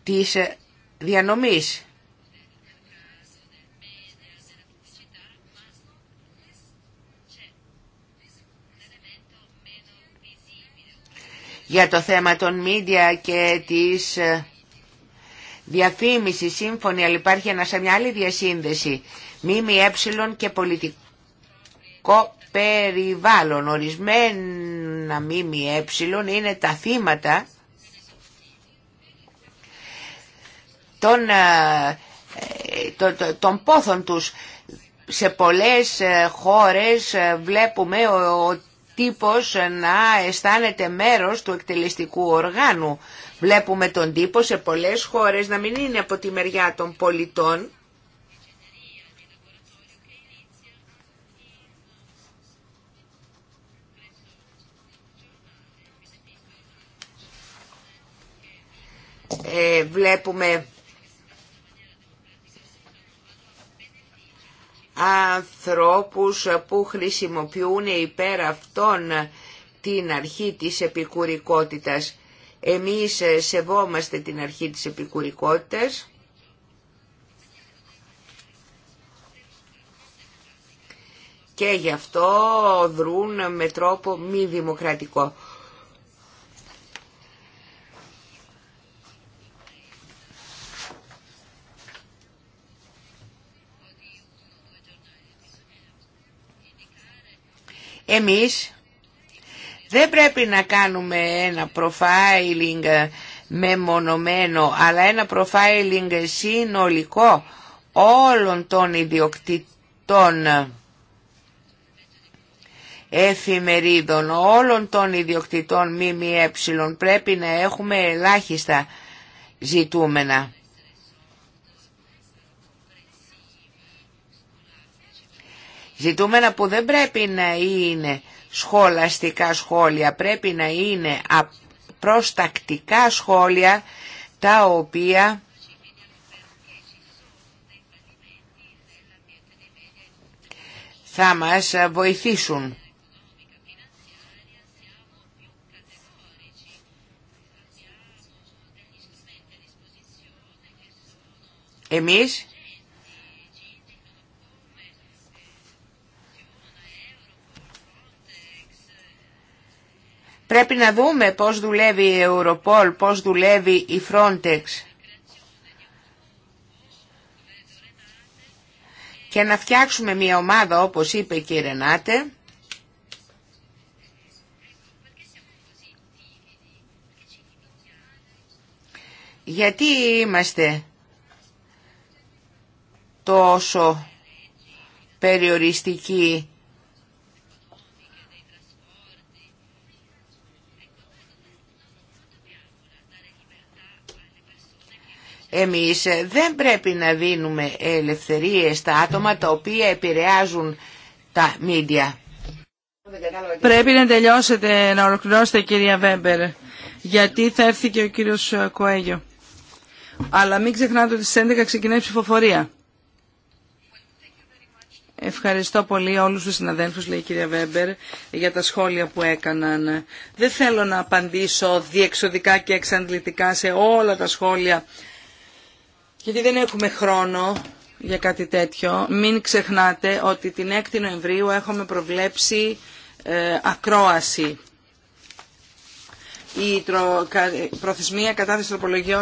της ε, διανομής. Για το θέμα των μίντια και της ε, διαφήμισης σύμφωνη, αλλά υπάρχει ένα, μια άλλη διασύνδεση, ΜΜΕ και πολιτικό περιβάλλον. Ορισμένα έψιλων είναι τα θύματα των, ε, των πόθων τους. Σε πολλές ε, χώρες ε, βλέπουμε ο τύπος να αισθάνεται μέρος του εκτελεστικού οργάνου. Βλέπουμε τον τύπο σε πολλές χώρες να μην είναι από τη μεριά των πολιτών, Ε, βλέπουμε ανθρώπους που χρησιμοποιούν υπέρ αυτών την αρχή της επικουρικότητας. Εμείς σεβόμαστε την αρχή της επικουρικότητας. Και γι' αυτό δρούν με τρόπο μη δημοκρατικό. Εμείς δεν πρέπει να κάνουμε ένα profiling μεμονωμένο, αλλά ένα profiling συνολικό όλων των ιδιοκτητών εφημερίδων, όλων των ιδιοκτητών ΜΜΕ πρέπει να έχουμε ελάχιστα ζητούμενα. Ζητούμενα που δεν πρέπει να είναι σχολαστικά σχόλια, πρέπει να είναι προστακτικά σχόλια τα οποία θα μας βοηθήσουν. Εμείς Πρέπει να δούμε πώς δουλεύει η Europol, πώς δουλεύει η Frontex. Και να φτιάξουμε μια ομάδα, όπως είπε και η Ρενάτε, γιατί είμαστε τόσο περιοριστικοί Εμείς δεν πρέπει να δίνουμε ελευθερίες στα άτομα τα οποία επηρεάζουν τα μίντια. Πρέπει να τελειώσετε, να ολοκληρώσετε κυρία Βέμπερ, γιατί θα έρθει και ο κύριος Κοέγιο. Αλλά μην ξεχνάτε ότι στις 11 ξεκινάει η ψηφοφορία. Ευχαριστώ πολύ όλους τους συναδέλφους, λέει η κυρία Βέμπερ, για τα σχόλια που έκαναν. Δεν θέλω να απαντήσω διεξοδικά και εξαντλητικά σε όλα τα σχόλια γιατί δεν έχουμε χρόνο για κάτι τέτοιο. Μην ξεχνάτε ότι την 6η Νοεμβρίου έχουμε προβλέψει ε, ακρόαση. Η προθεσμία κατάθεση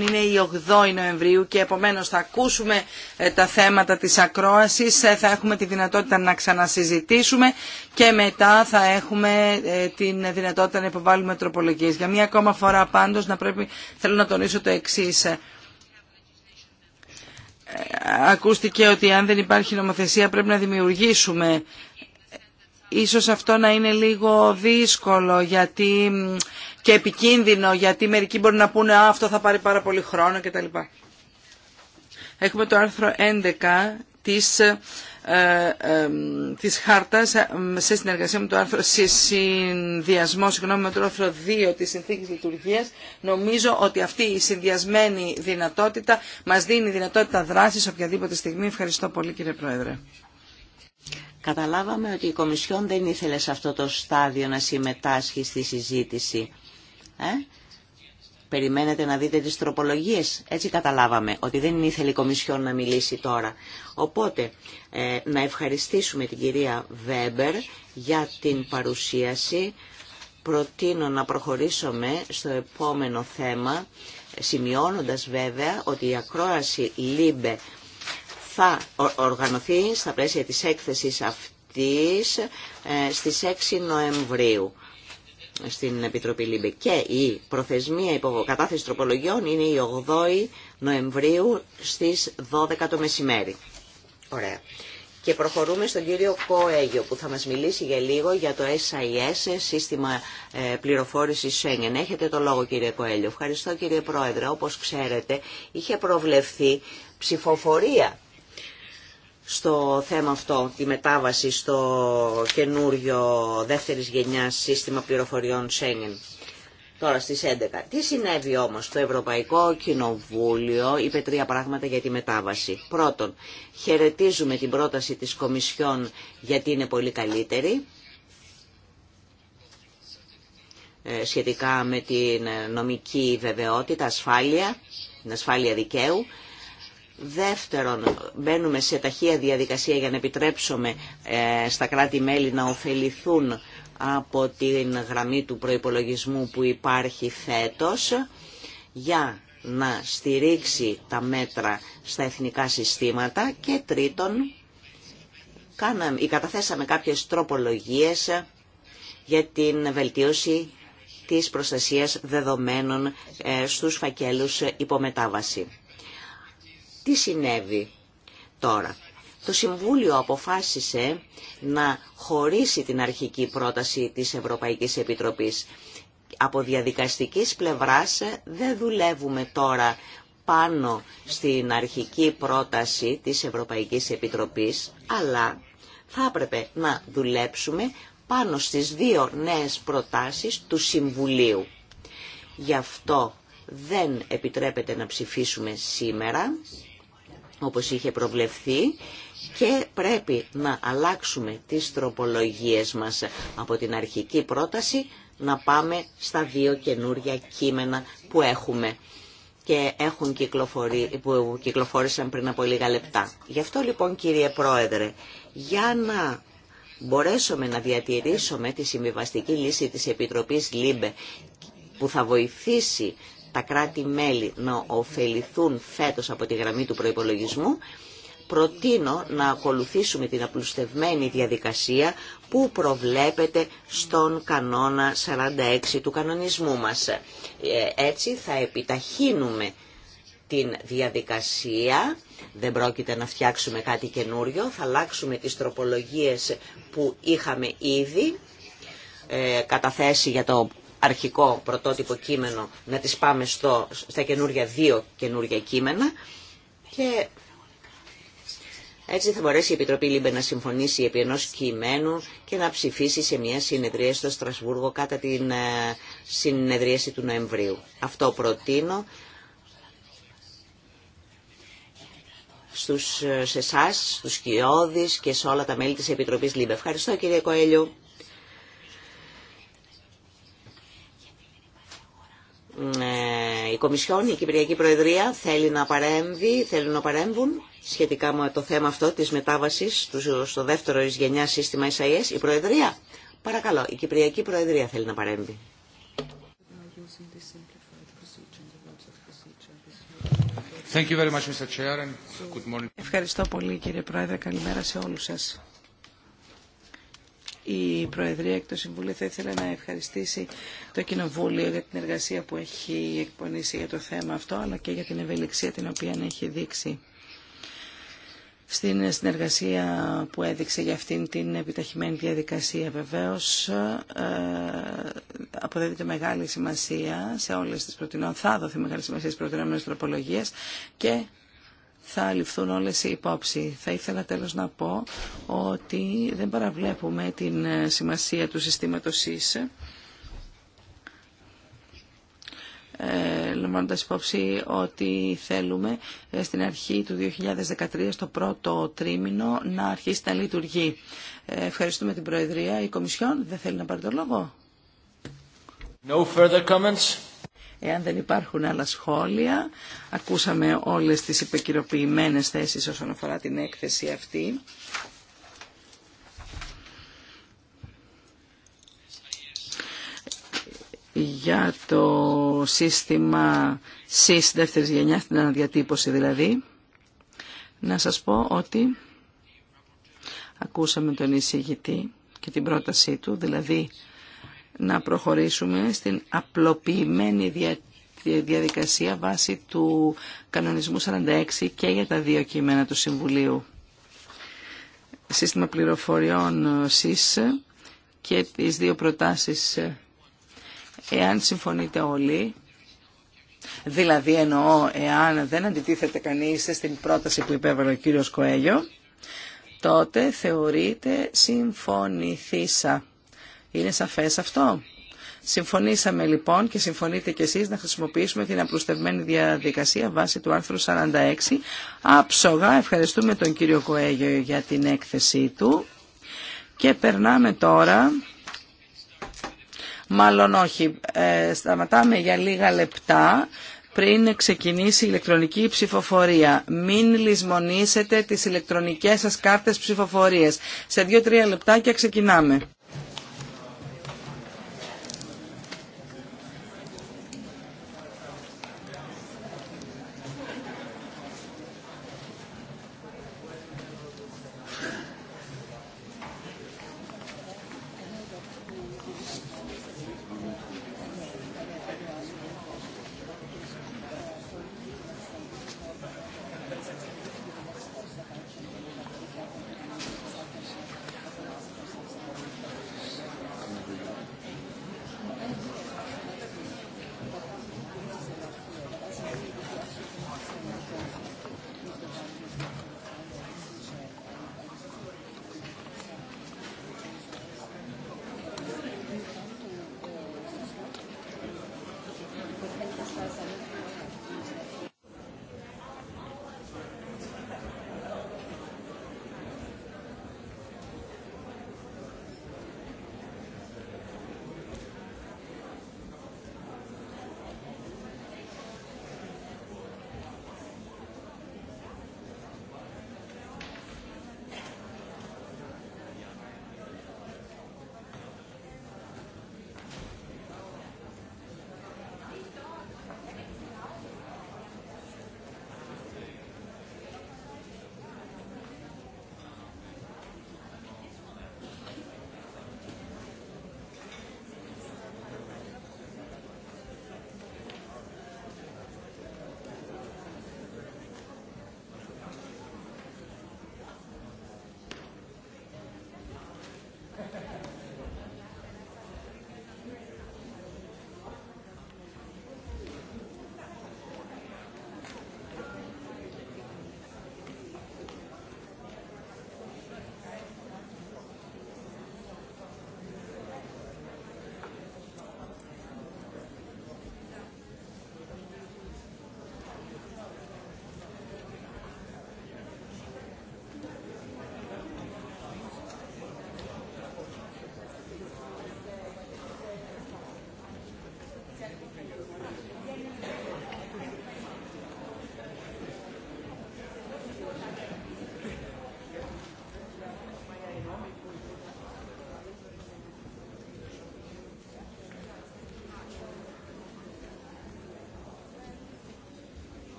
είναι η 8η Νοεμβρίου και επομένως θα ακούσουμε ε, τα θέματα της ακρόασης, ε, θα έχουμε τη δυνατότητα να ξανασυζητήσουμε και μετά θα έχουμε ε, την δυνατότητα να υποβάλουμε τροπολογίες. Για μία ακόμα φορά πάντως να πρέπει, θέλω να τονίσω το εξής ακούστηκε ότι αν δεν υπάρχει νομοθεσία πρέπει να δημιουργήσουμε. Ίσως αυτό να είναι λίγο δύσκολο γιατί και επικίνδυνο γιατί μερικοί μπορούν να πούνε αυτό θα πάρει πάρα πολύ χρόνο κτλ. Έχουμε το άρθρο 11 της ε, ε, της χάρτας ε, σε συνεργασία με το άρθρο σε συνδυασμό συγγνώμη, με το άρθρο 2 της συνθήκης λειτουργίας νομίζω ότι αυτή η συνδυασμένη δυνατότητα μας δίνει δυνατότητα δράσης οποιαδήποτε στιγμή. Ευχαριστώ πολύ κύριε Πρόεδρε. Καταλάβαμε ότι η Κομισιόν δεν ήθελε σε αυτό το στάδιο να συμμετάσχει στη συζήτηση. Ε? Περιμένετε να δείτε τις τροπολογίες. Έτσι καταλάβαμε ότι δεν ήθελε η Κομισιόν να μιλήσει τώρα. Οπότε ε, να ευχαριστήσουμε την κυρία Βέμπερ για την παρουσίαση. Προτείνω να προχωρήσουμε στο επόμενο θέμα, σημειώνοντας βέβαια ότι η ακρόαση ΛΥΜΠΕ θα οργανωθεί στα πλαίσια της έκθεσης αυτής ε, στις 6 Νοεμβρίου στην Επιτροπή ΛΥΜΠΕ. Και η προθεσμία υποκατάθεση τροπολογιών είναι η 8 Νοεμβρίου στις 12 το μεσημέρι. Ωραία. Και προχωρούμε στον κύριο Κοέγιο που θα μας μιλήσει για λίγο για το SIS, σύστημα ε, πληροφόρησης Schengen. Έχετε το λόγο κύριε Κοέγιο. Ευχαριστώ κύριε Πρόεδρε. Όπως ξέρετε είχε προβλεφθεί ψηφοφορία στο θέμα αυτό, τη μετάβαση στο καινούριο δεύτερης γενιάς σύστημα πληροφοριών Schengen τώρα στις 11. Τι συνέβη όμως στο Ευρωπαϊκό Κοινοβούλιο, είπε τρία πράγματα για τη μετάβαση. Πρώτον, χαιρετίζουμε την πρόταση της Κομισιόν γιατί είναι πολύ καλύτερη ε, σχετικά με την ε, νομική βεβαιότητα, ασφάλεια, την ασφάλεια δικαίου. Δεύτερον, μπαίνουμε σε ταχεία διαδικασία για να επιτρέψουμε ε, στα κράτη-μέλη να ωφεληθούν από την γραμμή του προϋπολογισμού που υπάρχει φέτος για να στηρίξει τα μέτρα στα εθνικά συστήματα και τρίτον κάναμε, καταθέσαμε κάποιες τροπολογίες για την βελτίωση της προστασίας δεδομένων ε, στους φακέλους υπομετάβαση. Τι συνέβη τώρα. Το Συμβούλιο αποφάσισε να χωρίσει την αρχική πρόταση της Ευρωπαϊκής Επιτροπής. Από διαδικαστικής πλευράς δεν δουλεύουμε τώρα πάνω στην αρχική πρόταση της Ευρωπαϊκής Επιτροπής, αλλά θα έπρεπε να δουλέψουμε πάνω στις δύο νέες προτάσεις του Συμβουλίου. Γι' αυτό δεν επιτρέπεται να ψηφίσουμε σήμερα, όπως είχε προβλεφθεί, και πρέπει να αλλάξουμε τις τροπολογίες μας από την αρχική πρόταση να πάμε στα δύο καινούρια κείμενα που έχουμε και έχουν που κυκλοφόρησαν πριν από λίγα λεπτά. Γι' αυτό λοιπόν κύριε Πρόεδρε, για να μπορέσουμε να διατηρήσουμε τη συμβιβαστική λύση της Επιτροπής ΛΥΜΠΕ που θα βοηθήσει τα κράτη-μέλη να ωφεληθούν φέτος από τη γραμμή του προϋπολογισμού, προτείνω να ακολουθήσουμε την απλουστευμένη διαδικασία που προβλέπεται στον κανόνα 46 του κανονισμού μας. Ε, έτσι θα επιταχύνουμε την διαδικασία, δεν πρόκειται να φτιάξουμε κάτι καινούριο, θα αλλάξουμε τις τροπολογίες που είχαμε ήδη ε, καταθέσει για το αρχικό πρωτότυπο κείμενο, να τις πάμε στο, στα καινούργια δύο καινούργια κείμενα έτσι θα μπορέσει η Επιτροπή Λίμπε να συμφωνήσει επί ενός κειμένου και να ψηφίσει σε μια συνεδρία στο Στρασβούργο κατά την ε, συνεδρίαση του Νοεμβρίου. Αυτό προτείνω στους, ε, σε εσά, στους Κιώδης και σε όλα τα μέλη της Επιτροπής Λίμπε. Ευχαριστώ κύριε Κοέλιο. Ε, η Κομισιόν, η Κυπριακή Προεδρία θέλει να παρέμβει, θέλουν να παρέμβουν σχετικά με το θέμα αυτό της μετάβασης στο δεύτερο εις γενιά σύστημα SIS, η Προεδρία. Παρακαλώ, η Κυπριακή Προεδρία θέλει να παρέμβει. Ευχαριστώ πολύ κύριε Πρόεδρε, καλημέρα σε όλους σας. Η Προεδρία και το Συμβούλιο θα ήθελα να ευχαριστήσει το Κοινοβούλιο για την εργασία που έχει εκπονήσει για το θέμα αυτό, αλλά και για την ευελιξία την οποία έχει δείξει στην συνεργασία που έδειξε για αυτήν την επιταχυμένη διαδικασία. Βεβαίως ε, αποδίδεται μεγάλη σημασία σε όλες τις προτινόμενες, θα δοθεί μεγάλη σημασία στις προτινόμενες τροπολογίες και θα ληφθούν όλες οι υπόψη. Θα ήθελα τέλος να πω ότι δεν παραβλέπουμε την σημασία του συστήματος ΣΥΣ ε, λαμβάνοντας υπόψη ότι θέλουμε ε, στην αρχή του 2013, στο πρώτο τρίμηνο, να αρχίσει να λειτουργεί. Ε, ευχαριστούμε την Προεδρία. Η Κομισιόν δεν θέλει να πάρει το λόγο. No further comments. Εάν δεν υπάρχουν άλλα σχόλια, ακούσαμε όλες τις υπεκυροποιημένες θέσεις όσον αφορά την έκθεση αυτή. για το σύστημα ΣΥΣ δεύτερης γενιάς, την αναδιατύπωση δηλαδή, να σας πω ότι ακούσαμε τον εισηγητή και την πρότασή του, δηλαδή να προχωρήσουμε στην απλοποιημένη διαδικασία βάσει του κανονισμού 46 και για τα δύο κείμενα του Συμβουλίου. Σύστημα πληροφοριών ΣΥΣ και τις δύο προτάσεις εάν συμφωνείτε όλοι, δηλαδή εννοώ εάν δεν αντιτίθεται κανείς στην πρόταση που υπέβαλε ο κύριος Κοέγιο τότε θεωρείται συμφωνηθήσα. Είναι σαφές αυτό. Συμφωνήσαμε λοιπόν και συμφωνείτε κι εσείς να χρησιμοποιήσουμε την απλουστευμένη διαδικασία βάσει του άρθρου 46. Άψογα ευχαριστούμε τον κύριο Κοέγιο για την έκθεσή του. Και περνάμε τώρα Μάλλον όχι. Ε, σταματάμε για λίγα λεπτά πριν ξεκινήσει η ηλεκτρονική ψηφοφορία. Μην λησμονήσετε τις ηλεκτρονικές σας κάρτες ψηφοφορίες. Σε δύο-τρία λεπτάκια ξεκινάμε.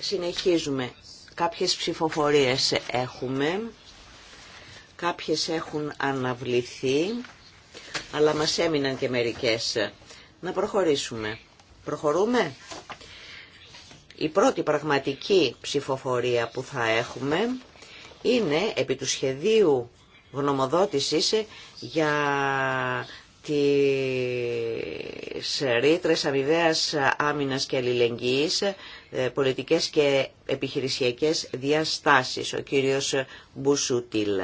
Συνεχίζουμε. Κάποιες ψηφοφορίες έχουμε, κάποιες έχουν αναβληθεί, αλλά μας έμειναν και μερικές. Να προχωρήσουμε. Προχωρούμε. Η πρώτη πραγματική ψηφοφορία που θα έχουμε είναι επί του σχεδίου γνωμοδότησης για τις ρήτρες αμοιβαίας άμυνας και αλληλεγγύης, ε, πολιτικές και επιχειρησιακές διαστάσεις, ο κύριος Μπουσούτιλ.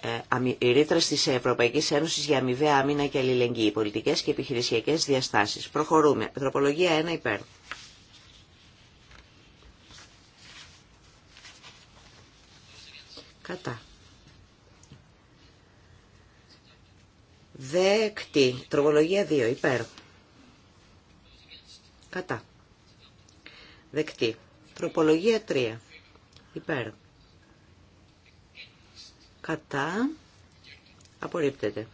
Ε, οι ρήτρε τη Ευρωπαϊκή Ένωση για αμοιβαία άμυνα και αλληλεγγύη, πολιτικέ και επιχειρησιακέ διαστάσει. Προχωρούμε. Τροπολογία 1 υπέρ. Κατά. Δεκτή. Τροπολογία 2. Υπέρ. Κατά. Δεκτή. Τροπολογία 3. Υπέρ. Κατά. Απορρίπτεται.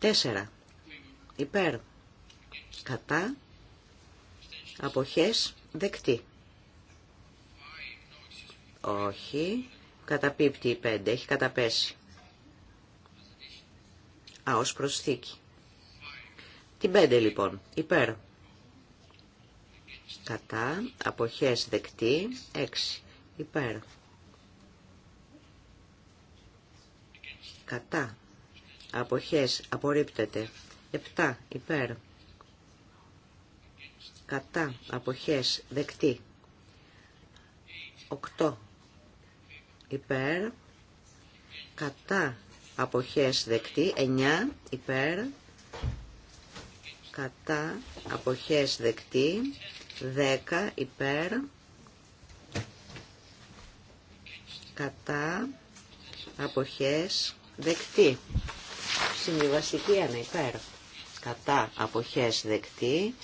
4. Υπέρ. Κατά. Αποχές. Δεκτή. Όχι. Καταπίπτει η 5. Έχει καταπέσει. Α, ως προσθήκη. Την 5 λοιπόν, υπέρ. Κατά, αποχές δεκτή, 6, υπέρ. Κατά, αποχές απορρίπτεται, 7, υπέρ. Κατά, αποχές δεκτή, 8, υπέρ. Κατά, αποχές δεκτή 9 υπέρ κατά αποχές δεκτή 10 υπέρ κατά αποχές δεκτή συμβιβαστική 1 υπέρ κατά αποχές δεκτή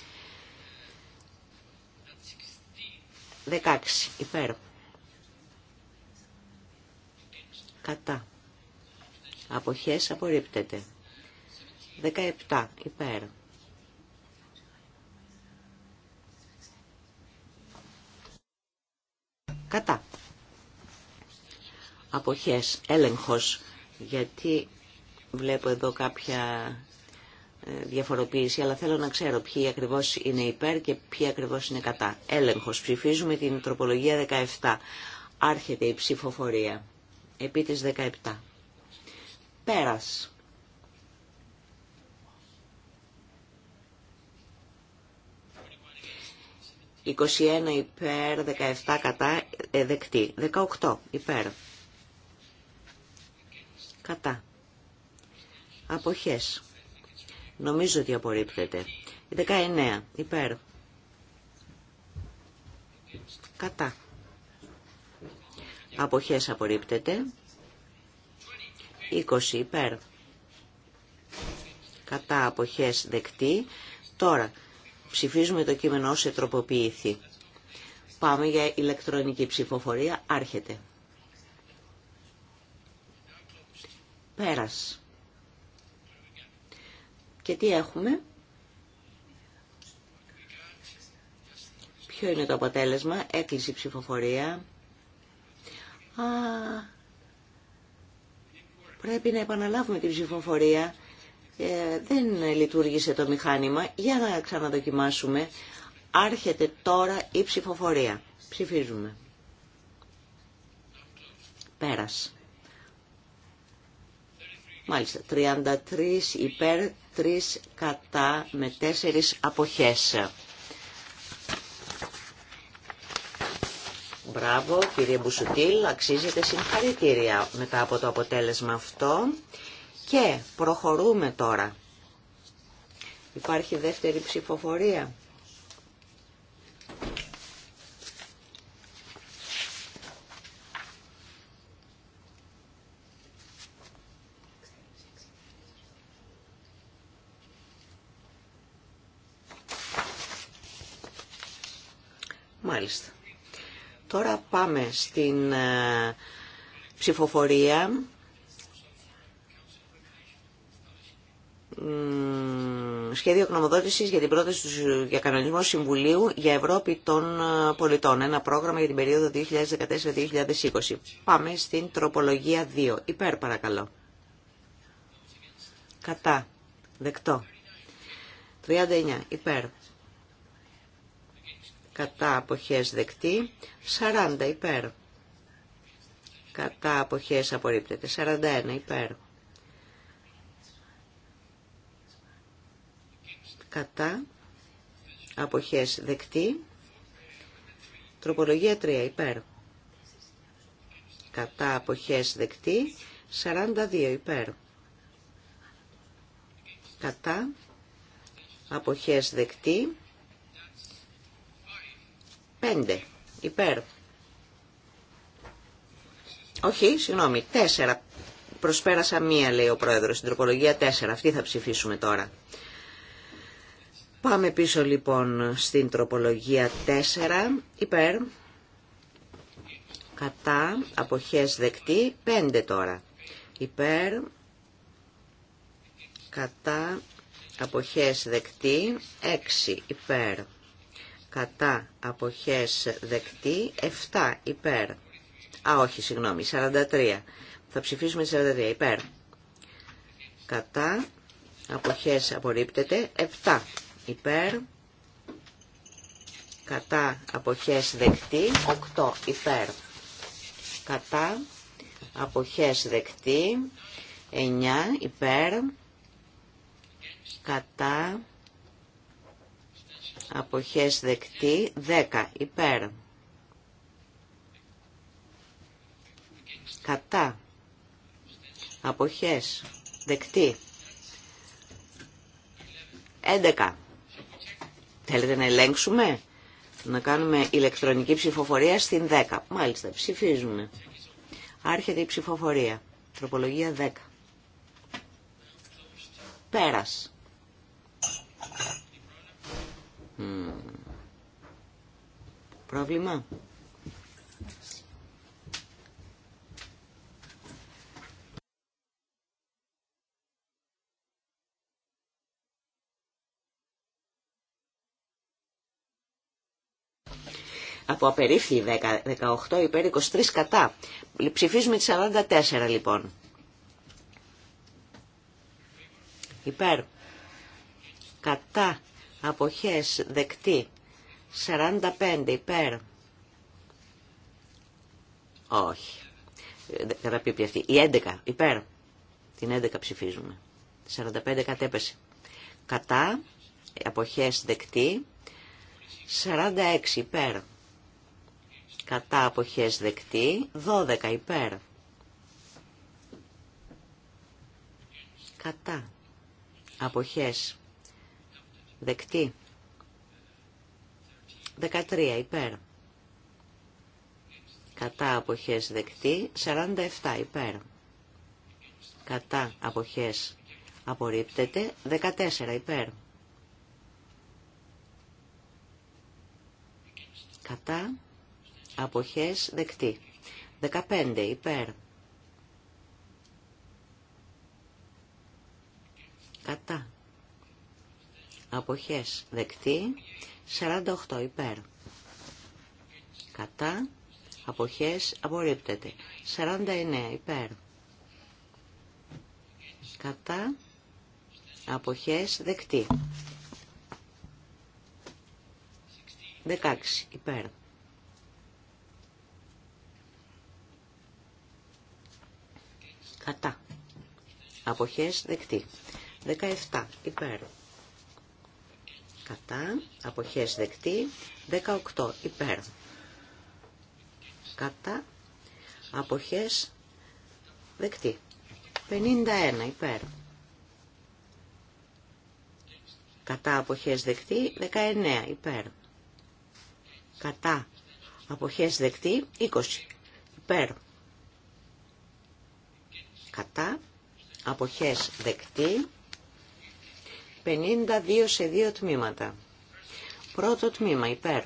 16 υπέρ κατά Αποχές απορρίπτεται. 17 υπέρ. Κατά. Αποχές, έλεγχος, γιατί βλέπω εδώ κάποια ε, διαφοροποίηση, αλλά θέλω να ξέρω ποιοι ακριβώς είναι υπέρ και ποιοι ακριβώς είναι κατά. Έλεγχος. Ψηφίζουμε την τροπολογία 17. Άρχεται η ψηφοφορία. Επί της 17. Πέρας. «21 υπέρ, 17 κατά, 18 ε, υπέρ, κατά, αποχές, νομίζω ότι απορρίπτεται, 19 υπέρ, κατά, αποχές απορρίπτεται, 20 υπέρ. Κατά αποχές δεκτή. Τώρα ψηφίζουμε το κείμενο όσο τροποποιηθεί. Πάμε για ηλεκτρονική ψηφοφορία. Άρχεται. Πέρας. Και τι έχουμε. Ποιο είναι το αποτέλεσμα. Έκλεισε η ψηφοφορία. Α, πρέπει να επαναλάβουμε την ψηφοφορία. Ε, δεν λειτουργήσε το μηχάνημα. Για να ξαναδοκιμάσουμε. Άρχεται τώρα η ψηφοφορία. Ψηφίζουμε. Πέρας. Μάλιστα, 33 υπέρ, 3 κατά με 4 αποχές. Μπράβο, κύριε Μπουσουτήλ, αξίζεται συγχαρητήρια μετά από το αποτέλεσμα αυτό. Και προχωρούμε τώρα. Υπάρχει δεύτερη ψηφοφορία. Μάλιστα. Τώρα πάμε στην ε, ψηφοφορία. Σχέδιο γνωμοδότηση για την πρόταση του για κανονισμό Συμβουλίου για Ευρώπη των ε, Πολιτών. Ένα πρόγραμμα για την περίοδο 2014-2020. Πάμε στην τροπολογία 2. Υπέρ παρακαλώ. Κατά. Δεκτό. 39. Υπέρ κατά αποχές δεκτή, 40 υπέρ, κατά αποχές απορρίπτεται, 41 υπέρ, κατά αποχές δεκτή, τροπολογία 3 υπέρ, κατά αποχές δεκτή, 42 υπέρ, κατά αποχές δεκτή, πέντε, υπέρ. Όχι, συγγνώμη, τέσσερα Προσπέρασα μία, λέει ο πρόεδρος, στην τροπολογία τέσσερα Αυτή θα ψηφίσουμε τώρα. Πάμε πίσω λοιπόν στην τροπολογία 4, υπέρ, κατά, αποχές δεκτή, 5 τώρα, υπέρ, κατά, αποχές δεκτή, 6, υπέρ, κατά αποχές δεκτή, 7 υπέρ. Α, όχι, συγγνώμη, 43. Θα ψηφίσουμε 43 υπέρ. Κατά αποχές απορρίπτεται, 7 υπέρ. Κατά αποχές δεκτή, 8 υπέρ. Κατά αποχές δεκτή, 9 υπέρ. Κατά αποχές δεκτή 10 υπέρ κατά αποχές δεκτή 11 θέλετε να ελέγξουμε να κάνουμε ηλεκτρονική ψηφοφορία στην 10 μάλιστα ψηφίζουμε άρχεται η ψηφοφορία τροπολογία 10 πέρας Mm. Πρόβλημα. Από απερίφθη 18 υπέρ 23 κατά. Ψηφίζουμε τις 44 λοιπόν. Υπέρ. Κατά αποχές δεκτή 45 υπέρ όχι πια αυτή η 11 υπέρ την 11 ψηφίζουμε 45 κατέπεσε κατά αποχές δεκτή 46 υπέρ κατά αποχές δεκτή 12 υπέρ κατά αποχές Δεκτή. 13 υπέρ. Κατά αποχές δεκτή. 47 υπέρ. Κατά αποχές απορρίπτεται. 14 υπέρ. Κατά αποχές δεκτή. 15 υπέρ. Κατά αποχές δεκτή 48 υπέρ κατά αποχές απορρίπτεται 49 υπέρ κατά αποχές δεκτή 16 υπέρ κατά αποχές δεκτή 17 υπέρ κατά, αποχές δεκτή, 18 υπέρ, κατά, αποχές δεκτή, 51 υπέρ, κατά, αποχές δεκτή, 19 υπέρ, κατά, αποχές δεκτή, 20 υπέρ, κατά, αποχές δεκτή, 52 σε δύο τμήματα. Πρώτο τμήμα υπέρ.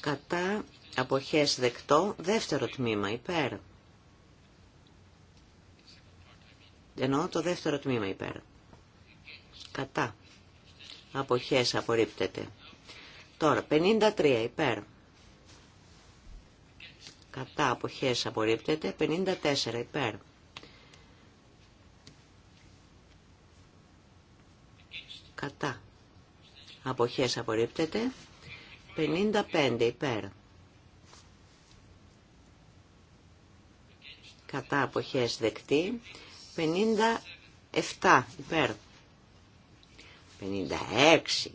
Κατά αποχές δεκτό. Δεύτερο τμήμα υπέρ. Εννοώ το δεύτερο τμήμα υπέρ. Κατά. Αποχές απορρίπτεται. Τώρα 53 υπέρ. Κατά αποχές απορρίπτεται. 54 υπέρ. κατά αποχές απορρίπτεται 55 υπέρ κατά αποχές δεκτή 57 υπέρ 56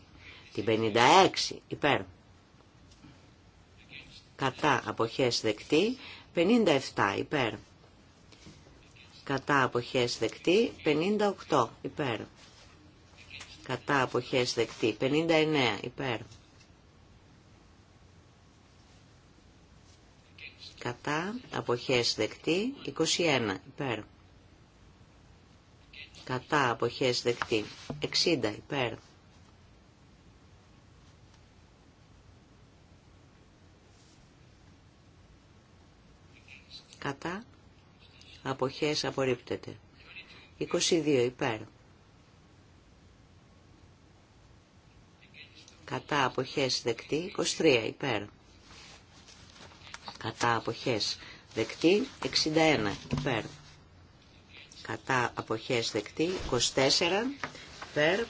την 56 υπέρ κατά αποχές δεκτή 57 υπέρ κατά αποχές δεκτή 58 υπέρ κατά αποχές δεκτή 59 υπέρ κατά αποχές δεκτή 21 υπέρ κατά αποχές δεκτή 60 υπέρ κατά αποχές απορρίπτεται 22 υπέρ κατά αποχές δεκτή 23 υπέρ κατά αποχές δεκτή 61 υπέρ κατά αποχές δεκτή 24 υπέρ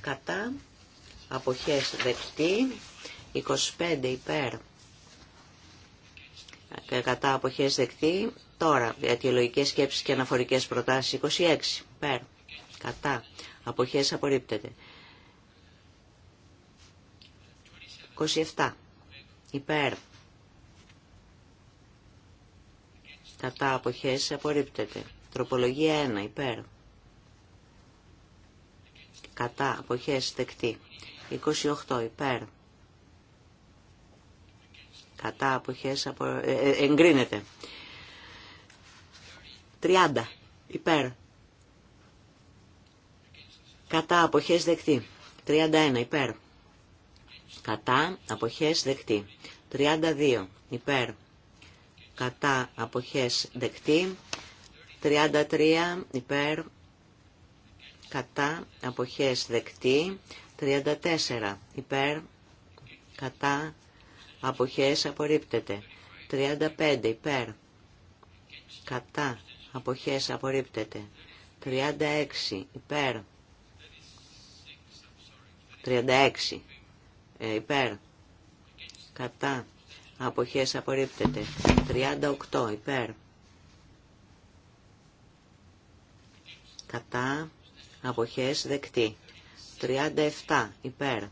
κατά αποχές δεκτή 25 υπέρ ε, κατά αποχές δεκτή τώρα λογική σκέψεις και αναφορικές προτάσεις 26 υπέρ κατά αποχές απορρίπτεται. 27 υπέρ κατά αποχές απορρίπτεται. Τροπολογία 1 υπέρ κατά αποχές δεκτή. 28 υπέρ κατά αποχές απο... Ε, ε, εγκρίνεται. 30 υπέρ κατά αποχές δεκτή. 31 υπέρ. Κατά αποχές δεκτή. 32 υπέρ. Κατά αποχές δεκτή. 33 υπέρ. Κατά αποχές δεκτή. 34 υπέρ. Κατά αποχές απορρίπτεται. 35 υπέρ. Κατά αποχές απορρίπτεται. 36 υπέρ 36 ε, υπέρ κατά αποχές απορρίπτεται 38 υπέρ κατά αποχές δεκτή 37 υπέρ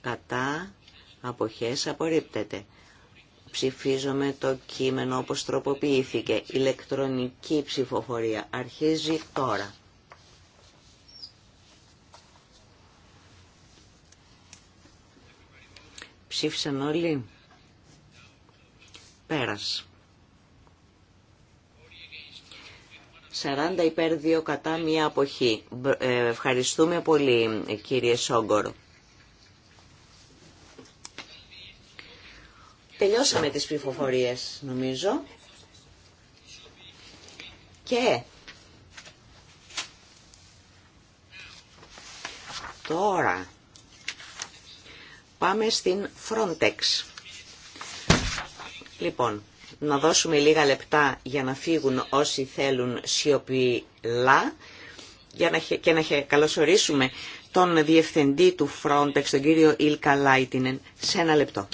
κατά αποχές απορρίπτεται ψηφίζομαι το κείμενο όπως τροποποιήθηκε ηλεκτρονική ψηφοφορία αρχίζει τώρα Ψήφισαν όλοι. Πέρας. 40 υπέρ 2 κατά μία αποχή. Ε, ευχαριστούμε πολύ κύριε Σόγκορ. Τελειώσαμε τις ψηφοφορίες νομίζω. Και τώρα Πάμε στην Frontex. Λοιπόν, να δώσουμε λίγα λεπτά για να φύγουν όσοι θέλουν σιωπηλά για να, και να καλωσορίσουμε τον διευθυντή του Frontex, τον κύριο Ιλκα Λάιτινεν, σε ένα λεπτό.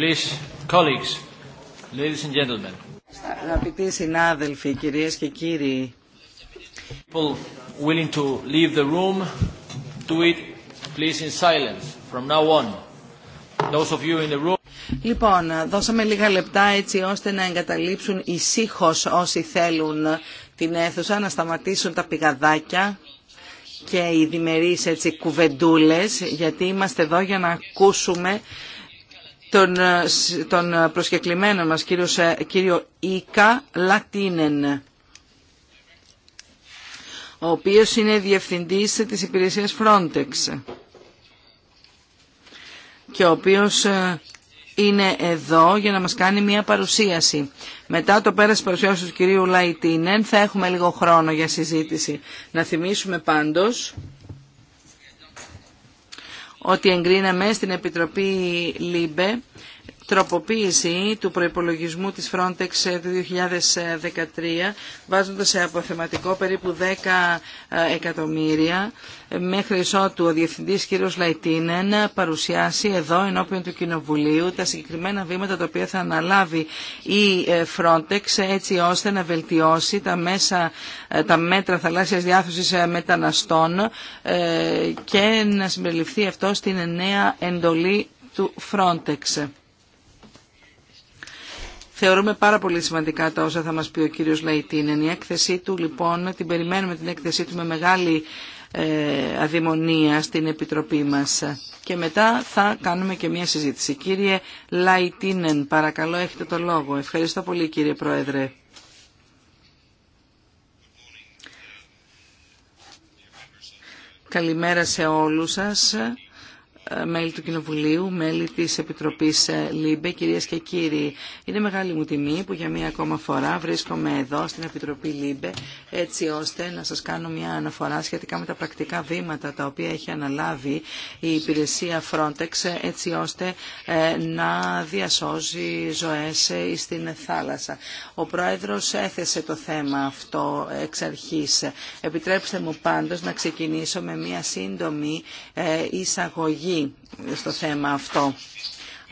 Please, colleagues, ladies and gentlemen. Αγαπητοί συνάδελφοι, κυρίες και κύριοι. People willing to leave the room, do it please in silence from now on. Those of you in the room. Λοιπόν, δώσαμε λίγα λεπτά έτσι ώστε να εγκαταλείψουν ησύχως όσοι θέλουν την αίθουσα, να σταματήσουν τα πηγαδάκια και οι διμερείς έτσι κουβεντούλες, γιατί είμαστε εδώ για να ακούσουμε τον, ε, τον ε, προσκεκλημένο μας κύριος, κύριο Ικα Λατίνεν ο οποίος είναι διευθυντής της υπηρεσίας Frontex και ο οποίος ε, είναι εδώ για να μας κάνει μια παρουσίαση. Μετά το πέρας παρουσίαση του κυρίου Λαϊτίνεν θα έχουμε λίγο χρόνο για συζήτηση. Να θυμίσουμε πάντως ότι εγκρίναμε στην Επιτροπή ΛΥΜΠΕ τροποποίηση του προϋπολογισμού της Frontex 2013 βάζοντας σε αποθεματικό περίπου 10 ε, εκατομμύρια μέχρι ότου ο Διευθυντής κ. Λαϊτίνεν παρουσιάσει εδώ ενώπιον του Κοινοβουλίου τα συγκεκριμένα βήματα τα οποία θα αναλάβει η ε, Frontex έτσι ώστε να βελτιώσει τα, μέσα, ε, τα μέτρα θαλάσσιας διάθεσης μεταναστών και να συμπεριληφθεί αυτό στην νέα εντολή του Frontex. Θεωρούμε πάρα πολύ σημαντικά τα όσα θα μας πει ο κύριος Λαϊτίνεν. Η έκθεσή του λοιπόν, την περιμένουμε την έκθεσή του με μεγάλη ε, αδημονία στην Επιτροπή μας. Και μετά θα κάνουμε και μια συζήτηση. Κύριε Λαϊτίνεν, παρακαλώ έχετε το λόγο. Ευχαριστώ πολύ κύριε Πρόεδρε. Καλημέρα σε όλους σας. Ε, μέλη του Κοινοβουλίου, μέλη της Επιτροπής ε, ΛΥΜΠΕ, κυρίες και κύριοι. Είναι μεγάλη μου τιμή που για μία ακόμα φορά βρίσκομαι εδώ στην Επιτροπή ΛΥΜΠΕ έτσι ώστε να σας κάνω μια αναφορά σχετικά με τα πρακτικά βήματα τα οποία έχει αναλάβει η υπηρεσία Frontex έτσι ώστε ε, να διασώζει ζωές στην θάλασσα. Ο Πρόεδρος έθεσε το θέμα αυτό εξ αρχής. Επιτρέψτε μου πάντως να ξεκινήσω με μια σύντομη εισαγωγή στο θέμα αυτό.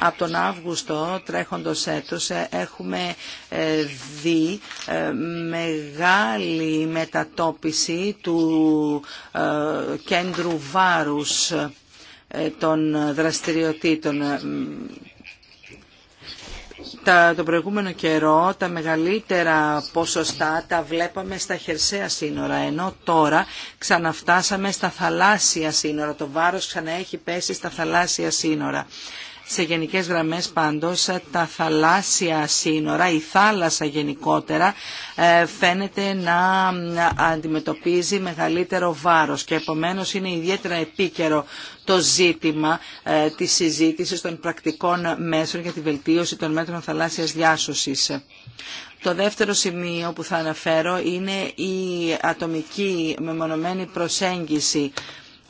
Από τον Αύγουστο τρέχοντος έτους ε, έχουμε ε, δει ε, μεγάλη μετατόπιση του κέντρου βάρους των δραστηριοτήτων τα, τον προηγούμενο καιρό τα μεγαλύτερα ποσοστά τα βλέπαμε στα χερσαία σύνορα, ενώ τώρα ξαναφτάσαμε στα θαλάσσια σύνορα. Το βάρος ξαναέχει πέσει στα θαλάσσια σύνορα. Σε γενικές γραμμές πάντως τα θαλάσσια σύνορα, η θάλασσα γενικότερα ε, φαίνεται να ε, αντιμετωπίζει μεγαλύτερο βάρος και επομένως είναι ιδιαίτερα επίκαιρο το ζήτημα ε, της συζήτησης των πρακτικών μέσων για τη βελτίωση των μέτρων θαλάσσιας διάσωσης. Το δεύτερο σημείο που θα αναφέρω είναι η ατομική μεμονωμένη προσέγγιση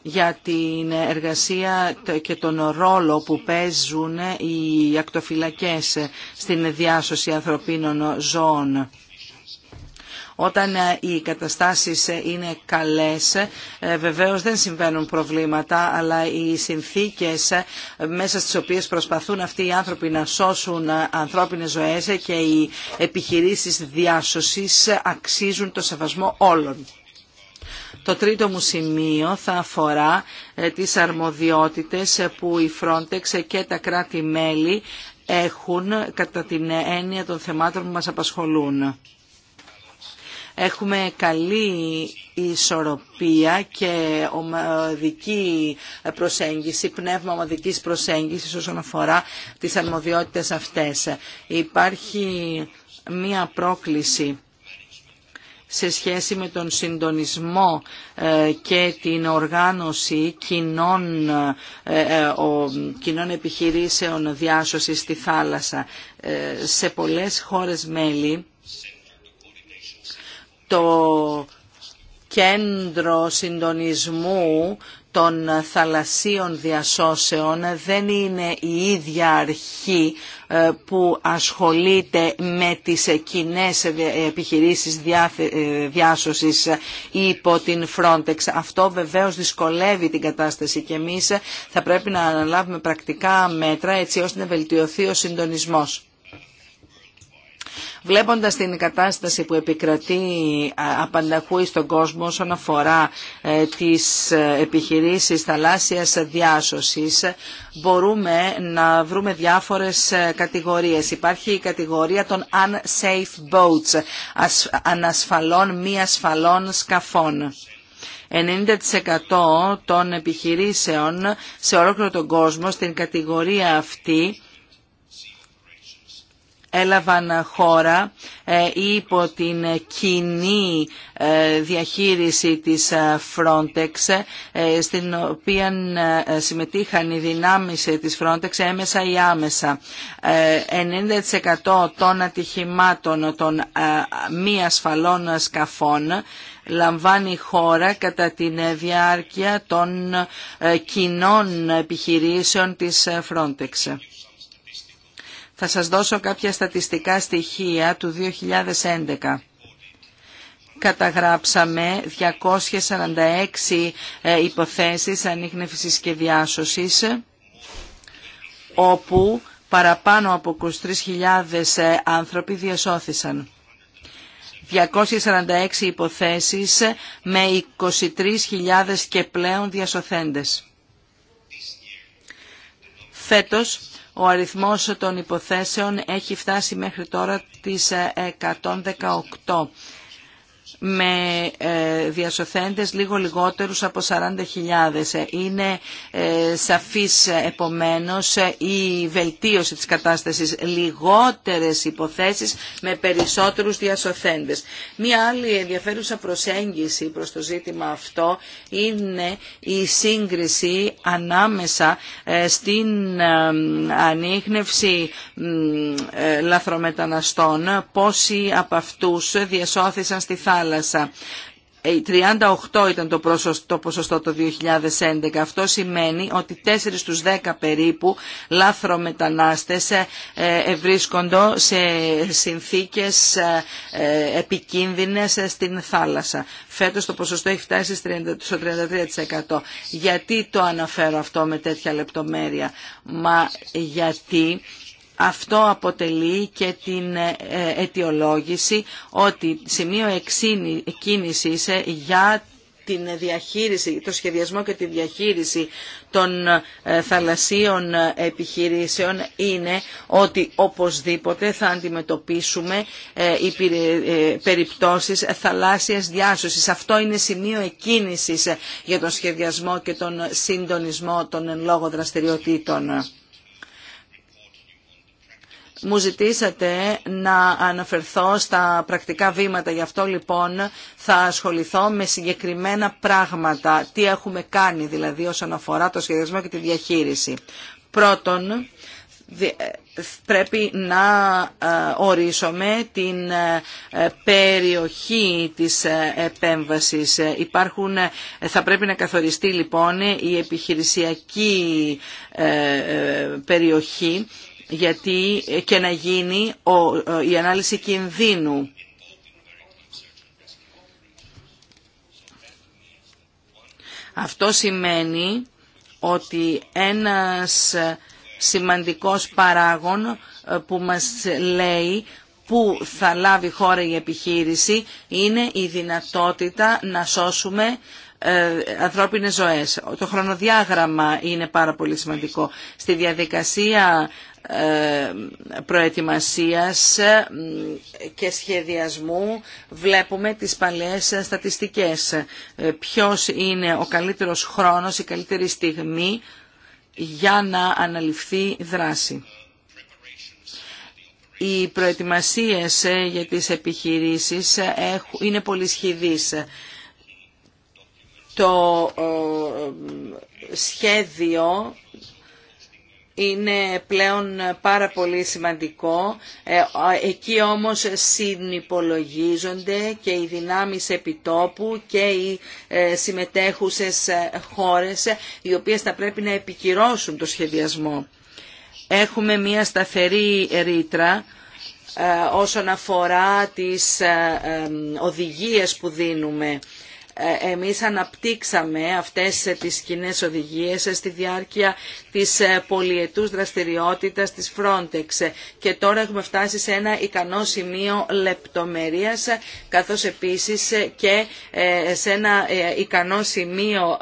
για την εργασία και τον ρόλο που παίζουν οι ακτοφυλακές στην διάσωση ανθρωπίνων ζώων. Όταν ε, οι καταστάσεις ε, είναι καλές, ε, βεβαίως δεν συμβαίνουν προβλήματα, αλλά οι συνθήκες μέσα στις οποίες προσπαθούν αυτοί οι άνθρωποι να σώσουν ανθρώπινες ζωές και οι επιχειρήσεις διάσωσης αξίζουν το σεβασμό όλων. Το τρίτο μου σημείο θα αφορά τις αρμοδιότητες που η Frontex και τα κράτη-μέλη έχουν κατά την έννοια των θεμάτων που μας απασχολούν. Έχουμε καλή ισορροπία και ομαδική προσέγγιση, πνεύμα ομαδικής προσέγγισης όσον αφορά τις αρμοδιότητες αυτές. Υπάρχει μία πρόκληση σε σχέση με τον συντονισμό ε, και την οργάνωση κοινών, ε, ε, κοινών επιχειρήσεων διάσωσης στη θάλασσα. Σε πολλές χώρες μέλη το κέντρο συντονισμού των θαλασσίων διασώσεων δεν είναι η ίδια αρχή ε, που ασχολείται με τις κοινέ επιχειρήσεις ε, διάσωσης υπό την Frontex. Αυτό βεβαίως δυσκολεύει την κατάσταση και εμείς θα πρέπει να αναλάβουμε πρακτικά μέτρα έτσι ώστε να βελτιωθεί ο συντονισμός. Βλέποντας την κατάσταση που επικρατεί απανταχούει στον κόσμο όσον αφορά ε, τις ε, επιχειρήσεις θαλάσσιας διάσωσης, μπορούμε να βρούμε διάφορες ε, κατηγορίες. Υπάρχει η κατηγορία των unsafe boats, ανασφαλών μη ασφαλών σκαφών. 90% των επιχειρήσεων σε ολόκληρο τον κόσμο στην κατηγορία αυτή έλαβαν χώρα ε, υπό την κοινή ε, διαχείριση της ε, Frontex στην οποία συμμετείχαν οι δυνάμεις της Frontex έμεσα ή άμεσα. 90% των ατυχημάτων των μη ασφαλών σκαφών λαμβάνει χώρα κατά την διάρκεια των κοινών επιχειρήσεων της Frontex. Θα σας δώσω κάποια στατιστικά στοιχεία του 2011 καταγράψαμε 246 ε, υποθέσεις ανείχνευσης και διάσωσης, όπου παραπάνω από 23.000 ε, άνθρωποι διασώθησαν. 246 υποθέσεις με 23.000 και πλέον διασωθέντες. Φέτος ο αριθμός των υποθέσεων έχει φτάσει μέχρι τώρα τις 118. Ε, με ε, διασωθέντες λίγο λιγότερους από 40.000. Ε, είναι ε, σαφής επομένως η βελτίωση της κατάστασης λιγότερες υποθέσεις με περισσότερους διασωθέντες. Μία άλλη ενδιαφέρουσα προσέγγιση προς το ζήτημα αυτό είναι η σύγκριση ανάμεσα στην ανείχνευση λαθρομεταναστών πόσοι από αυτούς διασώθησαν στη θάλασσα θάλασσα. 38 ε, ήταν το, το ποσοστό το 2011. Αυτό σημαίνει ότι 4 στους 10 περίπου λάθρομετανάστες βρίσκονται ε, ε, σε συνθήκες επικίνδυνες στην θάλασσα. Φέτος το ποσοστό έχει φτάσει στο 33%. Γιατί το αναφέρω αυτό με τέτοια λεπτομέρεια. Μα γιατί αυτό αποτελεί και την ε, αιτιολόγηση ότι σημείο κίνησης ε, για την διαχείριση, το σχεδιασμό και τη διαχείριση των ε, θαλασσίων επιχειρήσεων είναι ότι οπωσδήποτε θα αντιμετωπίσουμε οι περιπτώσεις θαλάσσιας διάσωσης. Αυτό είναι σημείο εκκίνησης για τον σχεδιασμό και τον συντονισμό των εν λόγω δραστηριοτήτων. Μου ζητήσατε να αναφερθώ στα πρακτικά βήματα, γι' αυτό λοιπόν θα ασχοληθώ με συγκεκριμένα πράγματα, τι έχουμε κάνει δηλαδή όσον αφορά το σχεδιασμό και τη διαχείριση. Πρώτον, πρέπει να ε, ορίσουμε την ε, περιοχή της ε, επέμβασης. Υπάρχουν, θα πρέπει να καθοριστεί λοιπόν η επιχειρησιακή περιοχή γιατί και να γίνει η ανάλυση κινδύνου. Αυτό σημαίνει ότι ένας σημαντικός παράγων ε, που μας λέει που θα λάβει χώρα η επιχείρηση είναι η δυνατότητα να σώσουμε ε, ανθρώπινες ζωές. Το χρονοδιάγραμμα είναι πάρα πολύ σημαντικό. Στη διαδικασία ε, προετοιμασίας και σχεδιασμού βλέπουμε τις παλαιές στατιστικές. Ε, ποιος είναι ο καλύτερος χρόνος, η καλύτερη στιγμή για να αναλυφθεί δράση. Οι προετοιμασίες ε, για τις επιχειρήσεις είναι πολύ σχηδείς. Το σχέδιο είναι πλέον πάρα πολύ σημαντικό. Ε, εκεί όμως συνυπολογίζονται και οι δυνάμεις επιτόπου και οι ε, συμμετέχουσες ε, χώρες οι οποίες θα πρέπει να επικυρώσουν το σχεδιασμό. Έχουμε μια σταθερή ρήτρα όσον αφορά τις οδηγίες που δίνουμε ε, εμείς αναπτύξαμε αυτές τις κοινέ οδηγίες στη διάρκεια της ε, πολυετούς δραστηριότητας της Frontex και τώρα έχουμε φτάσει σε ένα ικανό σημείο λεπτομερίας καθώς επίσης και ε, σε ένα ικανό σημείο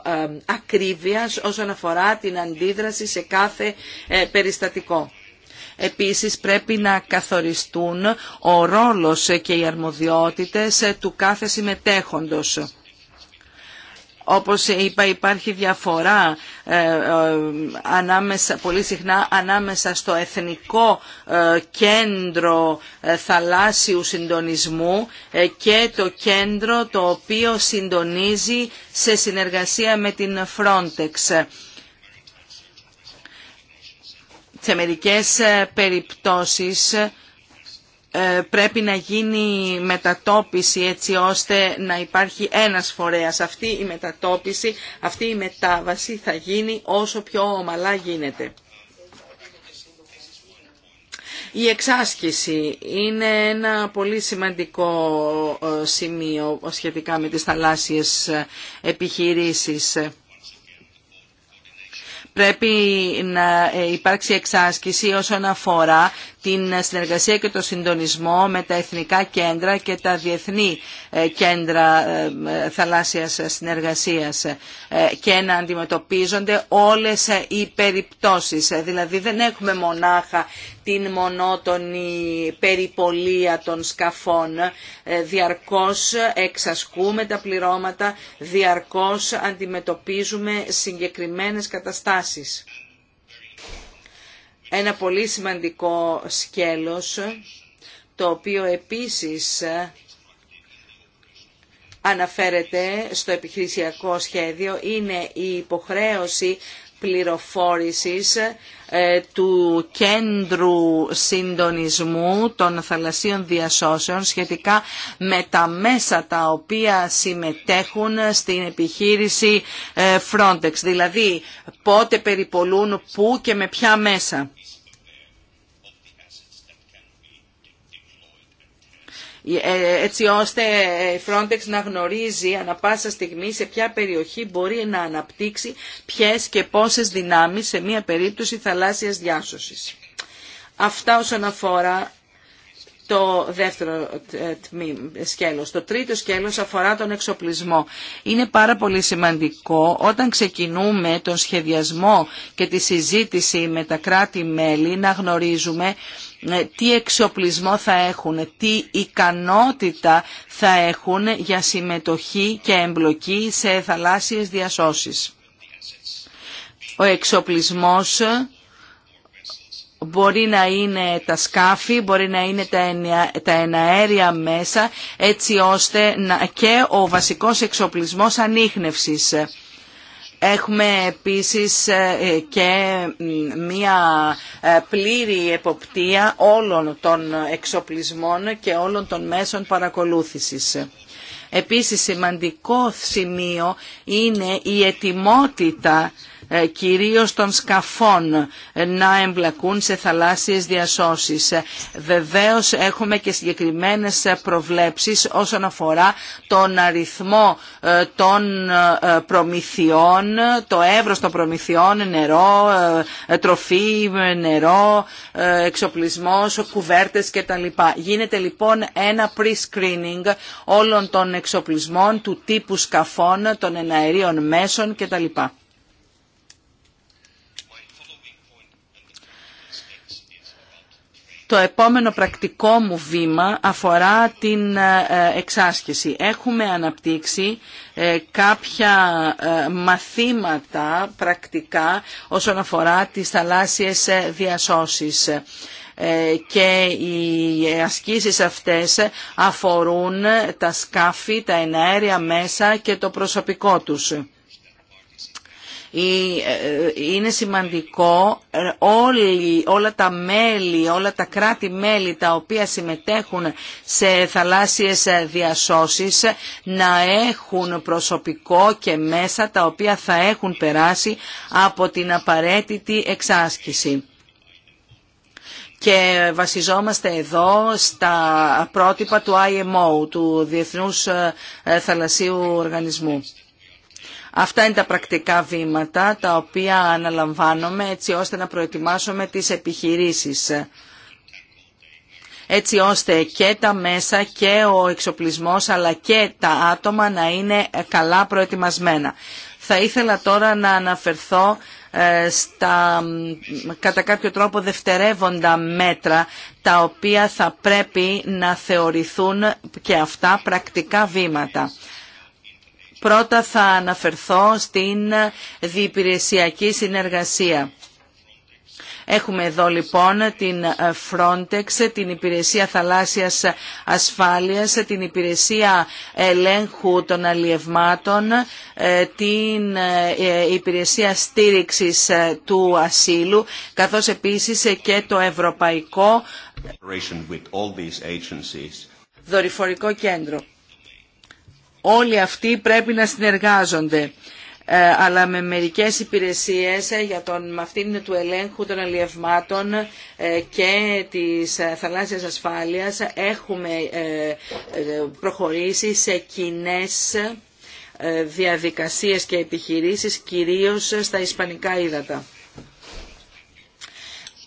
ακρίβειας όσον αφορά την αντίδραση σε κάθε περιστατικό. Επίσης πρέπει να καθοριστούν ο ρόλος και οι αρμοδιότητες του κάθε συμμετέχοντος. Όπως είπα υπάρχει διαφορά ε, ε, ανάμεσα, πολύ συχνά ανάμεσα στο Εθνικό ε, Κέντρο Θαλάσσιου Συντονισμού και το κέντρο το οποίο συντονίζει σε συνεργασία με την Frontex. Σε μερικές περιπτώσεις ε, πρέπει να γίνει μετατόπιση έτσι ώστε να υπάρχει ένας φορέας. Αυτή η μετατόπιση, αυτή η μετάβαση θα γίνει όσο πιο ομαλά γίνεται. Η εξάσκηση είναι ένα πολύ σημαντικό ε, σημείο σχετικά με τις θαλάσσιες ε, επιχειρήσεις. Πρέπει να υπάρξει εξάσκηση όσον αφορά την συνεργασία και το συντονισμό με τα εθνικά κέντρα και τα διεθνή ε, κέντρα ε, ε, θαλάσσιας συνεργασίας και να αντιμετωπίζονται όλες οι περιπτώσεις. Δηλαδή δεν έχουμε μονάχα την μονότονη περιπολία των σκαφών. Διαρκώς εξασκούμε τα πληρώματα, διαρκώς αντιμετωπίζουμε συγκεκριμένες καταστάσεις ένα πολύ σημαντικό σκέλος, το οποίο επίσης αναφέρεται στο επιχειρησιακό σχέδιο, είναι η υποχρέωση πληροφόρησης ε, του Κέντρου Συντονισμού των Θαλασσίων Διασώσεων σχετικά με τα μέσα τα οποία συμμετέχουν στην επιχείρηση ε, Frontex, δηλαδή πότε περιπολούν, πού και με ποια μέσα. Ε, έτσι ώστε η ε, Frontex να γνωρίζει ανα πάσα στιγμή σε ποια περιοχή μπορεί να αναπτύξει ποιες και πόσες δυνάμεις σε μια περίπτωση θαλάσσιας διάσωσης. Αυτά όσον αφορά το δεύτερο ε, σκέλος. Το τρίτο σκέλος αφορά τον εξοπλισμό. Είναι πάρα πολύ σημαντικό όταν ξεκινούμε τον σχεδιασμό και τη συζήτηση με τα κράτη-μέλη να γνωρίζουμε ε, τι εξοπλισμό θα έχουν, τι ικανότητα θα έχουν για συμμετοχή και εμπλοκή σε θαλάσσιες διασώσεις. Ο εξοπλισμός μπορεί να είναι τα σκάφη, μπορεί να είναι τα εναέρια μέσα, έτσι ώστε να... και ο βασικός εξοπλισμός ανείχνευσης. Έχουμε επίσης ε, ε, και μία ε, πλήρη εποπτεία όλων των εξοπλισμών και όλων των μέσων παρακολούθησης. Επίσης σημαντικό σημείο είναι η ετοιμότητα ε, κυρίως των σκαφών ε, να εμπλακούν σε θαλάσσιες διασώσεις. Ε, βεβαίως έχουμε και συγκεκριμένες προβλέψεις όσον αφορά τον αριθμό των προμηθειών, το εύρος των προμηθειών, νερό, τροφή, νερό, εξοπλισμός, κουβέρτες κτλ. Γίνεται λοιπόν ένα pre-screening όλων των εξοπλισμών, του τύπου σκαφών, των εναερίων μέσων κτλ. Το επόμενο πρακτικό μου βήμα αφορά την ε, ε, εξάσκηση. Έχουμε αναπτύξει ε, κάποια μαθήματα πρακτικά όσον αφορά τις θαλάσσιες διασώσεις και οι ασκήσεις αυτές αφορούν τα σκάφη, τα εναέρια μέσα και το προσωπικό τους. Ε, είναι σημαντικό ε, όλοι, όλα τα μέλη, όλα τα κράτη-μέλη τα οποία συμμετέχουν σε θαλάσσιες διασώσεις να έχουν προσωπικό και μέσα τα οποία θα έχουν περάσει από την απαραίτητη εξάσκηση και βασιζόμαστε εδώ στα πρότυπα του IMO, του Διεθνούς ε, Θαλασσίου Οργανισμού. Αυτά είναι τα πρακτικά βήματα τα οποία αναλαμβάνουμε έτσι ώστε να προετοιμάσουμε τις επιχειρήσεις έτσι ώστε και τα μέσα και ο εξοπλισμός αλλά και τα άτομα να είναι καλά προετοιμασμένα. Θα ήθελα τώρα να αναφερθώ ε, στα κατά κάποιο τρόπο δευτερεύοντα μέτρα τα οποία θα πρέπει να θεωρηθούν και αυτά πρακτικά βήματα. Πρώτα θα αναφερθώ στην διυπηρεσιακή συνεργασία. Έχουμε εδώ λοιπόν την Frontex, την Υπηρεσία Θαλάσσιας Ασφάλειας, την Υπηρεσία Ελέγχου των Αλλιευμάτων, ε, την ε, Υπηρεσία Στήριξης ε, του Ασύλου, καθώς επίσης και το Ευρωπαϊκό Δορυφορικό Κέντρο. Όλοι αυτοί πρέπει να συνεργάζονται ε, αλλά με μερικές υπηρεσίες ε, για τον με αυτήν του ελέγχου των αλλιευμάτων ε, και της θαλάσσιας ασφάλειας έχουμε προχωρήσει σε κοινέ διαδικασίες και επιχειρήσεις κυρίως στα ισπανικά ύδατα.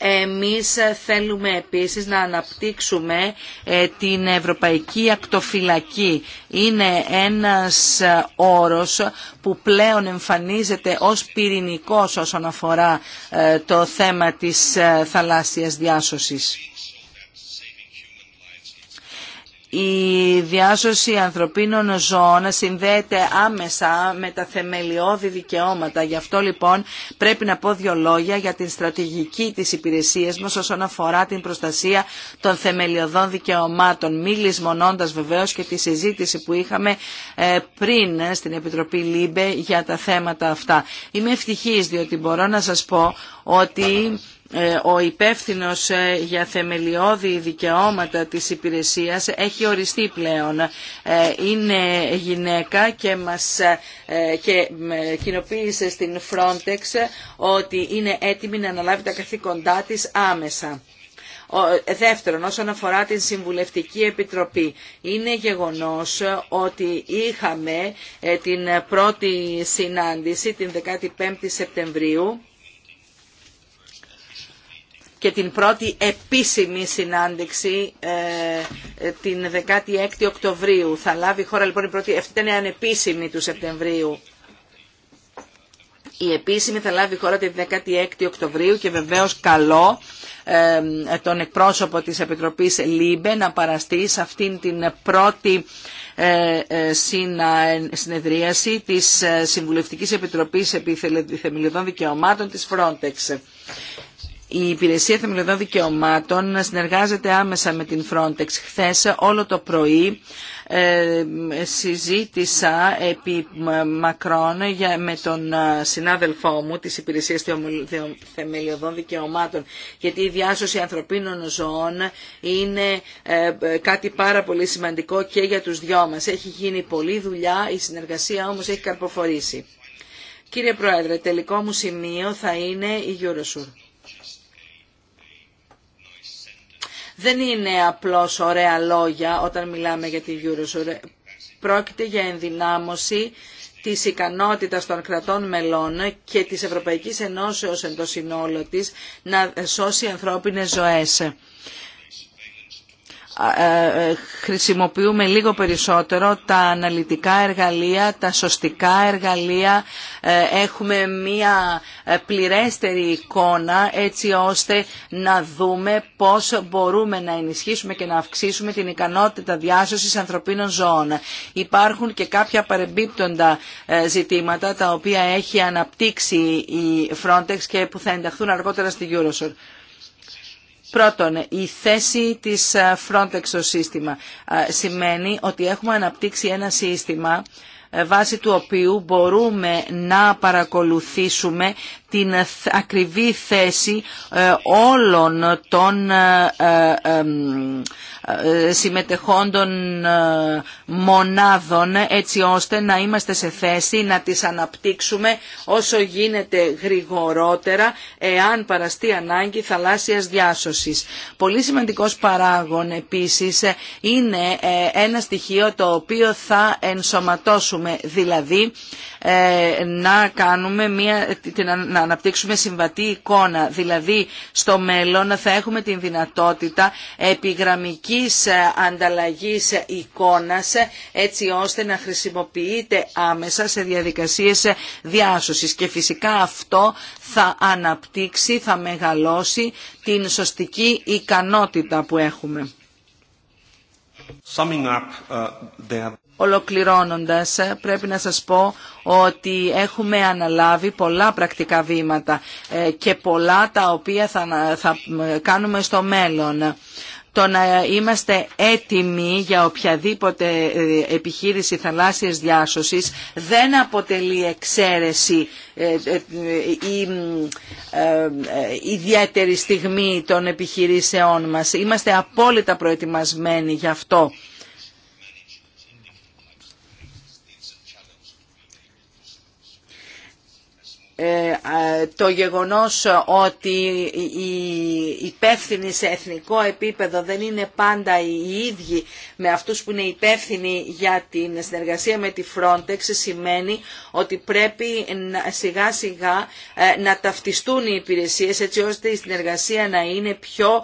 Εμείς θέλουμε επίσης να αναπτύξουμε ε, την Ευρωπαϊκή Ακτοφυλακή. Είναι ένας ε, όρος που πλέον εμφανίζεται ως πυρηνικός όσον αφορά ε, το θέμα της θαλάσσιας διάσωσης. Η διάσωση ανθρωπίνων ζώων συνδέεται άμεσα με τα θεμελιώδη δικαιώματα. Γι' αυτό λοιπόν πρέπει να πω δύο λόγια για την στρατηγική της υπηρεσίας μας όσον αφορά την προστασία των θεμελιωδών δικαιωμάτων. Μη λησμονώντας βεβαίως και τη συζήτηση που είχαμε ε, πριν ε, στην Επιτροπή ΛΥΜΠΕ για τα θέματα αυτά. Είμαι ευτυχής διότι μπορώ να σας πω ότι ε, ο υπεύθυνος ε, για θεμελιώδη δικαιώματα της υπηρεσίας έχει οριστεί πλέον. Ε, είναι γυναίκα και μας και κοινοποίησε στην Frontex ότι είναι έτοιμη να αναλάβει τα καθήκοντά της άμεσα. Δεύτερον, όσον αφορά την Συμβουλευτική Επιτροπή, είναι γεγονός ότι είχαμε την πρώτη συνάντηση την 15η Σεπτεμβρίου και την πρώτη επίσημη συνάντηση ε, την 16η Οκτωβρίου. Θα λάβει η χώρα λοιπόν η πρώτη, αυτή ήταν η ανεπίσημη του Σεπτεμβρίου. Η επίσημη θα λάβει η χώρα την 16η Οκτωβρίου και βεβαίως καλό τον εκπρόσωπο της Επιτροπής ΛΥΜΠΕ να παραστεί σε αυτήν την πρώτη ε, ε, συνεδρίαση της Συμβουλευτικής Επιτροπής Επιθεμελιωδών Δικαιωμάτων της Frontex. Η Υπηρεσία Θεμελιωδών Δικαιωμάτων συνεργάζεται άμεσα με την Frontex. Χθες όλο το πρωί ε, συζήτησα επί μακρόν με τον ε, συνάδελφό μου της Υπηρεσίας Θεμελιωδών Δικαιωμάτων γιατί η διάσωση ανθρωπίνων ζώων είναι ε, κάτι πάρα πολύ σημαντικό και για τους δυο μας. Έχει γίνει πολλή δουλειά, η συνεργασία όμως έχει καρποφορήσει. Κύριε Πρόεδρε, τελικό μου σημείο θα είναι η Eurosur. δεν είναι απλώς ωραία λόγια όταν μιλάμε για τη Eurozone. Πρόκειται για ενδυνάμωση της ικανότητας των κρατών μελών και της Ευρωπαϊκής Ενώσεως εντός συνόλου της να σώσει ανθρώπινες ζωές. Ε, ε, χρησιμοποιούμε λίγο περισσότερο τα αναλυτικά εργαλεία, τα σωστικά εργαλεία, ε, έχουμε μία πληρέστερη εικόνα έτσι ώστε να δούμε πώς μπορούμε να ενισχύσουμε και να αυξήσουμε την ικανότητα διάσωσης ανθρωπίνων ζώων. Υπάρχουν και κάποια παρεμπίπτοντα ζητήματα τα οποία έχει αναπτύξει η Frontex και που θα ενταχθούν αργότερα στη Eurosur. Πρώτον, η θέση της ε, Frontex στο σύστημα ε, σημαίνει ότι έχουμε αναπτύξει ένα σύστημα ε, βάσει του οποίου μπορούμε να παρακολουθήσουμε την ακριβή θέση όλων των ε, συμμετεχόντων ε, μονάδων έτσι ώστε να είμαστε σε θέση να τις αναπτύξουμε όσο γίνεται γρηγορότερα εάν παραστεί ανάγκη θαλάσσιας διάσωσης. Πολύ σημαντικός παράγων επίσης ε, είναι ένα στοιχείο το οποίο θα ενσωματώσουμε δηλαδή ε, να, κάνουμε μια, να αναπτύξουμε συμβατή εικόνα. Δηλαδή στο μέλλον θα έχουμε την δυνατότητα επιγραμμικής ε, ανταλλαγής εικόνας ε, έτσι ώστε να χρησιμοποιείται άμεσα σε διαδικασίες διάσωσης και φυσικά αυτό θα αναπτύξει, θα μεγαλώσει την σωστική ικανότητα που έχουμε. Summing uh, Ολοκληρώνοντας, ε, πρέπει να σας πω ότι έχουμε αναλάβει πολλά πρακτικά βήματα ε, και πολλά τα οποία θα, ε, κάνουμε στο μέλλον. Το να είμαστε έτοιμοι για οποιαδήποτε επιχείρηση θαλάσσιας διάσωσης δεν αποτελεί εξαίρεση ή ιδιαίτερη στιγμή των επιχειρήσεών μας. Είμαστε απόλυτα προετοιμασμένοι γι' αυτό. Ε, ε, το γεγονός ότι οι υπεύθυνοι σε εθνικό επίπεδο δεν είναι πάντα οι ίδιοι με αυτούς που είναι υπεύθυνοι για την συνεργασία με τη Frontex σημαίνει ότι πρέπει σιγά σιγά ε, να ταυτιστούν οι υπηρεσίες έτσι ώστε η συνεργασία να είναι πιο,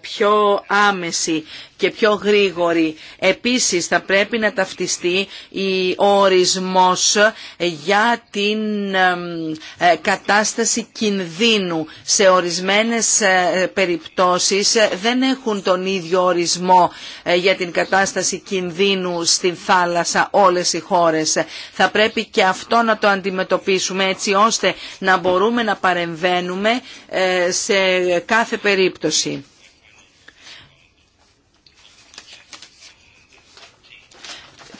πιο άμεση και πιο γρήγορη. Επίσης θα πρέπει να ταυτιστεί η ορισμός για την ε, κατάσταση κινδύνου. Σε ορισμένες ε, περιπτώσεις ε, δεν έχουν τον ίδιο ορισμό για την κατάσταση κινδύνου στην θάλασσα όλες οι χώρες. Θα πρέπει και αυτό να το αντιμετωπίσουμε έτσι ώστε να μπορούμε να παρεμβαίνουμε σε κάθε περίπτωση.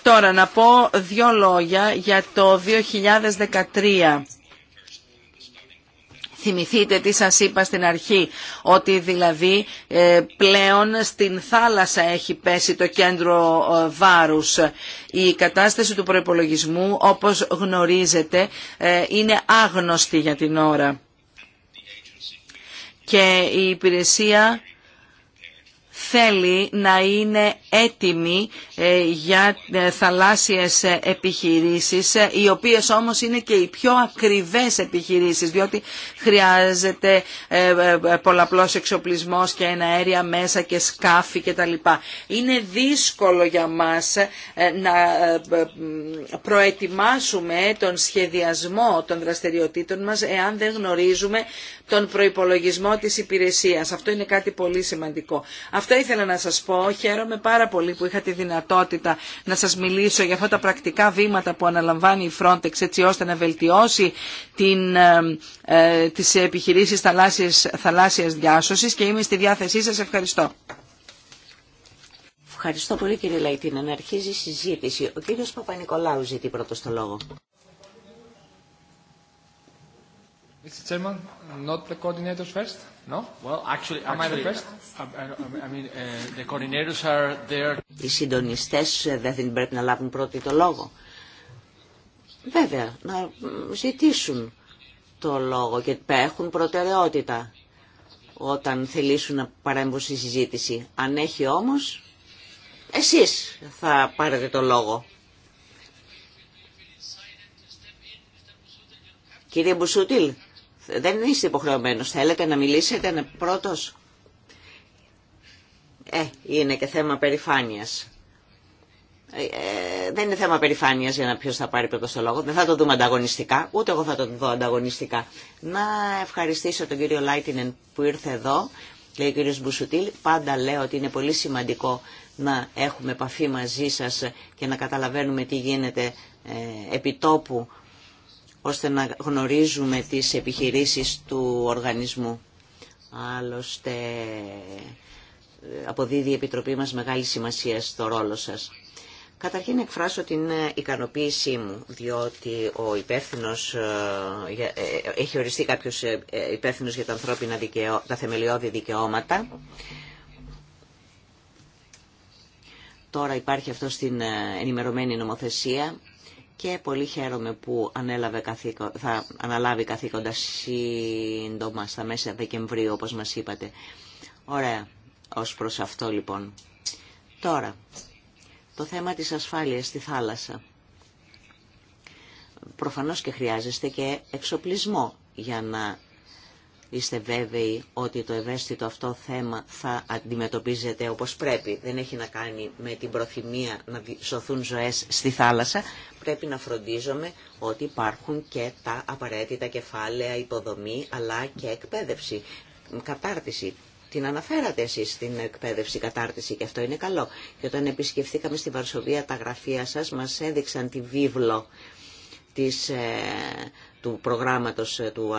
Τώρα να πω δύο λόγια για το 2013. Θυμηθείτε τι σας είπα στην αρχή, ότι δηλαδή ε, πλέον στην θάλασσα έχει πέσει το κέντρο ε, βάρους. Η κατάσταση του προϋπολογισμού, όπως γνωρίζετε, ε, είναι άγνωστη για την ώρα. Και η υπηρεσία θέλει να είναι έτοιμη ε, για ε, θαλάσσιες ε, επιχειρήσεις, οι οποίες όμως είναι και οι πιο ακριβές επιχειρήσεις, διότι χρειάζεται πολλαπλός εξοπλισμός και ένα αέρια μέσα και σκάφη κτλ. Είναι δύσκολο για μας να προετοιμάσουμε τον σχεδιασμό των δραστηριοτήτων μας, εάν δεν γνωρίζουμε τον προϋπολογισμό της υπηρεσίας. Αυτό είναι κάτι πολύ σημαντικό. Αυτά ήθελα να σας πω. Χαίρομαι πάρα πολύ που είχα τη δυνατότητα να σας μιλήσω για αυτά τα πρακτικά βήματα που αναλαμβάνει η Frontex έτσι ώστε να βελτιώσει την, ε, ε τις επιχειρήσεις θαλάσσιας, θαλάσσιας διάσωσης και είμαι στη διάθεσή σας. Ευχαριστώ. Ευχαριστώ πολύ κύριε Λαϊτίνα. Να αρχίζει η συζήτηση. Ο κύριος Παπα-Νικολάου ζητεί πρώτος το λόγο. Mr. Chairman, not the first. Οι συντονιστέ ε, δεν πρέπει να λάβουν πρώτοι το λόγο. Βέβαια, να ζητήσουν το λόγο και έχουν προτεραιότητα όταν θελήσουν να παρέμβουν στη συζήτηση. Αν έχει όμως, εσείς θα πάρετε το λόγο. Κύριε Μπουσούτιλ, δεν είστε υποχρεωμένος. Θέλετε να μιλήσετε πρώτος. Ε, είναι και θέμα περηφάνειας. Ε, ε δεν είναι θέμα περηφάνειας για να ποιο θα πάρει πρώτος το λόγο. Δεν θα το δούμε ανταγωνιστικά, ούτε εγώ θα το δω ανταγωνιστικά. Να ευχαριστήσω τον κύριο Λάιτινεν που ήρθε εδώ, λέει ο κύριο Μπουσουτήλ. Πάντα λέω ότι είναι πολύ σημαντικό να έχουμε επαφή μαζί σας και να καταλαβαίνουμε τι γίνεται επίτόπου. επί τόπου ώστε να γνωρίζουμε τις επιχειρήσεις του οργανισμού. Άλλωστε αποδίδει η Επιτροπή μας μεγάλη σημασία στο ρόλο σας. Καταρχήν εκφράσω την ε, ικανοποίησή μου, διότι ο υπεύθυνος, ε, ε, έχει οριστεί κάποιος υπεύθυνος για τα ανθρώπινα τα θεμελιώδη δικαιώματα. Τώρα υπάρχει αυτό στην ενημερωμένη νομοθεσία και πολύ χαίρομαι που ανέλαβε θα αναλάβει καθήκοντα σύντομα στα μέσα Δεκεμβρίου όπως μας είπατε. Ωραία, ως προς αυτό λοιπόν. Τώρα, το θέμα της ασφάλειας στη θάλασσα. Προφανώς και χρειάζεστε και εξοπλισμό για να είστε βέβαιοι ότι το ευαίσθητο αυτό θέμα θα αντιμετωπίζεται όπως πρέπει. Δεν έχει να κάνει με την προθυμία να σωθούν ζωές στη θάλασσα. Πρέπει να φροντίζομαι ότι υπάρχουν και τα απαραίτητα κεφάλαια υποδομή αλλά και εκπαίδευση, κατάρτιση. Την αναφέρατε εσείς την εκπαίδευση, κατάρτιση και αυτό είναι καλό. Και όταν επισκεφθήκαμε στη Βαρσοβία τα γραφεία σας μας έδειξαν τη βίβλο της ε, του, προγράμματος, ε, του,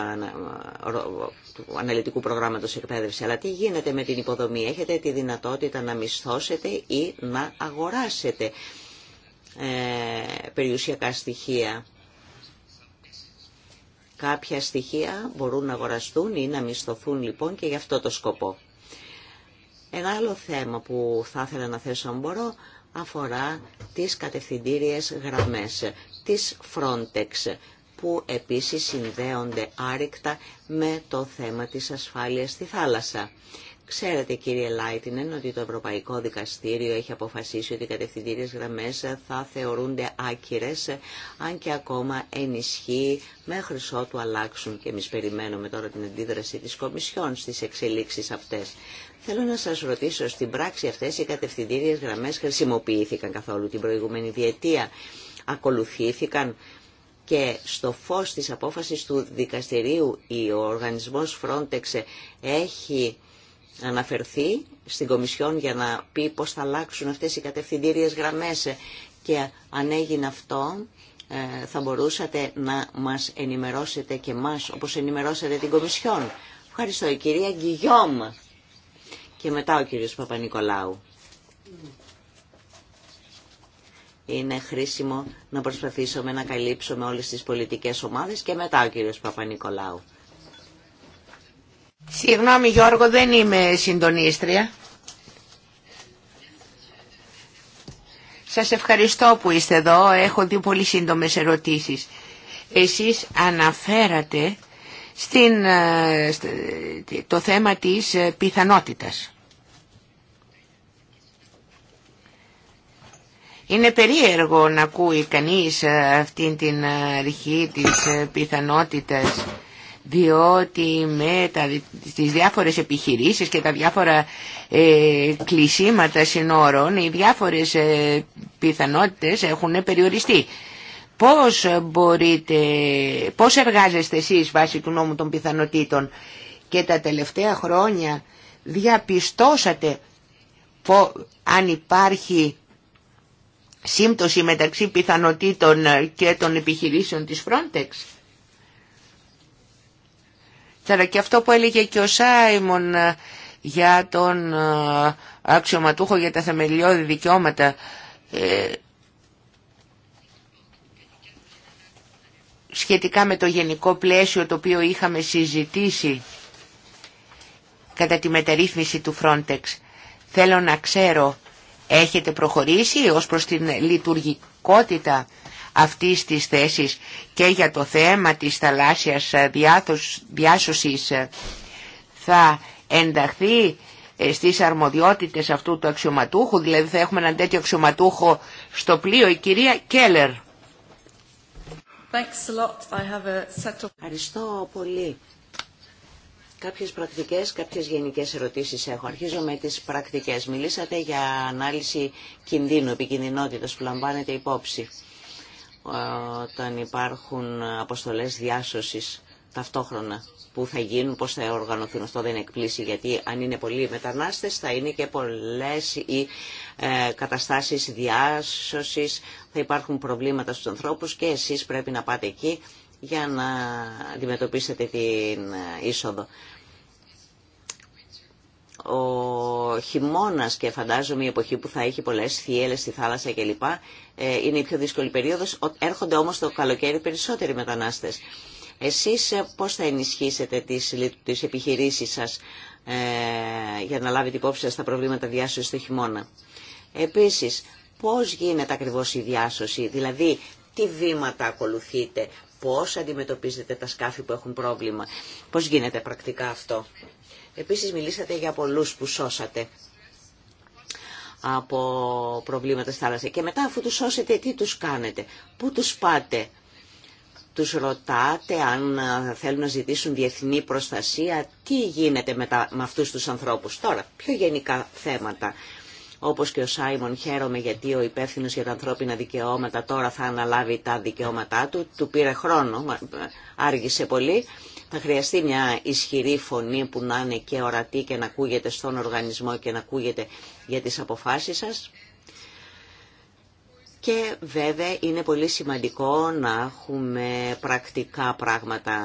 του αναλυτικού προγράμματος εκπαίδευση. Αλλά τι γίνεται με την υποδομή. Έχετε τη δυνατότητα να μισθώσετε ή να αγοράσετε ε, περιουσιακά στοιχεία. Κάποια στοιχεία μπορούν να αγοραστούν ή να μισθωθούν λοιπόν και γι' αυτό το σκοπό. Ένα άλλο θέμα που θα ήθελα να θέσω αν μπορώ αφορά τις κατευθυντήριες γραμμές της Frontex που επίσης συνδέονται άρρηκτα με το θέμα της ασφάλειας στη θάλασσα. Ξέρετε κύριε Λάιτινεν ότι το Ευρωπαϊκό Δικαστήριο έχει αποφασίσει ότι οι κατευθυντήριες γραμμές θα θεωρούνται άκυρες αν και ακόμα ενισχύει μέχρι ότου αλλάξουν και εμείς περιμένουμε τώρα την αντίδραση της Κομισιόν στις εξελίξεις αυτές. Θέλω να σας ρωτήσω, στην πράξη αυτές οι κατευθυντήριες γραμμές χρησιμοποιήθηκαν καθόλου την προηγούμενη διετία, ακολουθήθηκαν και στο φως της απόφασης του δικαστηρίου ο οργανισμός Frontex έχει αναφερθεί στην Κομισιόν για να πει πώς θα αλλάξουν αυτές οι κατευθυντήριες γραμμές και αν έγινε αυτό ε, θα μπορούσατε να μας ενημερώσετε και μας όπως ενημερώσατε την Κομισιόν. Ευχαριστώ η κυρία Γκυγιόμ και μετά ο κύριος Παπα-Νικολάου. Mm είναι χρήσιμο να προσπαθήσουμε να καλύψουμε όλες τις πολιτικές ομάδες και μετά ο κύριος Παπα-Νικολάου. Συγγνώμη Γιώργο, δεν είμαι συντονίστρια. Σας ευχαριστώ που είστε εδώ. Έχω δύο πολύ σύντομες ερωτήσεις. Εσείς αναφέρατε στην, ε, το θέμα της ε, πιθανότητας. Είναι περίεργο να ακούει κανείς ε, αυτήν την αρχή ε, της ε, πιθανότητας διότι με τα, τις διάφορες επιχειρήσεις και τα διάφορα ε, κλεισίματα συνόρων οι διάφορες ε, πιθανότητες έχουν περιοριστεί. Πώς, μπορείτε, πώς εργάζεστε εσείς βάσει του νόμου των πιθανοτήτων και τα τελευταία χρόνια διαπιστώσατε αν υπάρχει σύμπτωση μεταξύ πιθανότητων και των επιχειρήσεων της Frontex. Τώρα και αυτό που έλεγε και ο Σάιμον ε, για τον ε, αξιωματούχο για τα θεμελιώδη δικαιώματα ε, σχετικά με το γενικό πλαίσιο το οποίο είχαμε συζητήσει κατά τη μεταρρύθμιση του Frontex. Θέλω να ξέρω Έχετε προχωρήσει ως προς την λειτουργικότητα αυτής της θέσης και για το θέμα της θαλάσσιας διάσωσης ε, θα ενταχθεί ε, στις αρμοδιότητες αυτού του αξιωματούχου, δηλαδή θα έχουμε έναν τέτοιο αξιωματούχο στο πλοίο, η κυρία Κέλλερ. Ευχαριστώ πολύ. Κάποιες πρακτικές, κάποιες γενικές ερωτήσεις έχω. Αρχίζω με τις πρακτικές. Μιλήσατε για ανάλυση κινδύνου, επικινδυνότητας που λαμβάνετε υπόψη ε, όταν υπάρχουν αποστολές διάσωσης ταυτόχρονα που θα γίνουν, πώς θα οργανωθούν. Αυτό δεν εκπλήσει γιατί αν είναι πολλοί μετανάστες θα είναι και πολλές οι ε, καταστάσεις διάσωσης, θα υπάρχουν προβλήματα στους ανθρώπους και εσείς πρέπει να πάτε εκεί για να αντιμετωπίσετε την ε, είσοδο ο χειμώνας και φαντάζομαι η εποχή που θα έχει πολλές θύελες στη θάλασσα κλπ. Ε, είναι η πιο δύσκολη περίοδος. Έρχονται όμως το καλοκαίρι περισσότεροι μετανάστες. Εσείς ε, πώς θα ενισχύσετε τις, επιχειρήσει επιχειρήσεις σας ε, για να λάβετε υπόψη σας τα προβλήματα διάσωσης του χειμώνα. Επίσης, πώς γίνεται ακριβώς η διάσωση, δηλαδή τι βήματα ακολουθείτε, πώς αντιμετωπίζετε τα σκάφη που έχουν πρόβλημα, πώς γίνεται πρακτικά αυτό. Επίσης μιλήσατε για πολλούς που σώσατε από προβλήματα στη θάλασσα. Και μετά αφού τους σώσετε, τι τους κάνετε, πού τους πάτε, τους ρωτάτε αν ε, θέλουν να ζητήσουν διεθνή προστασία, τι γίνεται με, τα, με αυτούς τους ανθρώπους. Τώρα, πιο γενικά θέματα. Όπως και ο Σάιμον χαίρομαι γιατί ο υπεύθυνο για τα ανθρώπινα δικαιώματα τώρα θα αναλάβει τα δικαιώματά του. Του πήρε χρόνο, ε, άργησε πολύ. Θα χρειαστεί μια ισχυρή φωνή που να είναι και ορατή και να ακούγεται στον οργανισμό και να ακούγεται για τις αποφάσεις σας. Και βέβαια είναι πολύ σημαντικό να έχουμε πρακτικά πράγματα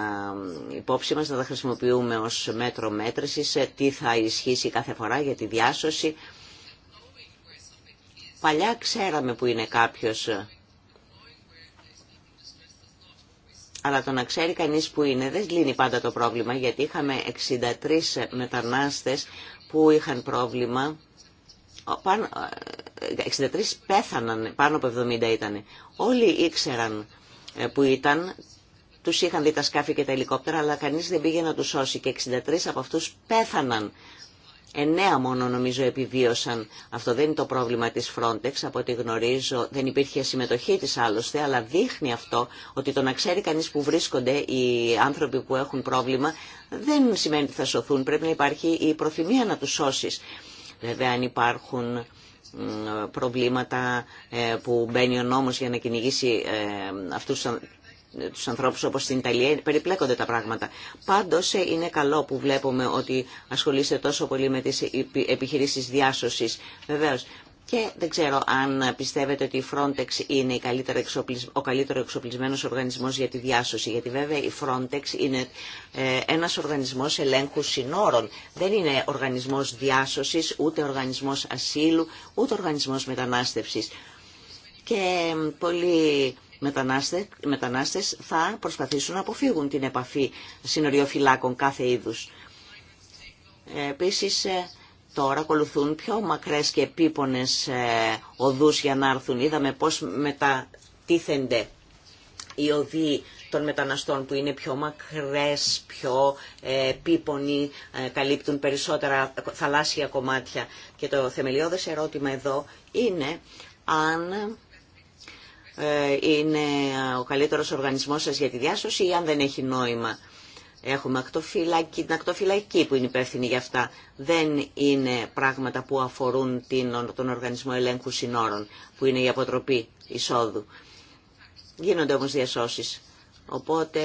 υπόψη μας, να τα χρησιμοποιούμε ως μέτρο μέτρησης, τι θα ισχύσει κάθε φορά για τη διάσωση. Παλιά ξέραμε που είναι κάποιος Αλλά το να ξέρει κανείς που είναι δεν λύνει πάντα το πρόβλημα, γιατί είχαμε 63 μετανάστες που είχαν πρόβλημα. 63 ε, πέθαναν, πάνω από 70 ήταν. Όλοι ήξεραν ε, που ήταν, τους είχαν δει τα σκάφη και τα ελικόπτερα, αλλά κανείς δεν πήγε να τους σώσει. Και 63 από αυτούς πέθαναν Εννέα μόνο νομίζω επιβίωσαν. Αυτό δεν είναι το πρόβλημα της Frontex, από ό,τι γνωρίζω δεν υπήρχε συμμετοχή της άλλωστε, αλλά δείχνει αυτό ότι το να ξέρει κανείς που βρίσκονται οι άνθρωποι που έχουν πρόβλημα δεν σημαίνει ότι θα σωθούν, πρέπει να υπάρχει η προθυμία να τους σώσεις. Βέβαια αν υπάρχουν προβλήματα ε, που μπαίνει ο νόμος για να κυνηγήσει ε, αυτούς τους ανθρώπους όπως στην Ιταλία, περιπλέκονται τα πράγματα. Πάντως ε, είναι καλό που βλέπουμε ότι ασχολείστε τόσο πολύ με τις επιχειρήσεις διάσωσης. Βεβαίως, και δεν ξέρω αν πιστεύετε ότι η Frontex είναι ο καλύτερο εξοπλισμένος οργανισμός για τη διάσωση. Γιατί βέβαια η Frontex είναι ε, ένας οργανισμός ελέγχου συνόρων. Δεν είναι οργανισμός διάσωσης, ούτε οργανισμός ασύλου, ούτε οργανισμός μετανάστευσης. Και ε, πολύ μετανάστες, μετανάστες θα προσπαθήσουν να αποφύγουν την επαφή συνοριοφυλάκων κάθε είδους. Επίσης, ε, τώρα ακολουθούν πιο μακρές και επίπονες ε, οδούς για να έρθουν. Είδαμε πώς μετατίθενται οι οδοί των μεταναστών που είναι πιο μακρές, πιο ε, επίπονοι, καλύπτουν περισσότερα θαλάσσια κομμάτια. Και το θεμελιώδες ερώτημα εδώ είναι αν ε, είναι ο καλύτερος οργανισμός σας για τη διάσωση ή αν δεν έχει νόημα. Έχουμε ακτοφυλακή, την ακτοφυλακή που είναι υπεύθυνη για αυτά. Δεν είναι πράγματα που αφορούν την, τον Οργανισμό Ελέγχου Συνόρων, που είναι η αποτροπή εισόδου. Γίνονται όμως διασώσεις. Οπότε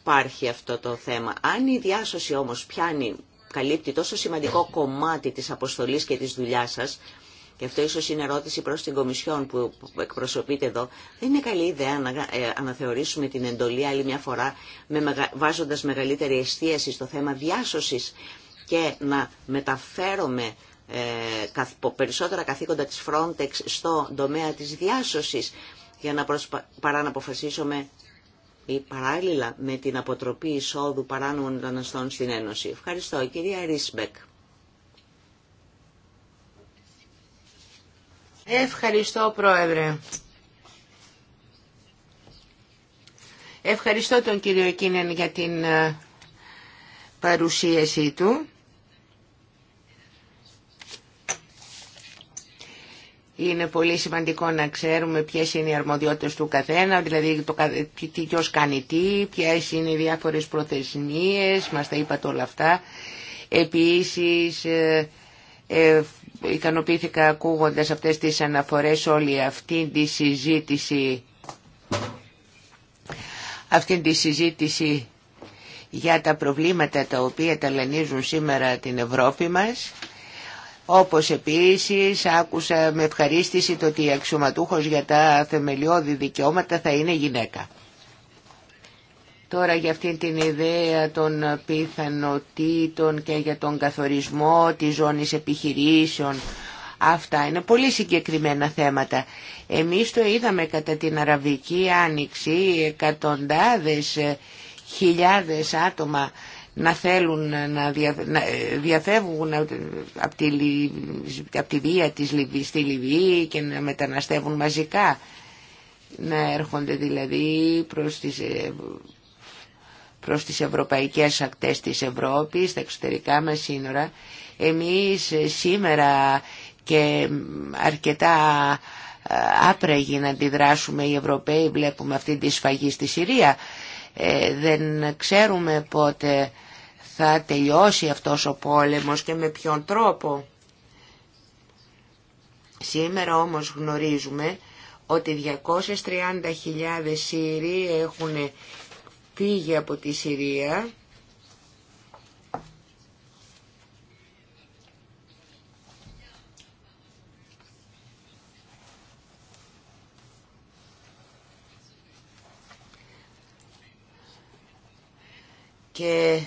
υπάρχει αυτό το θέμα. Αν η διάσωση όμως πιάνει, καλύπτει τόσο σημαντικό κομμάτι της αποστολής και της δουλειάς σας, και αυτό ίσως είναι ερώτηση προς την Κομισιόν που εκπροσωπείται εδώ, δεν είναι καλή ιδέα να ε, αναθεωρήσουμε την εντολή άλλη μια φορά με, βάζοντας μεγαλύτερη εστίαση στο θέμα διάσωσης και να μεταφέρομαι ε, περισσότερα καθήκοντα της Frontex στο τομέα της διάσωσης για να προσπα... παρά να αποφασίσουμε ή παράλληλα με την αποτροπή εισόδου παράνομων μεταναστών στην Ένωση. Ευχαριστώ. Κυρία Ρίσμπεκ. Ευχαριστώ Πρόεδρε. Ευχαριστώ τον κύριο Κίνεν για την ε, παρουσίασή του. Είναι πολύ σημαντικό να ξέρουμε ποιες είναι οι αρμοδιότητες του καθένα, δηλαδή το, τι ποιος κάνει τι, ποιες είναι οι διάφορες προθεσμίες, μας τα είπατε όλα αυτά. Επίσης, ε, ε, ικανοποιήθηκα ακούγοντας αυτές τις αναφορές όλη αυτή τη συζήτηση αυτή τη συζήτηση για τα προβλήματα τα οποία ταλανίζουν σήμερα την Ευρώπη μας όπως επίσης άκουσα με ευχαρίστηση το ότι η αξιωματούχος για τα θεμελιώδη δικαιώματα θα είναι γυναίκα. Τώρα για αυτήν την ιδέα των πιθανοτήτων και για τον καθορισμό της ζώνης επιχειρήσεων, αυτά είναι πολύ συγκεκριμένα θέματα. Εμείς το είδαμε κατά την Αραβική Άνοιξη εκατοντάδες ε, χιλιάδες άτομα να θέλουν να, ε, διαφεύγουν από τη, από τη βία της Λιβύης στη Λιβύη και να μεταναστεύουν μαζικά. Να έρχονται δηλαδή προς τις ε, προς τις ευρωπαϊκές ακτές της Ευρώπης, τα εξωτερικά μας σύνορα. Εμείς ε, σήμερα και αρκετά ε, άπραγοι να αντιδράσουμε οι Ευρωπαίοι, βλέπουμε αυτή τη σφαγή στη Συρία. Ε, δεν ξέρουμε πότε θα τελειώσει αυτός ο πόλεμος και με ποιον τρόπο. Σήμερα όμως γνωρίζουμε ότι 230.000 Σύριοι έχουν πήγε από τη Συρία και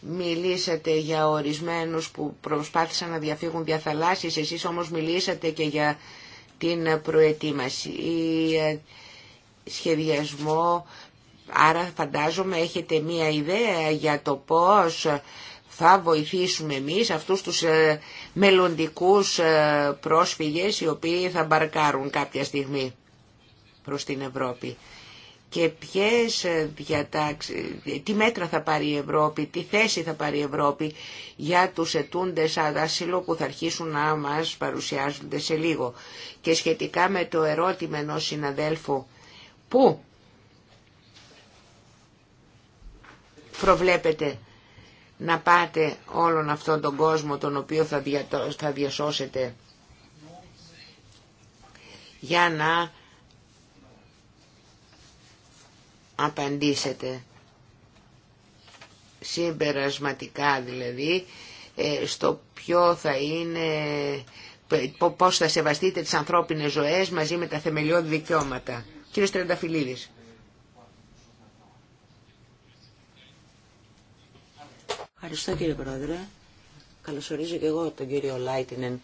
μιλήσατε για ορισμένους που προσπάθησαν να διαφύγουν διαθαλάσσεις, εσείς όμως μιλήσατε και για την προετοίμαση, ε, σχεδιασμό Άρα φαντάζομαι έχετε μία ιδέα για το πώς θα βοηθήσουμε εμείς αυτούς τους ε, μελλοντικούς ε, πρόσφυγες οι οποίοι θα μπαρκάρουν κάποια στιγμή προς την Ευρώπη. Και ποιες ε, διατάξεις, τι μέτρα θα πάρει η Ευρώπη, τι θέση θα πάρει η Ευρώπη για τους ετούντες άσυλο που θα αρχίσουν να μας παρουσιάζονται σε λίγο. Και σχετικά με το ερώτημα ενός συναδέλφου, πού προβλέπετε να πάτε όλον αυτόν τον κόσμο τον οποίο θα, θα διασώσετε για να απαντήσετε συμπερασματικά δηλαδή ε, στο ποιο θα είναι πώς θα σεβαστείτε τις ανθρώπινες ζωές μαζί με τα θεμελιώδη δικαιώματα. Κύριε Στρενταφυλλίδης. Ευχαριστώ κύριε Πρόεδρε. Καλωσορίζω και εγώ τον κύριο Λάιτινεν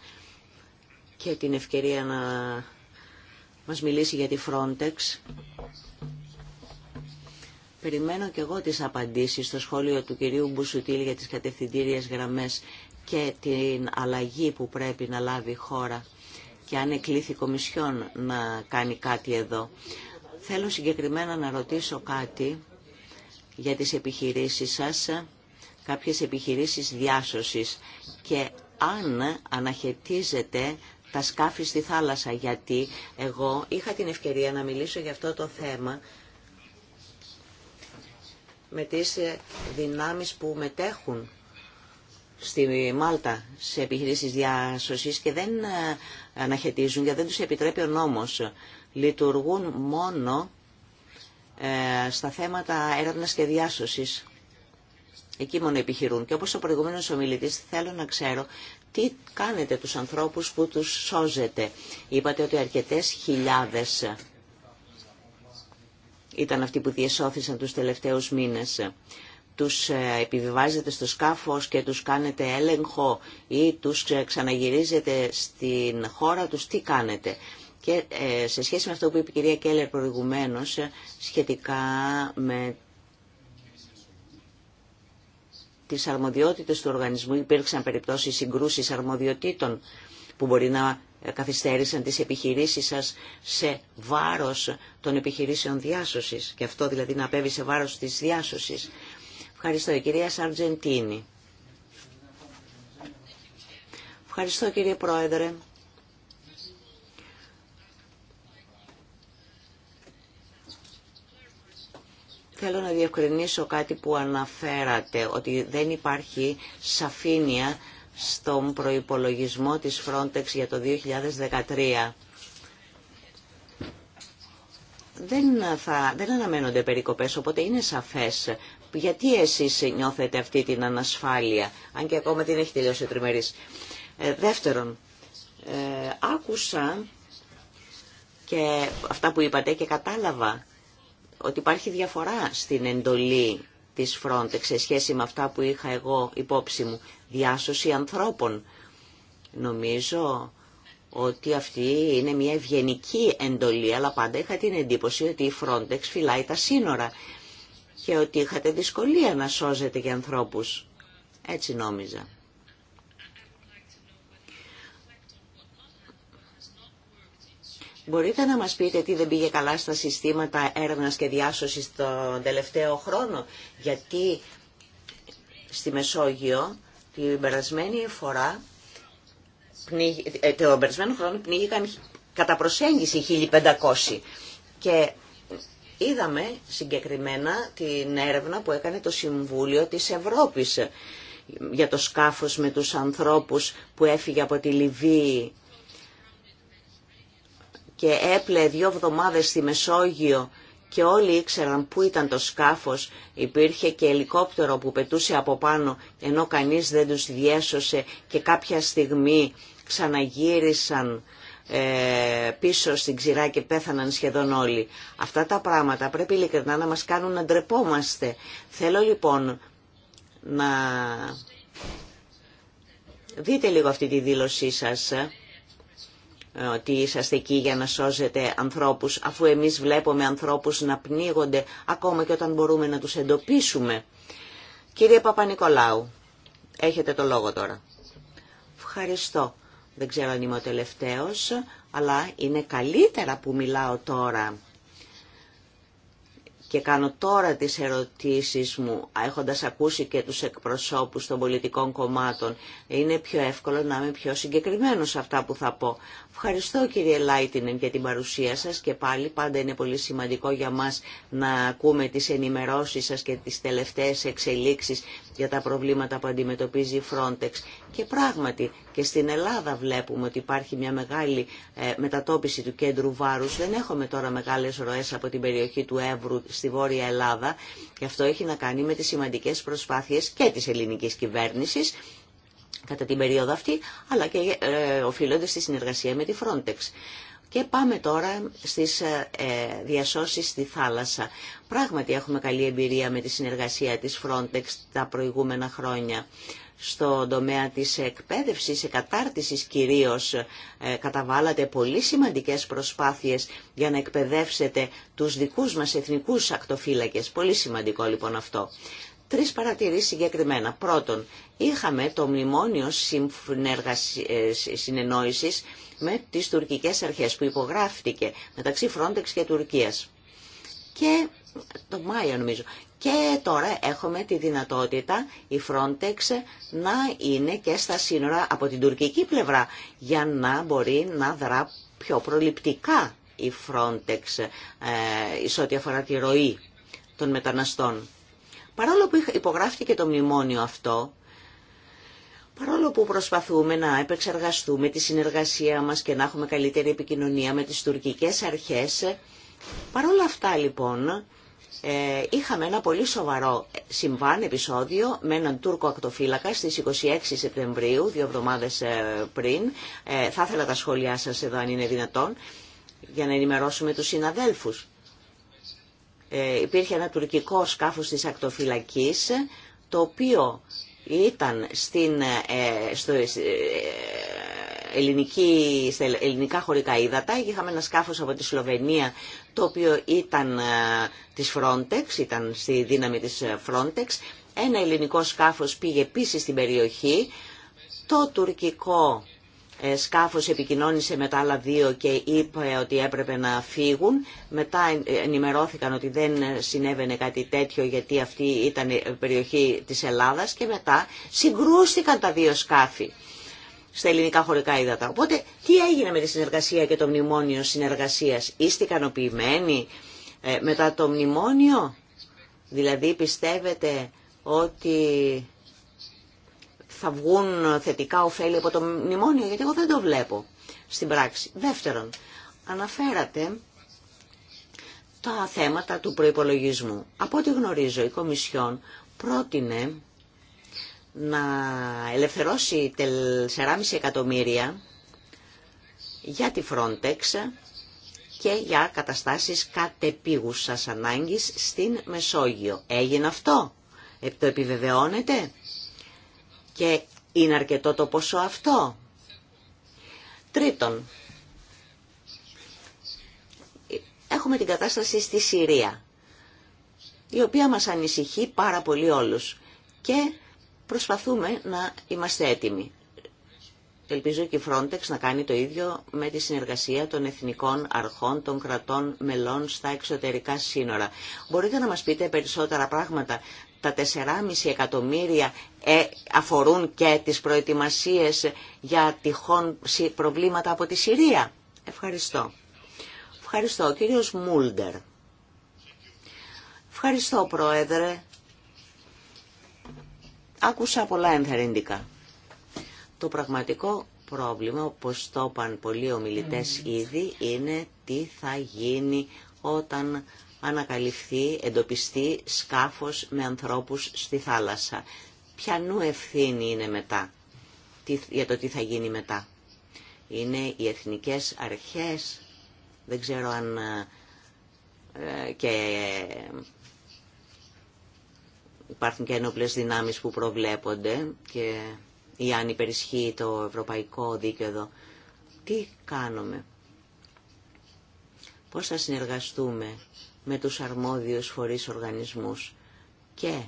και την ευκαιρία να μας μιλήσει για τη Frontex. Περιμένω και εγώ τις απαντήσεις στο σχόλιο του κυρίου Μπουσουτήλ για τις κατευθυντήριες γραμμές και την αλλαγή που πρέπει να λάβει η χώρα και αν εκλήθη Κομισιόν να κάνει κάτι εδώ. Θέλω συγκεκριμένα να ρωτήσω κάτι για τις επιχειρήσεις σας κάποιες επιχειρήσεις διάσωσης και αν αναχαιτίζεται τα σκάφη στη θάλασσα, γιατί εγώ είχα την ευκαιρία να μιλήσω για αυτό το θέμα με τις δυνάμεις που μετέχουν στη Μάλτα σε επιχειρήσεις διάσωσης και δεν ε, αναχαιτίζουν γιατί δεν τους επιτρέπει ο νόμος. Λειτουργούν μόνο ε, στα θέματα έρευνας και διάσωσης. Εκεί μόνο επιχειρούν. Και όπως ο προηγούμενος ομιλητής θέλω να ξέρω τι κάνετε τους ανθρώπους που τους σώζετε. Είπατε ότι αρκετές χιλιάδες ήταν αυτοί που διεσώθησαν τους τελευταίους μήνες. Τους ε, επιβιβάζετε στο σκάφος και τους κάνετε έλεγχο ή τους ξαναγυρίζετε στην χώρα τους. Τι κάνετε. Και ε, σε σχέση με αυτό που είπε η κυρία Κέλλερ προηγουμένως ε, σχετικά με τις αρμοδιότητες του οργανισμού υπήρξαν περιπτώσεις συγκρούσεις αρμοδιοτήτων που μπορεί να καθυστέρησαν τις επιχειρήσεις σας σε βάρος των επιχειρήσεων διάσωσης και αυτό δηλαδή να απέβει σε βάρος της διάσωσης. Ευχαριστώ η κυρία Σαρτζεντίνη. Ευχαριστώ κύριε Πρόεδρε. Θέλω να διευκρινίσω κάτι που αναφέρατε, ότι δεν υπάρχει σαφήνεια στον προϋπολογισμό της Frontex για το 2013. Δεν, θα, δεν αναμένονται περικοπές, οπότε είναι σαφές. Γιατί εσείς νιώθετε αυτή την ανασφάλεια, αν και ακόμα την έχει τελειώσει ο ε, δεύτερον, ε, άκουσα και αυτά που είπατε και κατάλαβα ότι υπάρχει διαφορά στην εντολή της Frontex σε σχέση με αυτά που είχα εγώ υπόψη μου. Διάσωση ανθρώπων. Νομίζω ότι αυτή είναι μια ευγενική εντολή, αλλά πάντα είχα την εντύπωση ότι η Frontex φυλάει τα σύνορα και ότι είχατε δυσκολία να σώζετε για ανθρώπους. Έτσι νόμιζα. Μπορείτε να μας πείτε τι δεν πήγε καλά στα συστήματα έρευνας και διάσωσης τον τελευταίο χρόνο, γιατί στη Μεσόγειο την περασμένη φορά, ε, τον περασμένο χρόνο πνίγηκαν κατά προσέγγιση 1500 και είδαμε συγκεκριμένα την έρευνα που έκανε το Συμβούλιο της Ευρώπης για το σκάφος με τους ανθρώπους που έφυγε από τη Λιβύη και έπλεε δύο εβδομάδες στη Μεσόγειο και όλοι ήξεραν πού ήταν το σκάφος, υπήρχε και ελικόπτερο που πετούσε από πάνω ενώ κανείς δεν τους διέσωσε και κάποια στιγμή ξαναγύρισαν ε, πίσω στην ξηρά και πέθαναν σχεδόν όλοι. Αυτά τα πράγματα πρέπει ειλικρινά να μας κάνουν να ντρεπόμαστε. Θέλω λοιπόν να δείτε λίγο αυτή τη δήλωσή σας ε ότι είσαστε εκεί για να σώζετε ανθρώπους, αφού εμείς βλέπουμε ανθρώπους να πνίγονται ακόμα και όταν μπορούμε να τους εντοπίσουμε. Κύριε Παπα-Νικολάου, έχετε το λόγο τώρα. Ευχαριστώ. Δεν ξέρω αν είμαι ο τελευταίος, αλλά είναι καλύτερα που μιλάω τώρα και κάνω τώρα τις ερωτήσεις μου, έχοντας ακούσει και τους εκπροσώπους των πολιτικών κομμάτων, είναι πιο εύκολο να είμαι πιο συγκεκριμένος σε αυτά που θα πω. Ευχαριστώ κύριε Λάιτινεν για την παρουσία σας και πάλι πάντα είναι πολύ σημαντικό για μας να ακούμε τις ενημερώσεις σας και τις τελευταίες εξελίξεις για τα προβλήματα που αντιμετωπίζει η Frontex. Και πράγματι και στην Ελλάδα βλέπουμε ότι υπάρχει μια μεγάλη ε, μετατόπιση του κέντρου βάρους. Δεν έχουμε τώρα μεγάλες ροές από την περιοχή του Εύρου στη Βόρεια Ελλάδα και αυτό έχει να κάνει με τις σημαντικές προσπάθειες και της ελληνικής κυβέρνησης κατά την περίοδο αυτή, αλλά και ε, οφείλονται στη συνεργασία με τη Frontex. Και πάμε τώρα στις ε, ε, διασώσεις στη θάλασσα. Πράγματι έχουμε καλή εμπειρία με τη συνεργασία της Frontex τα προηγούμενα χρόνια. Στον τομέα της εκπαίδευσης, εκατάρτισης κυρίως, καταβάλατε πολύ σημαντικές προσπάθειες για να εκπαιδεύσετε τους δικούς μας εθνικούς ακτοφύλακες. Πολύ σημαντικό λοιπόν αυτό. Τρεις παρατηρήσεις συγκεκριμένα. Πρώτον, είχαμε το μνημόνιο ε, συνεννόησης με τις τουρκικές αρχές που υπογράφτηκε μεταξύ Frontex και Τουρκίας. Και το Μάιο νομίζω. Και τώρα έχουμε τη δυνατότητα η Frontex να είναι και στα σύνορα από την τουρκική πλευρά για να μπορεί να δρά πιο προληπτικά η Frontex ε, σε ό,τι αφορά τη ροή των μεταναστών. Παρόλο που υπογράφτηκε το μνημόνιο αυτό, παρόλο που προσπαθούμε να επεξεργαστούμε τη συνεργασία μας και να έχουμε καλύτερη επικοινωνία με τις τουρκικές αρχές, παρόλα αυτά λοιπόν ε, είχαμε ένα πολύ σοβαρό συμβάν επεισόδιο με έναν Τούρκο ακτοφύλακα στις 26 Σεπτεμβρίου, δύο εβδομάδες ε, πριν. Ε, θα ήθελα τα σχόλιά σας εδώ αν είναι δυνατόν για να ενημερώσουμε τους συναδέλφους. Ε, υπήρχε ένα τουρκικό σκάφος της ακτοφυλακής το οποίο ήταν στην, ε, στο, ε, ελληνική, στα ελληνικά χωρικά ύδατα. Είχαμε ένα σκάφος από τη Σλοβενία το οποίο ήταν της Frontex, ήταν στη δύναμη της Frontex. Ένα ελληνικό σκάφος πήγε επίσης στην περιοχή. Το τουρκικό ε, σκάφος επικοινώνησε με τα άλλα δύο και είπε ότι έπρεπε να φύγουν. Μετά ε, ενημερώθηκαν ότι δεν συνέβαινε κάτι τέτοιο γιατί αυτή ήταν η περιοχή της Ελλάδας και μετά συγκρούστηκαν τα δύο σκάφη στα ελληνικά χωρικά ύδατα. Οπότε τι έγινε με τη συνεργασία και το μνημόνιο συνεργασίας. Είστε ικανοποιημένοι ε, μετά το μνημόνιο. Δηλαδή πιστεύετε ότι θα βγουν θετικά ωφέλη από το μνημόνιο, γιατί εγώ δεν το βλέπω στην πράξη. Δεύτερον, αναφέρατε τα θέματα του προϋπολογισμού. Από ό,τι γνωρίζω, η Κομισιόν πρότεινε να ελευθερώσει 4,5 εκατομμύρια για τη Frontex και για καταστάσεις κατεπίγουσας ανάγκης στην Μεσόγειο. Έγινε αυτό. Ε, το επιβεβαιώνετε. Και είναι αρκετό το ποσό αυτό. Τρίτον, έχουμε την κατάσταση στη Συρία, η οποία μας ανησυχεί πάρα πολύ όλους και προσπαθούμε να είμαστε έτοιμοι. Ελπίζω και η Frontex να κάνει το ίδιο με τη συνεργασία των εθνικών αρχών των κρατών μελών στα εξωτερικά σύνορα. Μπορείτε να μας πείτε περισσότερα πράγματα τα 4,5 εκατομμύρια ε, αφορούν και τις προετοιμασίες για τυχόν προβλήματα από τη Συρία. Ευχαριστώ. Ευχαριστώ. κύριος Μούλντερ. Ευχαριστώ, Πρόεδρε. Άκουσα πολλά ενθαρρυντικά. Το πραγματικό πρόβλημα, όπως το είπαν πολλοί ομιλητές mm. ήδη, είναι τι θα γίνει όταν ανακαλυφθεί, εντοπιστεί σκάφος με ανθρώπους στη θάλασσα. Ποια νου ευθύνη είναι μετά, για το τι θα γίνει μετά. Είναι οι εθνικές αρχές, δεν ξέρω αν ε, και υπάρχουν και ενόπλες δυνάμεις που προβλέπονται και ή αν υπερισχύει το ευρωπαϊκό δίκαιο εδώ. Τι κάνουμε, πώς θα συνεργαστούμε με τους αρμόδιους φορείς οργανισμούς. Και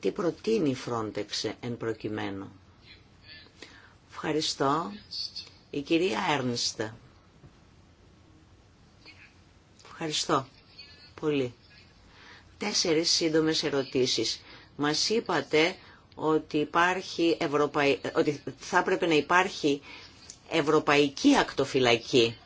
τι προτείνει η Frontex εν προκειμένου. Ευχαριστώ. Η κυρία Έρνστα. Ευχαριστώ πολύ. Τέσσερις σύντομες ερωτήσεις. Μας είπατε ότι, υπάρχει ότι θα πρέπει να υπάρχει ευρωπαϊκή ακτοφυλακή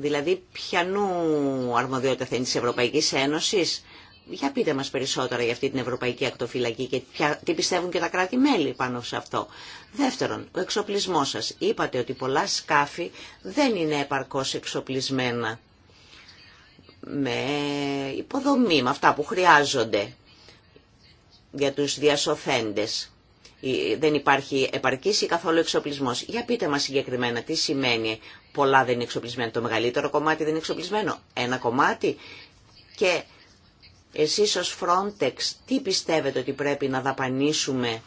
Δηλαδή, ποιανού αρμοδιότητα θα είναι της Ευρωπαϊκής Ένωσης. Για πείτε μας περισσότερα για αυτή την Ευρωπαϊκή Ακτοφυλακή και τι πιστεύουν και τα κράτη-μέλη πάνω σε αυτό. Δεύτερον, ο εξοπλισμός σας. Είπατε ότι πολλά σκάφη δεν είναι επαρκώς εξοπλισμένα με υποδομή, με αυτά που χρειάζονται για τους διασωθέντες. Ε, δεν υπάρχει επαρκής ή καθόλου εξοπλισμό. Για πείτε μας συγκεκριμένα τι σημαίνει πολλά δεν είναι εξοπλισμένα. Το μεγαλύτερο κομμάτι δεν είναι εξοπλισμένο. Ένα κομμάτι και εσείς ως Frontex τι πιστεύετε ότι πρέπει να δαπανίσουμε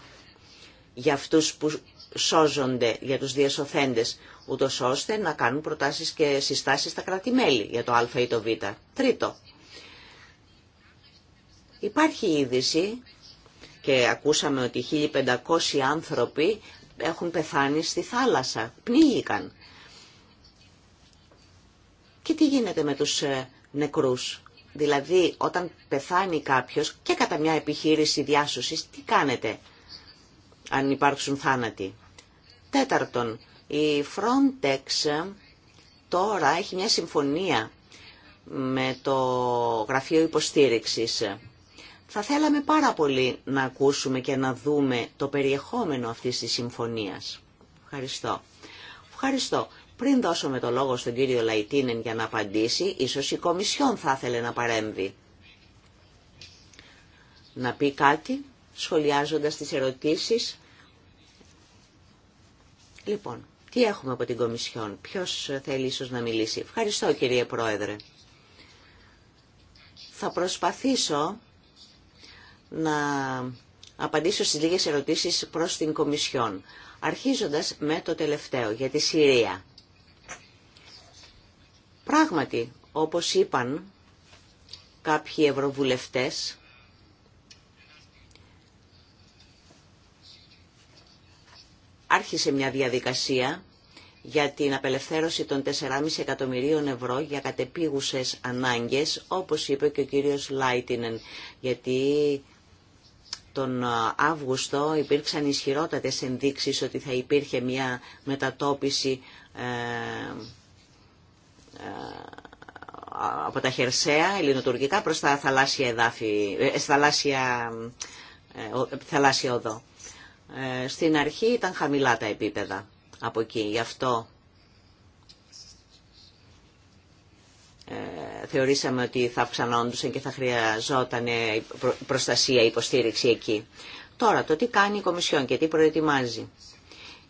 για αυτούς που σώζονται, για του διασωθέντε ούτω ώστε να κάνουν προτάσεις και συστάσει στα κρατη για το α ή το β. Τρίτο, υπάρχει είδηση και ακούσαμε ότι 1500 άνθρωποι έχουν πεθάνει στη θάλασσα, πνίγηκαν. Και τι γίνεται με τους ε, νεκρούς, δηλαδή όταν πεθάνει κάποιος και κατά μια επιχείρηση διάσωσης, τι κάνετε αν υπάρξουν θάνατοι. Τέταρτον, η Frontex τώρα έχει μια συμφωνία με το Γραφείο Υποστήριξης θα θέλαμε πάρα πολύ να ακούσουμε και να δούμε το περιεχόμενο αυτής της συμφωνίας. Ευχαριστώ. Ευχαριστώ. Πριν δώσουμε το λόγο στον κύριο Λαϊτίνεν για να απαντήσει, ίσως η Κομισιόν θα ήθελε να παρέμβει. Να πει κάτι, σχολιάζοντας τις ερωτήσεις. Λοιπόν, τι έχουμε από την Κομισιόν, ποιος θέλει ίσως να μιλήσει. Ευχαριστώ κύριε Πρόεδρε. Θα προσπαθήσω να απαντήσω στις λίγες ερωτήσεις προς την Κομισιόν, αρχίζοντας με το τελευταίο για τη Συρία. Πράγματι, όπως είπαν κάποιοι ευρωβουλευτές, άρχισε μια διαδικασία για την απελευθέρωση των 4,5 εκατομμυρίων ευρώ για κατεπίγουσες ανάγκες, όπως είπε και ο κύριος Λάιτινεν, γιατί τον Αύγουστο υπήρξαν ισχυρότατες ενδείξεις ότι θα υπήρχε μια μετατόπιση ε, ε, από τα χερσαία ελληνοτουρκικά προς τα θαλάσσια, εδάφη, ε, θαλάσσια, οδό. στην αρχή ήταν χαμηλά τα επίπεδα από εκεί, γι' αυτό Ε, θεωρήσαμε ότι θα αυξανόντουσαν και θα χρειαζόταν ε, προστασία, υποστήριξη εκεί. Τώρα, το τι κάνει η Κομισιόν και τι προετοιμάζει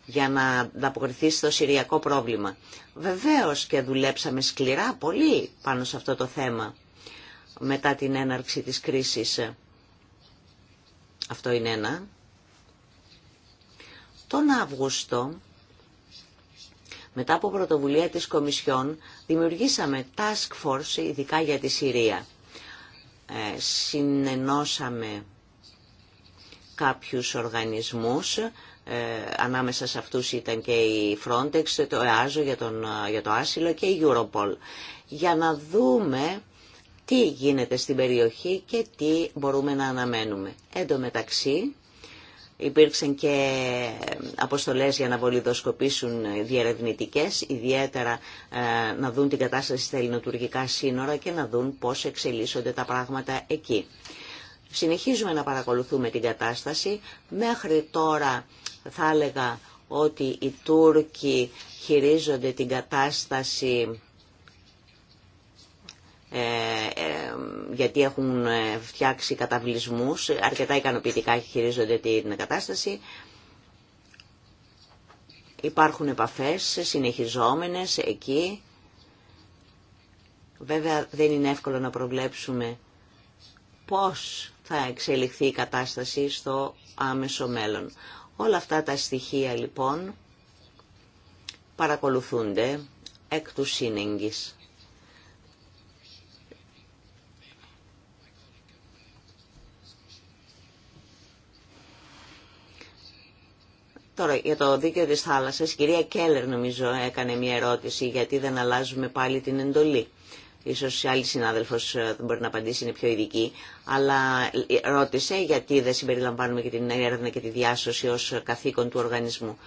για να ανταποκριθεί στο συριακό πρόβλημα. Βεβαίως και δουλέψαμε σκληρά πολύ πάνω σε αυτό το θέμα μετά την έναρξη της κρίσης. Αυτό είναι ένα. Τον Αύγουστο μετά από πρωτοβουλία της Κομισιόν δημιουργήσαμε task force ειδικά για τη Συρία. Ε, συνενώσαμε κάποιους οργανισμούς, ε, ανάμεσα σε αυτούς ήταν και η Frontex, το ΕΑΖΟ για, τον, για το άσυλο και η Europol, για να δούμε τι γίνεται στην περιοχή και τι μπορούμε να αναμένουμε. Εν τω μεταξύ, Υπήρξαν και αποστολές για να βολιδοσκοπήσουν διερευνητικές, ιδιαίτερα ε, να δουν την κατάσταση στα ελληνοτουρκικά σύνορα και να δουν πώς εξελίσσονται τα πράγματα εκεί. Συνεχίζουμε να παρακολουθούμε την κατάσταση. Μέχρι τώρα θα έλεγα ότι οι Τούρκοι χειρίζονται την κατάσταση ε, ε, γιατί έχουν ε, φτιάξει καταβλισμούς, αρκετά ικανοποιητικά χειρίζονται την κατάσταση. Υπάρχουν επαφές συνεχιζόμενες εκεί. Βέβαια δεν είναι εύκολο να προβλέψουμε πώς θα εξελιχθεί η κατάσταση στο άμεσο μέλλον. Όλα αυτά τα στοιχεία λοιπόν παρακολουθούνται εκ του σύνεγγης. Τώρα για το δίκαιο της θάλασσας, κυρία Κέλλερ νομίζω έκανε μια ερώτηση γιατί δεν αλλάζουμε πάλι την εντολή. Ίσως άλλη συνάδελφος ε, δεν μπορεί να απαντήσει, είναι πιο ειδική, αλλά ε, ρώτησε γιατί δεν συμπεριλαμβάνουμε και την έρευνα και τη διάσωση ως καθήκον του οργανισμού.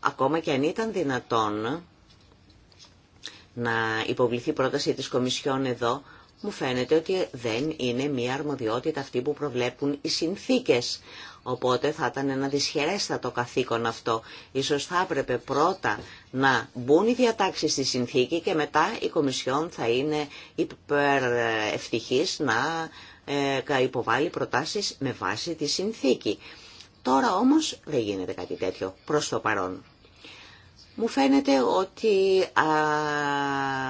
Ακόμα και αν ήταν δυνατόν να υποβληθεί πρόταση της Κομισιόν εδώ, μου φαίνεται ότι δεν είναι μια αρμοδιότητα αυτή που προβλέπουν οι συνθήκες. Οπότε θα ήταν ένα δυσχερέστατο καθήκον αυτό. Ίσως θα έπρεπε πρώτα να μπουν οι διατάξει στη συνθήκη και μετά η Κομισιόν θα είναι υπερευτυχής να ε, υποβάλει προτάσεις με βάση τη συνθήκη. Τώρα όμως δεν γίνεται κάτι τέτοιο προς το παρόν. Μου φαίνεται ότι α,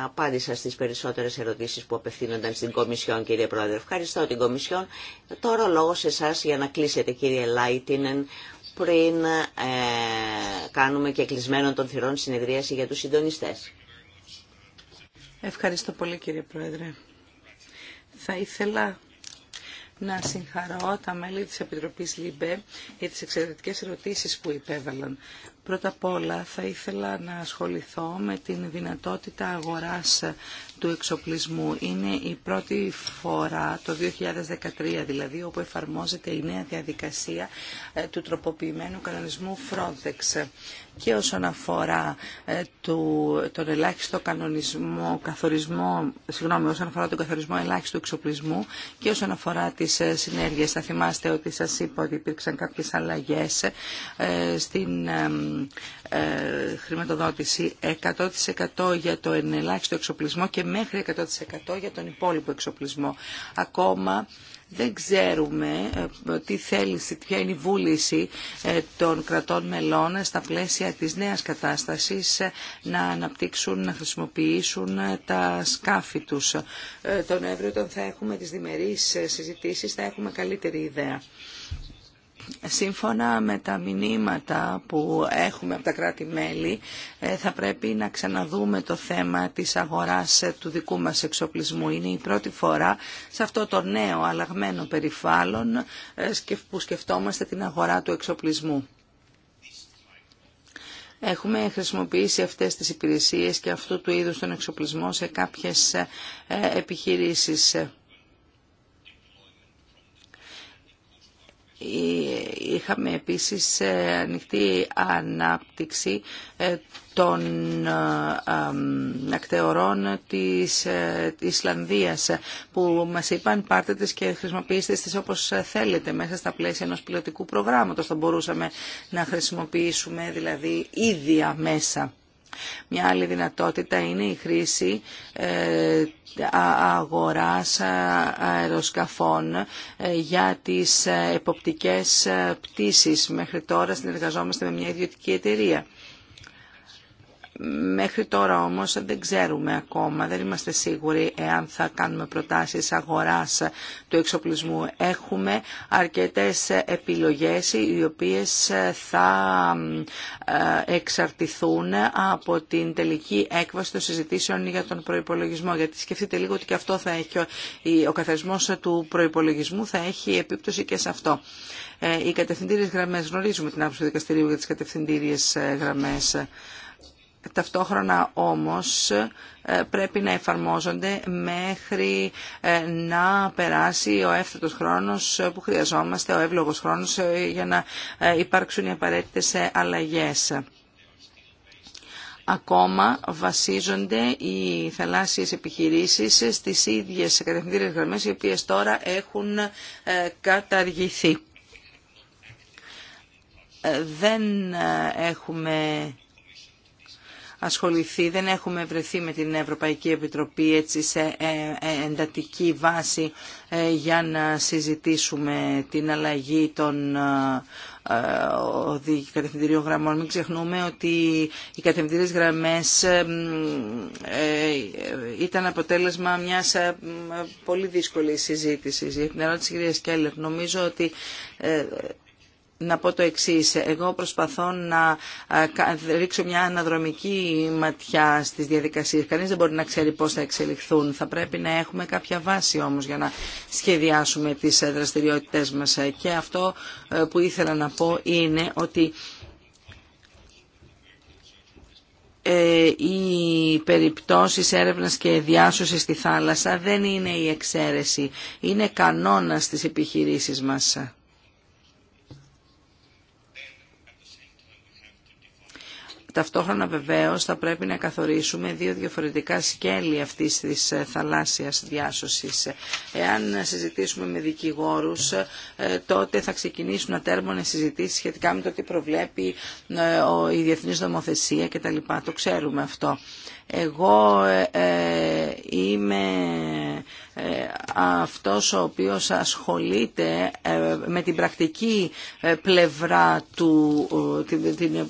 απάντησα στις περισσότερες ερωτήσεις που απευθύνονταν στην Κομισιόν, κύριε Πρόεδρε. Ευχαριστώ την Κομισιόν. Τώρα λόγο σε εσάς για να κλείσετε, κύριε Λάιτινεν, πριν ε, κάνουμε και κλεισμένο των θυρών συνεδρίαση για τους συντονιστές. Ευχαριστώ πολύ, κύριε Πρόεδρε. Θα ήθελα να συγχαρώ τα μέλη της Επιτροπής ΛΥΜΠΕ για τις εξαιρετικές ερωτήσεις που υπέβαλαν. Πρώτα απ' όλα θα ήθελα να ασχοληθώ με την δυνατότητα αγοράς του εξοπλισμού. Είναι η πρώτη φορά το 2013 δηλαδή όπου εφαρμόζεται η νέα διαδικασία ε, του τροποποιημένου κανονισμού Frontex και όσον αφορά ε, τον ελάχιστο κανονισμό, καθορισμό, συγγνώμη, όσον αφορά τον καθορισμό ελάχιστου εξοπλισμού και όσον αφορά τις ε, συνέργειες. Θα θυμάστε ότι σας είπα ότι υπήρξαν κάποιες αλλαγές στην χρηματοδότηση 100% για το ελάχιστο εξοπλισμό και μέχρι 100% για τον υπόλοιπο εξοπλισμό. Ακόμα δεν ξέρουμε ε, τι θέληση, ποια είναι η βούληση ε, των κρατών μελών στα πλαίσια της νέας κατάστασης ε, να αναπτύξουν, να χρησιμοποιήσουν τα σκάφη τους. Τον Εύρωτον όταν θα έχουμε τις διμερείς συζητήσεις θα έχουμε καλύτερη ιδέα σύμφωνα με τα μηνύματα που έχουμε από τα κράτη-μέλη ε, θα πρέπει να ξαναδούμε το θέμα της αγοράς ε, του δικού μας εξοπλισμού. Είναι η πρώτη φορά σε αυτό το νέο αλλαγμένο περιφάλλον ε, που σκεφτόμαστε την αγορά του εξοπλισμού. Έχουμε χρησιμοποιήσει αυτές τις υπηρεσίες και αυτού του είδους τον εξοπλισμό σε κάποιες επιχειρήσεις. Είχαμε επίσης ε, ανοιχτή ανάπτυξη ε, των ε, ακτεωρών της Ισλανδίας που μας είπαν πάρτε τις και χρησιμοποιήστε τις όπως θέλετε μέσα στα πλαίσια ενός πιλωτικού προγράμματος θα μπορούσαμε να χρησιμοποιήσουμε δηλαδή ίδια μέσα. Μια άλλη δυνατότητα είναι η χρήση ε, αγοράς αεροσκαφών ε, για τις ε, εποπτικές πτήσεις. Μέχρι τώρα συνεργαζόμαστε με μια ιδιωτική εταιρεία. Μέχρι τώρα όμως δεν ξέρουμε ακόμα, δεν είμαστε σίγουροι εάν θα κάνουμε προτάσεις αγοράς του εξοπλισμού. Έχουμε αρκετές επιλογές οι οποίες θα ε, εξαρτηθούν από την τελική έκβαση των συζητήσεων για τον προϋπολογισμό. Γιατί σκεφτείτε λίγο ότι και αυτό θα έχει, ο καθαρισμός του προϋπολογισμού θα έχει επίπτωση και σε αυτό. Ε, οι κατευθυντήριες γραμμές, γνωρίζουμε την άποψη του δικαστηρίου για τις κατευθυντήριες ε, γραμμές. Ταυτόχρονα όμως ε, πρέπει να εφαρμόζονται μέχρι ε, να περάσει ο εύθετος χρόνος που χρειαζόμαστε, ο εύλογος χρόνος ε, για να υπάρξουν οι απαραίτητες αλλαγές. Ακόμα βασίζονται οι θαλάσσιες επιχειρήσεις στις ίδιες κατευθυντήριες γραμμές οι οποίες τώρα έχουν καταργηθεί. Δεν έχουμε ασχοληθεί. Δεν έχουμε βρεθεί με την Ευρωπαϊκή Επιτροπή έτσι σε ε, ε, εντατική βάση ε, για να συζητήσουμε την αλλαγή των κατευθυντηρίων γραμμών. Μην ξεχνούμε ότι οι κατευθυντήριες γραμμές ήταν αποτέλεσμα μιας πολύ δύσκολης συζήτησης. Για την ερώτηση κυρία Σκέλλερ, νομίζω ότι να πω το εξή. Εγώ προσπαθώ να ρίξω μια αναδρομική ματιά στις διαδικασίες. Κανεί δεν μπορεί να ξέρει πώς θα εξελιχθούν. Θα πρέπει να έχουμε κάποια βάση όμως για να σχεδιάσουμε τις ε, δραστηριότητε μας. Και αυτό ε, που ήθελα να πω είναι ότι ε, οι περιπτώσεις έρευνας και διάσωση στη θάλασσα δεν είναι η εξαίρεση. Είναι κανόνα στις επιχειρήσεις μας. Ταυτόχρονα βεβαίως θα πρέπει να καθορίσουμε δύο διαφορετικά σκέλη αυτής της ε, θαλάσσιας διάσωσης. Εάν συζητήσουμε με δικηγόρους, ε, τότε θα ξεκινήσουν ατέρμονες συζητήσεις σχετικά με το τι προβλέπει ε, η διεθνής νομοθεσία κτλ. Το ξέρουμε αυτό. Εγώ ε, ε, είμαι ε, αυτός ο οποίος ασχολείται με την πρακτική πλευρά του, την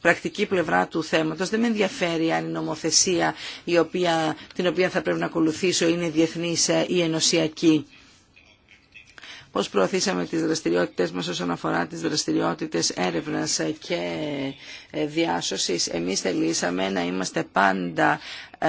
πρακτική πλευρά του θέματος. Δεν με ενδιαφέρει αν η νομοθεσία η οποία, την οποία θα πρέπει να ακολουθήσω είναι διεθνής ή ενωσιακή πώς προωθήσαμε τι δραστηριότητε μα όσον αφορά τι δραστηριότητε, έρευνα και ε, διάσωση, εμεί θελήσαμε να είμαστε πάντα ε,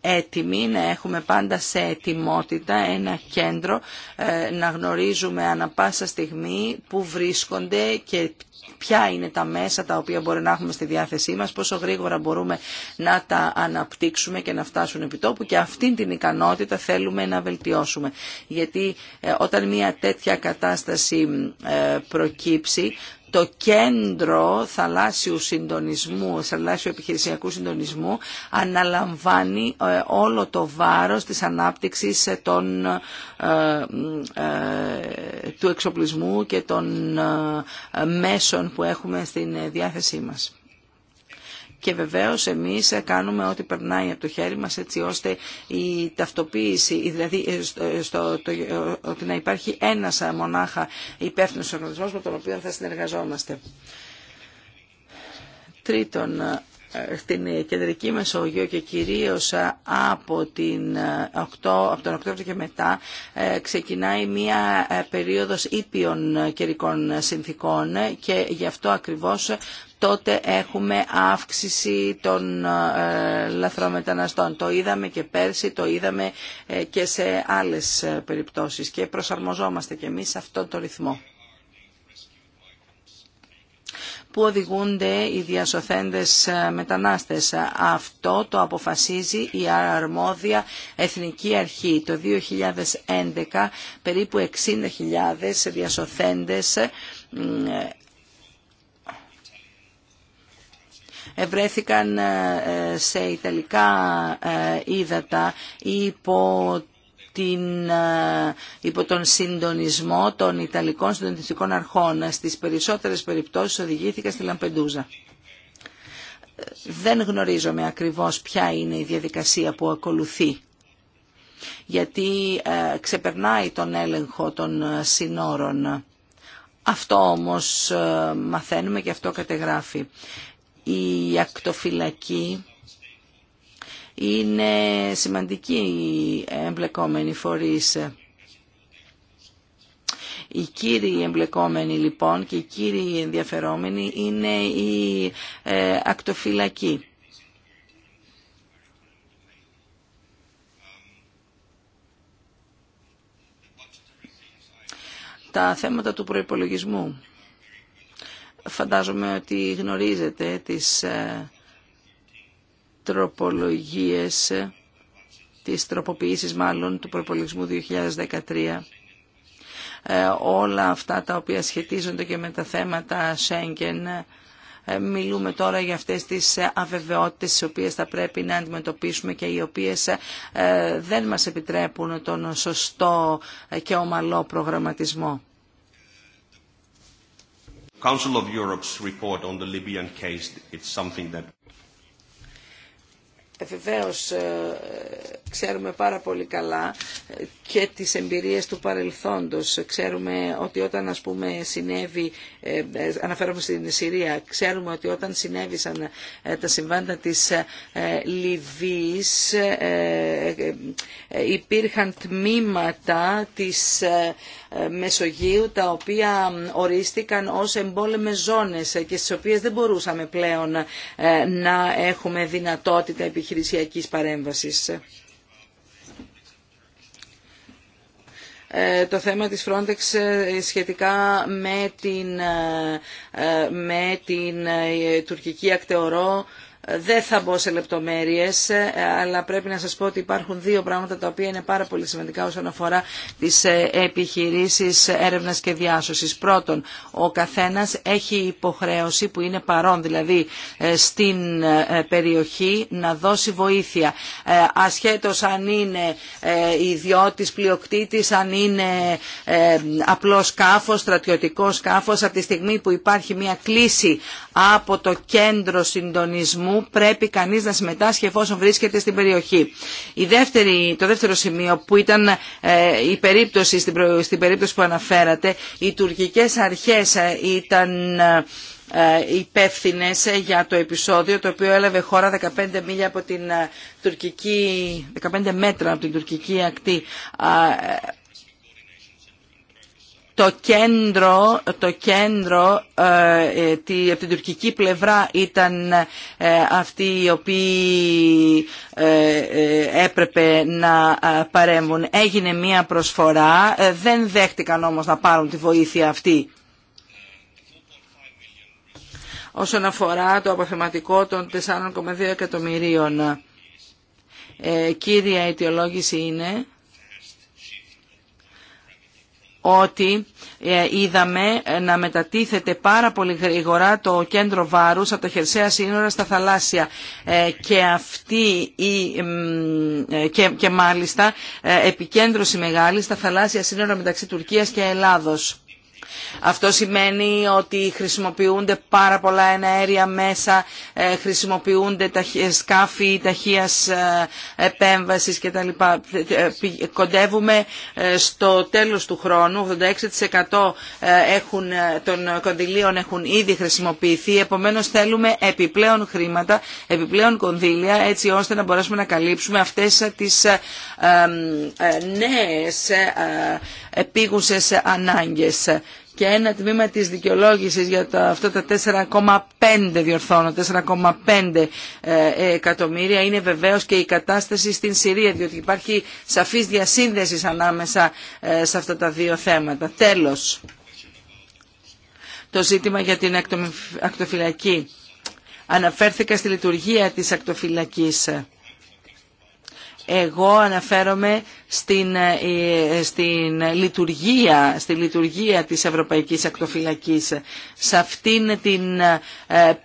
έτοιμοι, να έχουμε πάντα σε ετοιμότητα ένα κέντρο, ε, να γνωρίζουμε ανα πάσα στιγμή που βρίσκονται και ποια είναι τα μέσα τα οποία μπορεί να έχουμε στη διάθεσή μας, πόσο γρήγορα μπορούμε να τα αναπτύξουμε και να φτάσουν επί τόπου και αυτήν την ικανότητα θέλουμε να βελτιώσουμε. Γιατί ε, όταν μια τέτοια κατάσταση ε, προκύψει, το κέντρο θαλάσσιου συντονισμού, θαλάσσιου επιχειρησιακού συντονισμού αναλαμβάνει ε, όλο το βάρος της ανάπτυξης ε, των, ε, του εξοπλισμού και των μέσων που έχουμε στην διάθεσή μας και βεβαίως εμείς κάνουμε ό,τι περνάει από το χέρι μας έτσι ώστε η ταυτοποίηση, δηλαδή ε, ε, στο, το, ε, ότι να υπάρχει ένας μονάχα υπεύθυνος οργανισμός με τον οποίο θα συνεργαζόμαστε. Τρίτον, στην κεντρική Μεσόγειο και κυρίως από, την από τον Οκτώβριο και μετά ξεκινάει μία περίοδος ήπιων καιρικών συνθήκων και γι' αυτό ακριβώς τότε έχουμε αύξηση των ε, λαθρομεταναστών. Το είδαμε και πέρσι, το είδαμε ε, και σε άλλες ε, περιπτώσεις και προσαρμοζόμαστε και εμείς σε αυτόν τον ρυθμό που οδηγούνται οι διασωθέντες μετανάστες. Αυτό το αποφασίζει η αρμόδια Εθνική Αρχή. Το 2011 περίπου 60.000 διασωθέντες βρέθηκαν ε, ε, σε ιταλικά ε, ύδατα υπό την, υπό τον συντονισμό των Ιταλικών συντονιστικών αρχών. Στις περισσότερες περιπτώσεις οδηγήθηκα στη Λαμπεντούζα. Δεν γνωρίζομαι ακριβώς ποια είναι η διαδικασία που ακολουθεί γιατί ξεπερνάει τον έλεγχο των συνόρων. Αυτό όμως μαθαίνουμε και αυτό κατεγράφει η ακτοφυλακή είναι σημαντική εμπλεκόμενη φορείς. Οι κύριοι εμπλεκόμενοι λοιπόν και οι κύριοι ενδιαφερόμενοι είναι η ε, Τα θέματα του προϋπολογισμού. Φαντάζομαι ότι γνωρίζετε τις ε, τροπολογίες, τις τροποποιήσεις μάλλον του προπολογισμού 2013. Ε, όλα αυτά τα οποία σχετίζονται και με τα θέματα Σέγγεν ε, μιλούμε τώρα για αυτές τις αβεβαιότητες τις οποίες θα πρέπει να αντιμετωπίσουμε και οι οποίες δεν μας επιτρέπουν τον σωστό και ομαλό προγραμματισμό. Council of Europe's report on the Libyan case, it's something that ξέρουμε πάρα πολύ καλά ε, και τις εμπειρίες του παρελθόντος. Ξέρουμε ότι όταν ας πούμε συνέβη, ε, ε, αναφέρομαι στην Συρία, ξέρουμε ότι όταν συνέβησαν τα συμβάντα της Λιβύης υπήρχαν τμήματα της Μεσογείου τα οποία ορίστηκαν ως εμπόλεμες ζώνες και στις οποίες δεν μπορούσαμε πλέον να έχουμε δυνατότητα επιχειρησιακής παρέμβασης. Ε, το θέμα της Frontex ε, σχετικά με την, ε, με την τουρκική ακτεωρό δεν θα μπω σε λεπτομέρειες, ε, αλλά πρέπει να σας πω ότι υπάρχουν δύο πράγματα τα οποία είναι πάρα πολύ σημαντικά όσον αφορά τις ε, επιχειρήσεις έρευνας και διάσωσης. Πρώτον, ο καθένας έχει υποχρέωση που είναι παρόν, δηλαδή ε, στην περιοχή, να δώσει βοήθεια. Ασχέτως αν είναι ιδιώτης, πλειοκτήτης, αν είναι απλό σκάφος, στρατιωτικό σκάφος, από τη στιγμή που υπάρχει μια κλίση από το κέντρο συντονισμού, πρέπει κανείς να συμμετάσχει εφόσον βρίσκεται στην περιοχή. Η δεύτερη, το δεύτερο σημείο που ήταν ε, η περίπτωση, στην περίπτωση που αναφέρατε, οι τουρκικές αρχές ε, ήταν ε, υπεύθυνε για το επεισόδιο το οποίο έλαβε χώρα 15 μίλια από την τουρκική, 15 μέτρα από την τουρκική ακτή το κέντρο, το κέντρο ε, ε, από την τουρκική πλευρά ήταν ε, αυτοί οι οποίοι έπρεπε να παρέμβουν. Έγινε μία προσφορά, δεν δέχτηκαν όμως να πάρουν τη βοήθεια αυτή. Όσον αφορά το αποθεματικό των 4,2 εκατομμυρίων, κύρια αιτιολόγηση είναι ότι ε, είδαμε ε, να μετατίθεται πάρα πολύ γρήγορα το κέντρο βάρους από τα χερσαία σύνορα στα θαλάσσια ε, και αυτή η, και, και μάλιστα επικέντρωση μεγάλη στα θαλάσσια σύνορα μεταξύ Τουρκίας και Ελλάδος. Αυτό σημαίνει ότι χρησιμοποιούνται πάρα πολλά εναέρια μέσα, ε, χρησιμοποιούνται σκάφη ταχείας ε, επέμβασης κτλ. Ε, κοντεύουμε στο τέλος του χρόνου, 86% έχουν, των κονδυλίων έχουν ήδη χρησιμοποιηθεί, επομένως θέλουμε επιπλέον χρήματα, επιπλέον κονδύλια, έτσι ώστε να μπορέσουμε να καλύψουμε αυτές τις νέες επίγουσες ανάγκες και ένα τμήμα της δικαιολόγηση για τα, αυτά τα 4,5 διορθώνω, 4,5 ε, εκατομμύρια είναι βεβαίως και η κατάσταση στην Συρία, διότι υπάρχει σαφής διασύνδεσης ανάμεσα ε, σε αυτά τα δύο θέματα. Τέλος, το ζήτημα για την ακτοφυλακή. Αναφέρθηκα στη λειτουργία της ακτοφυλακής εγώ αναφέρομαι στην, ε, στην λειτουργία, στη λειτουργία της Ευρωπαϊκής Ακτοφυλακής. Σε αυτήν την ε,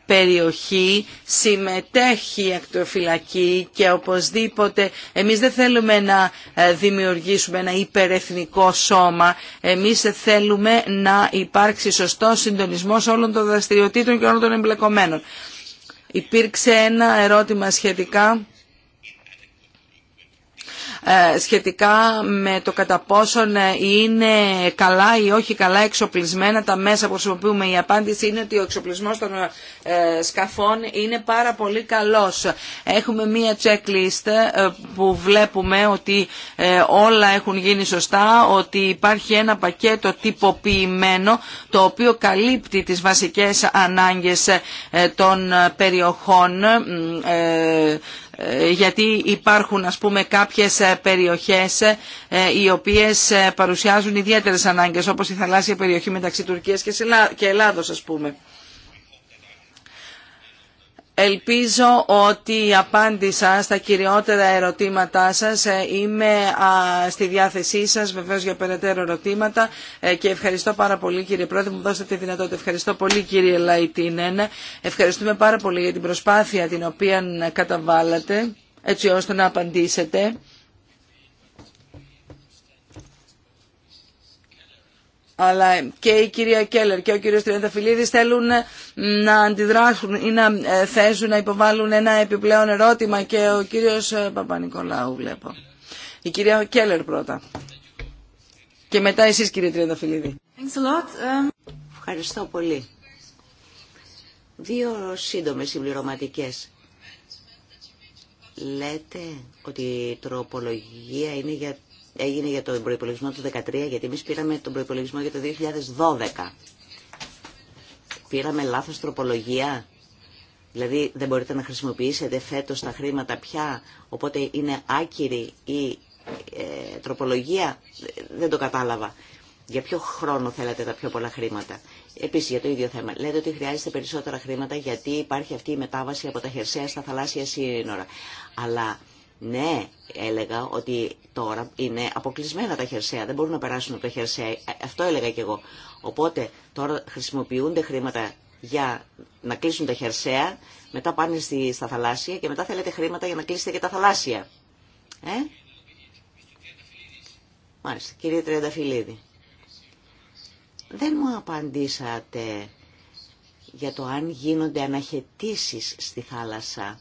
περιοχή συμμετέχει η Ακτοφυλακή και οπωσδήποτε εμείς δεν θέλουμε να ε, δημιουργήσουμε ένα υπερεθνικό σώμα. Εμείς θέλουμε να υπάρξει σωστός συντονισμός όλων των δραστηριοτήτων και όλων των εμπλεκομένων. Υπήρξε ένα ερώτημα σχετικά ε, σχετικά με το κατά πόσον ε, είναι καλά ή όχι καλά εξοπλισμένα τα μέσα που χρησιμοποιούμε. Η απάντηση είναι ότι ο εξοπλισμός των ε, σκαφών είναι πάρα πολύ καλός. Έχουμε μία checklist που βλέπουμε ότι όλα έχουν γίνει σωστά, ότι υπάρχει ένα πακέτο τυποποιημένο το οποίο καλύπτει τις βασικές ανάγκες των περιοχών γιατί υπάρχουν ας πούμε κάποιες ε, περιοχές ε, οι οποίες ε, παρουσιάζουν ιδιαίτερες ανάγκες όπως η θαλάσσια περιοχή μεταξύ Τουρκίας και Ελλάδος ας πούμε. Ελπίζω ότι απάντησα στα κυριότερα ερωτήματά σας. Ε, είμαι στη διάθεσή σας βεβαίως για περαιτέρω ερωτήματα ε, και ευχαριστώ πάρα πολύ κύριε Πρόεδρε μου δώσατε τη δυνατότητα. Ευχαριστώ πολύ κύριε Λαϊτίνεν. Ευχαριστούμε πάρα πολύ για την προσπάθεια την οποία καταβάλατε έτσι ώστε να απαντήσετε. αλλά και η κυρία Κέλλερ και ο κύριος Τριανταφυλλίδης θέλουν ε, να αντιδράσουν ή να ε, θέσουν να υποβάλουν ένα επιπλέον ερώτημα και ο κύριος ε, Παπα-Νικολάου βλέπω. Η κυρία Κέλλερ πρώτα. Και μετά εσείς κύριε Τριανταφυλλίδη. Um, Ευχαριστώ πολύ. Δύο σύντομες συμπληρωματικές. Λέτε ότι η τροπολογία είναι για έγινε για τον προπολογισμό του 2013, γιατί εμεί πήραμε τον προπολογισμό για το 2012. Πήραμε λάθο τροπολογία. Δηλαδή δεν μπορείτε να χρησιμοποιήσετε φέτο τα χρήματα πια, οπότε είναι άκυρη η ε, τροπολογία. Δεν το κατάλαβα. Για ποιο χρόνο θέλατε τα πιο πολλά χρήματα. Επίση, για το ίδιο θέμα. Λέτε ότι χρειάζεστε περισσότερα χρήματα γιατί υπάρχει αυτή η μετάβαση από τα χερσαία στα θαλάσσια σύνορα. Αλλά ναι, έλεγα ότι τώρα είναι αποκλεισμένα τα χερσαία, δεν μπορούν να περάσουν από τα χερσαία. Ε, αυτό έλεγα κι εγώ. Οπότε τώρα χρησιμοποιούνται χρήματα για να κλείσουν τα χερσαία, μετά πάνε στη, στα θαλάσσια και μετά θέλετε χρήματα για να κλείσετε και τα θαλάσσια. Ε? Μάλιστα, κύριε Τριανταφυλλίδη. Δεν μου απαντήσατε για το αν γίνονται αναχαιτήσεις στη θάλασσα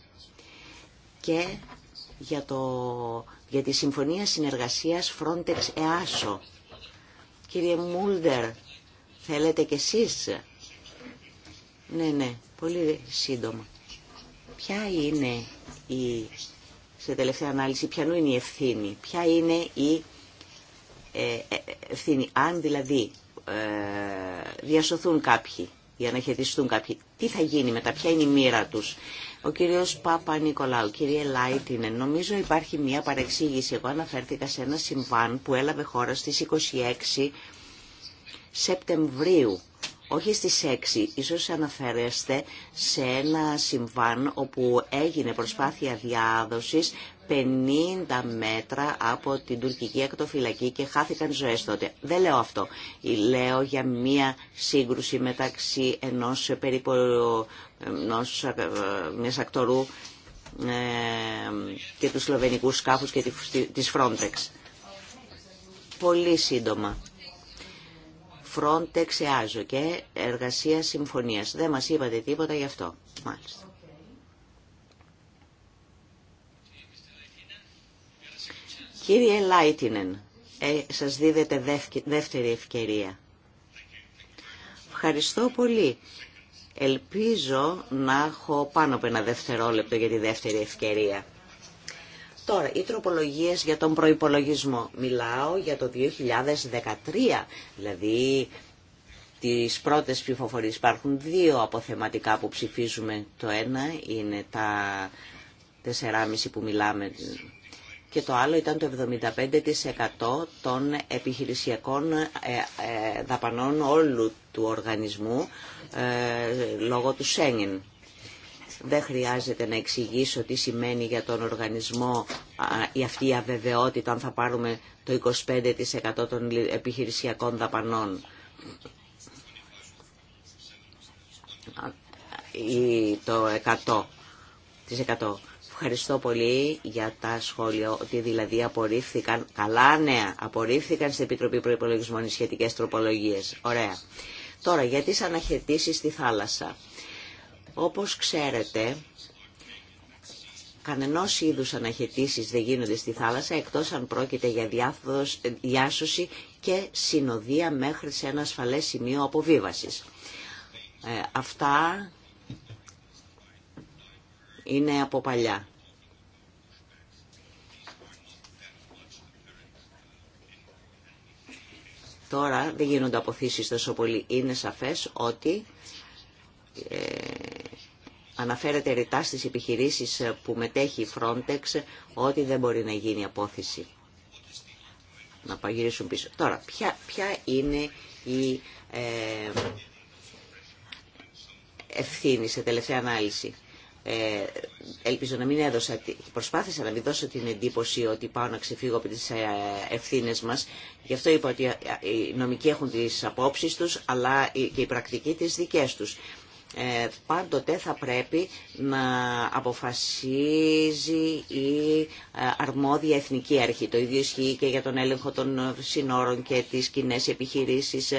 και για, το, για τη Συμφωνία Συνεργασίας Frontex-EASO. Κύριε Μούλτερ, θέλετε κι εσείς. Ναι, ναι, πολύ σύντομα. Ποια είναι η, σε τελευταία ανάλυση, ποια είναι η ευθύνη, ποια είναι η ε, ε, ευθύνη, αν δηλαδή ε, διασωθούν κάποιοι, χαιρετιστούν κάποιοι, τι θα γίνει μετά, ποια είναι η μοίρα τους. Ο κύριο Πάπα Νικολάου, κύριε Λάιτινεν, νομίζω υπάρχει μια παρεξήγηση. Εγώ αναφέρθηκα σε ένα συμβάν που έλαβε χώρα στις 26 Σεπτεμβρίου. Όχι στις 6, ίσως αναφέρεστε σε ένα συμβάν όπου έγινε προσπάθεια διάδοσης 50 μέτρα από την τουρκική ακτοφυλακή και χάθηκαν ζωές τότε. Δεν λέω αυτό. Λέω για μία σύγκρουση μεταξύ ενός περίπου ενός, ε, μιας ακτορού ε, και του σλοβενικού σκάφους και της Frontex. Πολύ σύντομα. Frontex εάζω και εργασία συμφωνίας. Δεν μας είπατε τίποτα γι' αυτό. Μάλιστα. Κύριε Λάιτινεν, ε, σας δίδεται δεύτερη ευκαιρία. Ευχαριστώ πολύ. Ελπίζω να έχω πάνω από ένα δευτερόλεπτο για τη δεύτερη ευκαιρία. Τώρα, οι τροπολογίες για τον προϋπολογισμό. Μιλάω για το 2013, δηλαδή τις πρώτες ψηφοφορίες. Υπάρχουν δύο αποθεματικά που ψηφίζουμε. Το ένα είναι τα 4,5 που μιλάμε και το άλλο ήταν το 75% των επιχειρησιακών ε, ε, δαπανών όλου του οργανισμού ε, λόγω του Σέγγεν. Δεν χρειάζεται να εξηγήσω τι σημαίνει για τον οργανισμό η αυτή η αβεβαιότητα αν θα πάρουμε το 25% των επιχειρησιακών δαπανών. Ή το 100%. Ευχαριστώ πολύ για τα σχόλια ότι δηλαδή απορρίφθηκαν, καλά νέα, απορρίφθηκαν στην Επιτροπή Προϋπολογισμών οι σχετικές τροπολογίες. Ωραία. Τώρα για τις αναχαιτήσεις στη θάλασσα. Όπως ξέρετε, κανενός είδους αναχαιτήσεις δεν γίνονται στη θάλασσα εκτός αν πρόκειται για διάσωση και συνοδεία μέχρι σε ένα ασφαλές σημείο αποβίβασης. Ε, αυτά είναι από παλιά. Τώρα δεν γίνονται αποθήσεις τόσο πολύ. Είναι σαφές ότι ε, αναφέρεται ρητά στις επιχειρήσεις που μετέχει η Frontex ότι δεν μπορεί να γίνει απόθεση. Να παγυρίσουν πίσω. Τώρα, ποια, ποια είναι η ε, ευθύνη σε τελευταία ανάλυση. Ε, ελπίζω να μην έδωσα, προσπάθησα να μην δώσω την εντύπωση ότι πάω να ξεφύγω από τις ε, ευθύνε μας. Γι' αυτό είπα ότι ε, οι νομικοί έχουν τις απόψεις τους, αλλά και οι πρακτικοί τις δικές τους. Ε, πάντοτε θα πρέπει να αποφασίζει η αρμόδια εθνική αρχή. Το ίδιο ισχύει και για τον έλεγχο των συνόρων και τις κοινέ επιχειρήσεις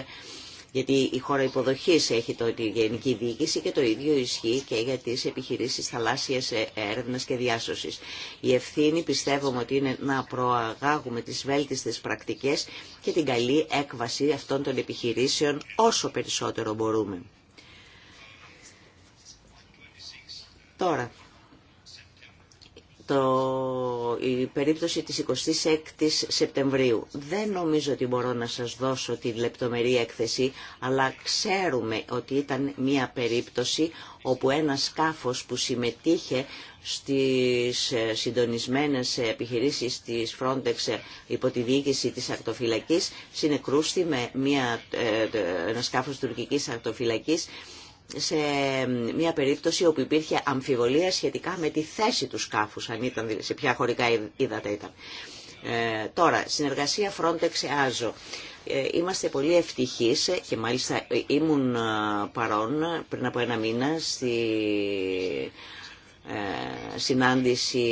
γιατί η χώρα υποδοχής έχει το, τη γενική διοίκηση και το ίδιο ισχύει και για τις επιχειρήσεις θαλάσσιας ε, έρευνας και διάσωσης. Η ευθύνη πιστεύουμε ότι είναι να προαγάγουμε τις βέλτιστες πρακτικές και την καλή έκβαση αυτών των επιχειρήσεων όσο περισσότερο μπορούμε. Τώρα, το η περίπτωση της 26ης Σεπτεμβρίου. Δεν νομίζω ότι μπορώ να σας δώσω τη λεπτομερή έκθεση, αλλά ξέρουμε ότι ήταν μια περίπτωση όπου ένα σκάφος που συμμετείχε στις ε, συντονισμένες επιχειρήσεις της Frontex υπό τη διοίκηση της ακτοφυλακής συνεκρούστη με μια, ε, ένα σκάφος τουρκικής ακτοφυλακής σε μια περίπτωση όπου υπήρχε αμφιβολία σχετικά με τη θέση του σκάφους, αν ήταν, σε ποια χωρικά ύδατα ήταν. Ε, τώρα, συνεργασία Frontex-EASO. Ε, είμαστε πολύ ευτυχείς και μάλιστα ήμουν ε, παρόν πριν από ένα μήνα στη ε, συνάντηση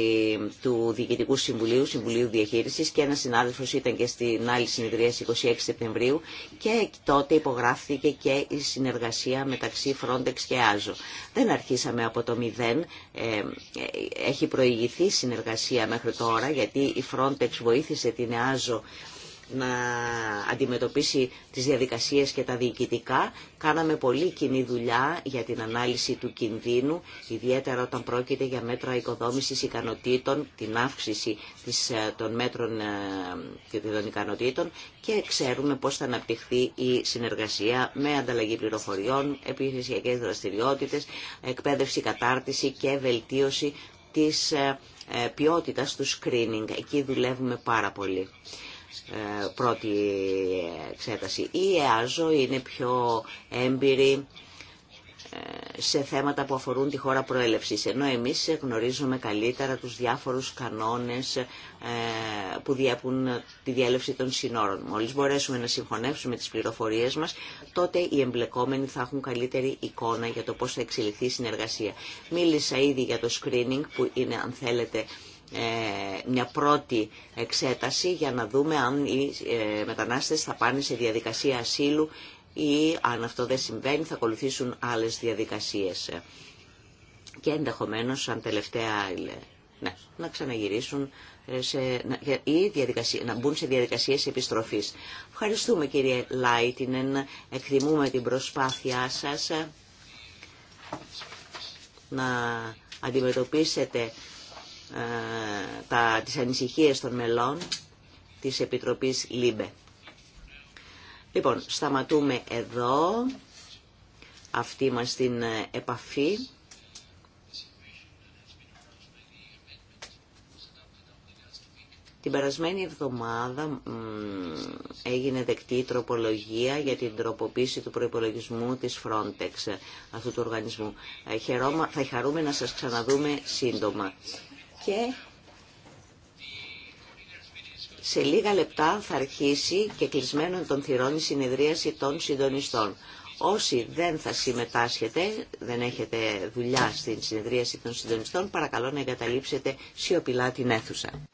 του Διοικητικού Συμβουλίου, Συμβουλίου Διαχείρισης και ένα συνάδελφος ήταν και στην άλλη συνεδρία 26 Σεπτεμβρίου και τότε υπογράφηκε και η συνεργασία μεταξύ Frontex και Άζο. Δεν αρχίσαμε από το μηδέν, ε, ε, έχει προηγηθεί συνεργασία μέχρι τώρα γιατί η Frontex βοήθησε την Άζο να αντιμετωπίσει τις διαδικασίες και τα διοικητικά. Κάναμε πολύ κοινή δουλειά για την ανάλυση του κινδύνου, ιδιαίτερα όταν πρόκειται για μέτρα οικοδόμησης ικανοτήτων, την αύξηση ε, των μέτρων ε, και των ικανοτήτων και ξέρουμε πώς θα αναπτυχθεί η συνεργασία με ανταλλαγή πληροφοριών, επιχειρησιακές δραστηριότητες, εκπαίδευση, κατάρτιση και βελτίωση της ε, ποιότητας του screening. Εκεί δουλεύουμε πάρα πολύ. Ε, πρώτη εξέταση. Η ΕΑΖΟ είναι πιο έμπειρη ε, σε θέματα που αφορούν τη χώρα προέλευσης, ενώ εμείς γνωρίζουμε καλύτερα τους διάφορους κανόνες ε, που διέπουν τη διέλευση των συνόρων. Μόλις μπορέσουμε να συγχωνεύσουμε τις πληροφορίες μας, τότε οι εμπλεκόμενοι θα έχουν καλύτερη εικόνα για το πώς θα εξελιχθεί η συνεργασία. Μίλησα ήδη για το screening, που είναι, αν θέλετε, ε, μια πρώτη εξέταση για να δούμε αν οι ε, μετανάστες θα πάνε σε διαδικασία ασύλου ή αν αυτό δεν συμβαίνει θα ακολουθήσουν άλλες διαδικασίες. Και ενδεχομένως αν τελευταία ε, ναι, να ξαναγυρίσουν σε, ή διαδικασία, να μπουν σε διαδικασίες επιστροφής. Ευχαριστούμε κύριε Λάιτινεν, εκτιμούμε την προσπάθειά σας να αντιμετωπίσετε ε, τα, τις ανησυχίες των μελών της Επιτροπής ΛΥΜΠΕ. Λοιπόν, σταματούμε εδώ αυτή μας την ε, επαφή. Την περασμένη εβδομάδα έγινε δεκτή τροπολογία για την τροποποίηση του προϋπολογισμού της Frontex, αυτού του οργανισμού. Ε, θα χαρούμε να σας ξαναδούμε σύντομα και σε λίγα λεπτά θα αρχίσει και κλεισμένον των θυρών η συνεδρίαση των συντονιστών. Όσοι δεν θα συμμετάσχετε, δεν έχετε δουλειά στην συνεδρίαση των συντονιστών, παρακαλώ να εγκαταλείψετε σιωπηλά την αίθουσα.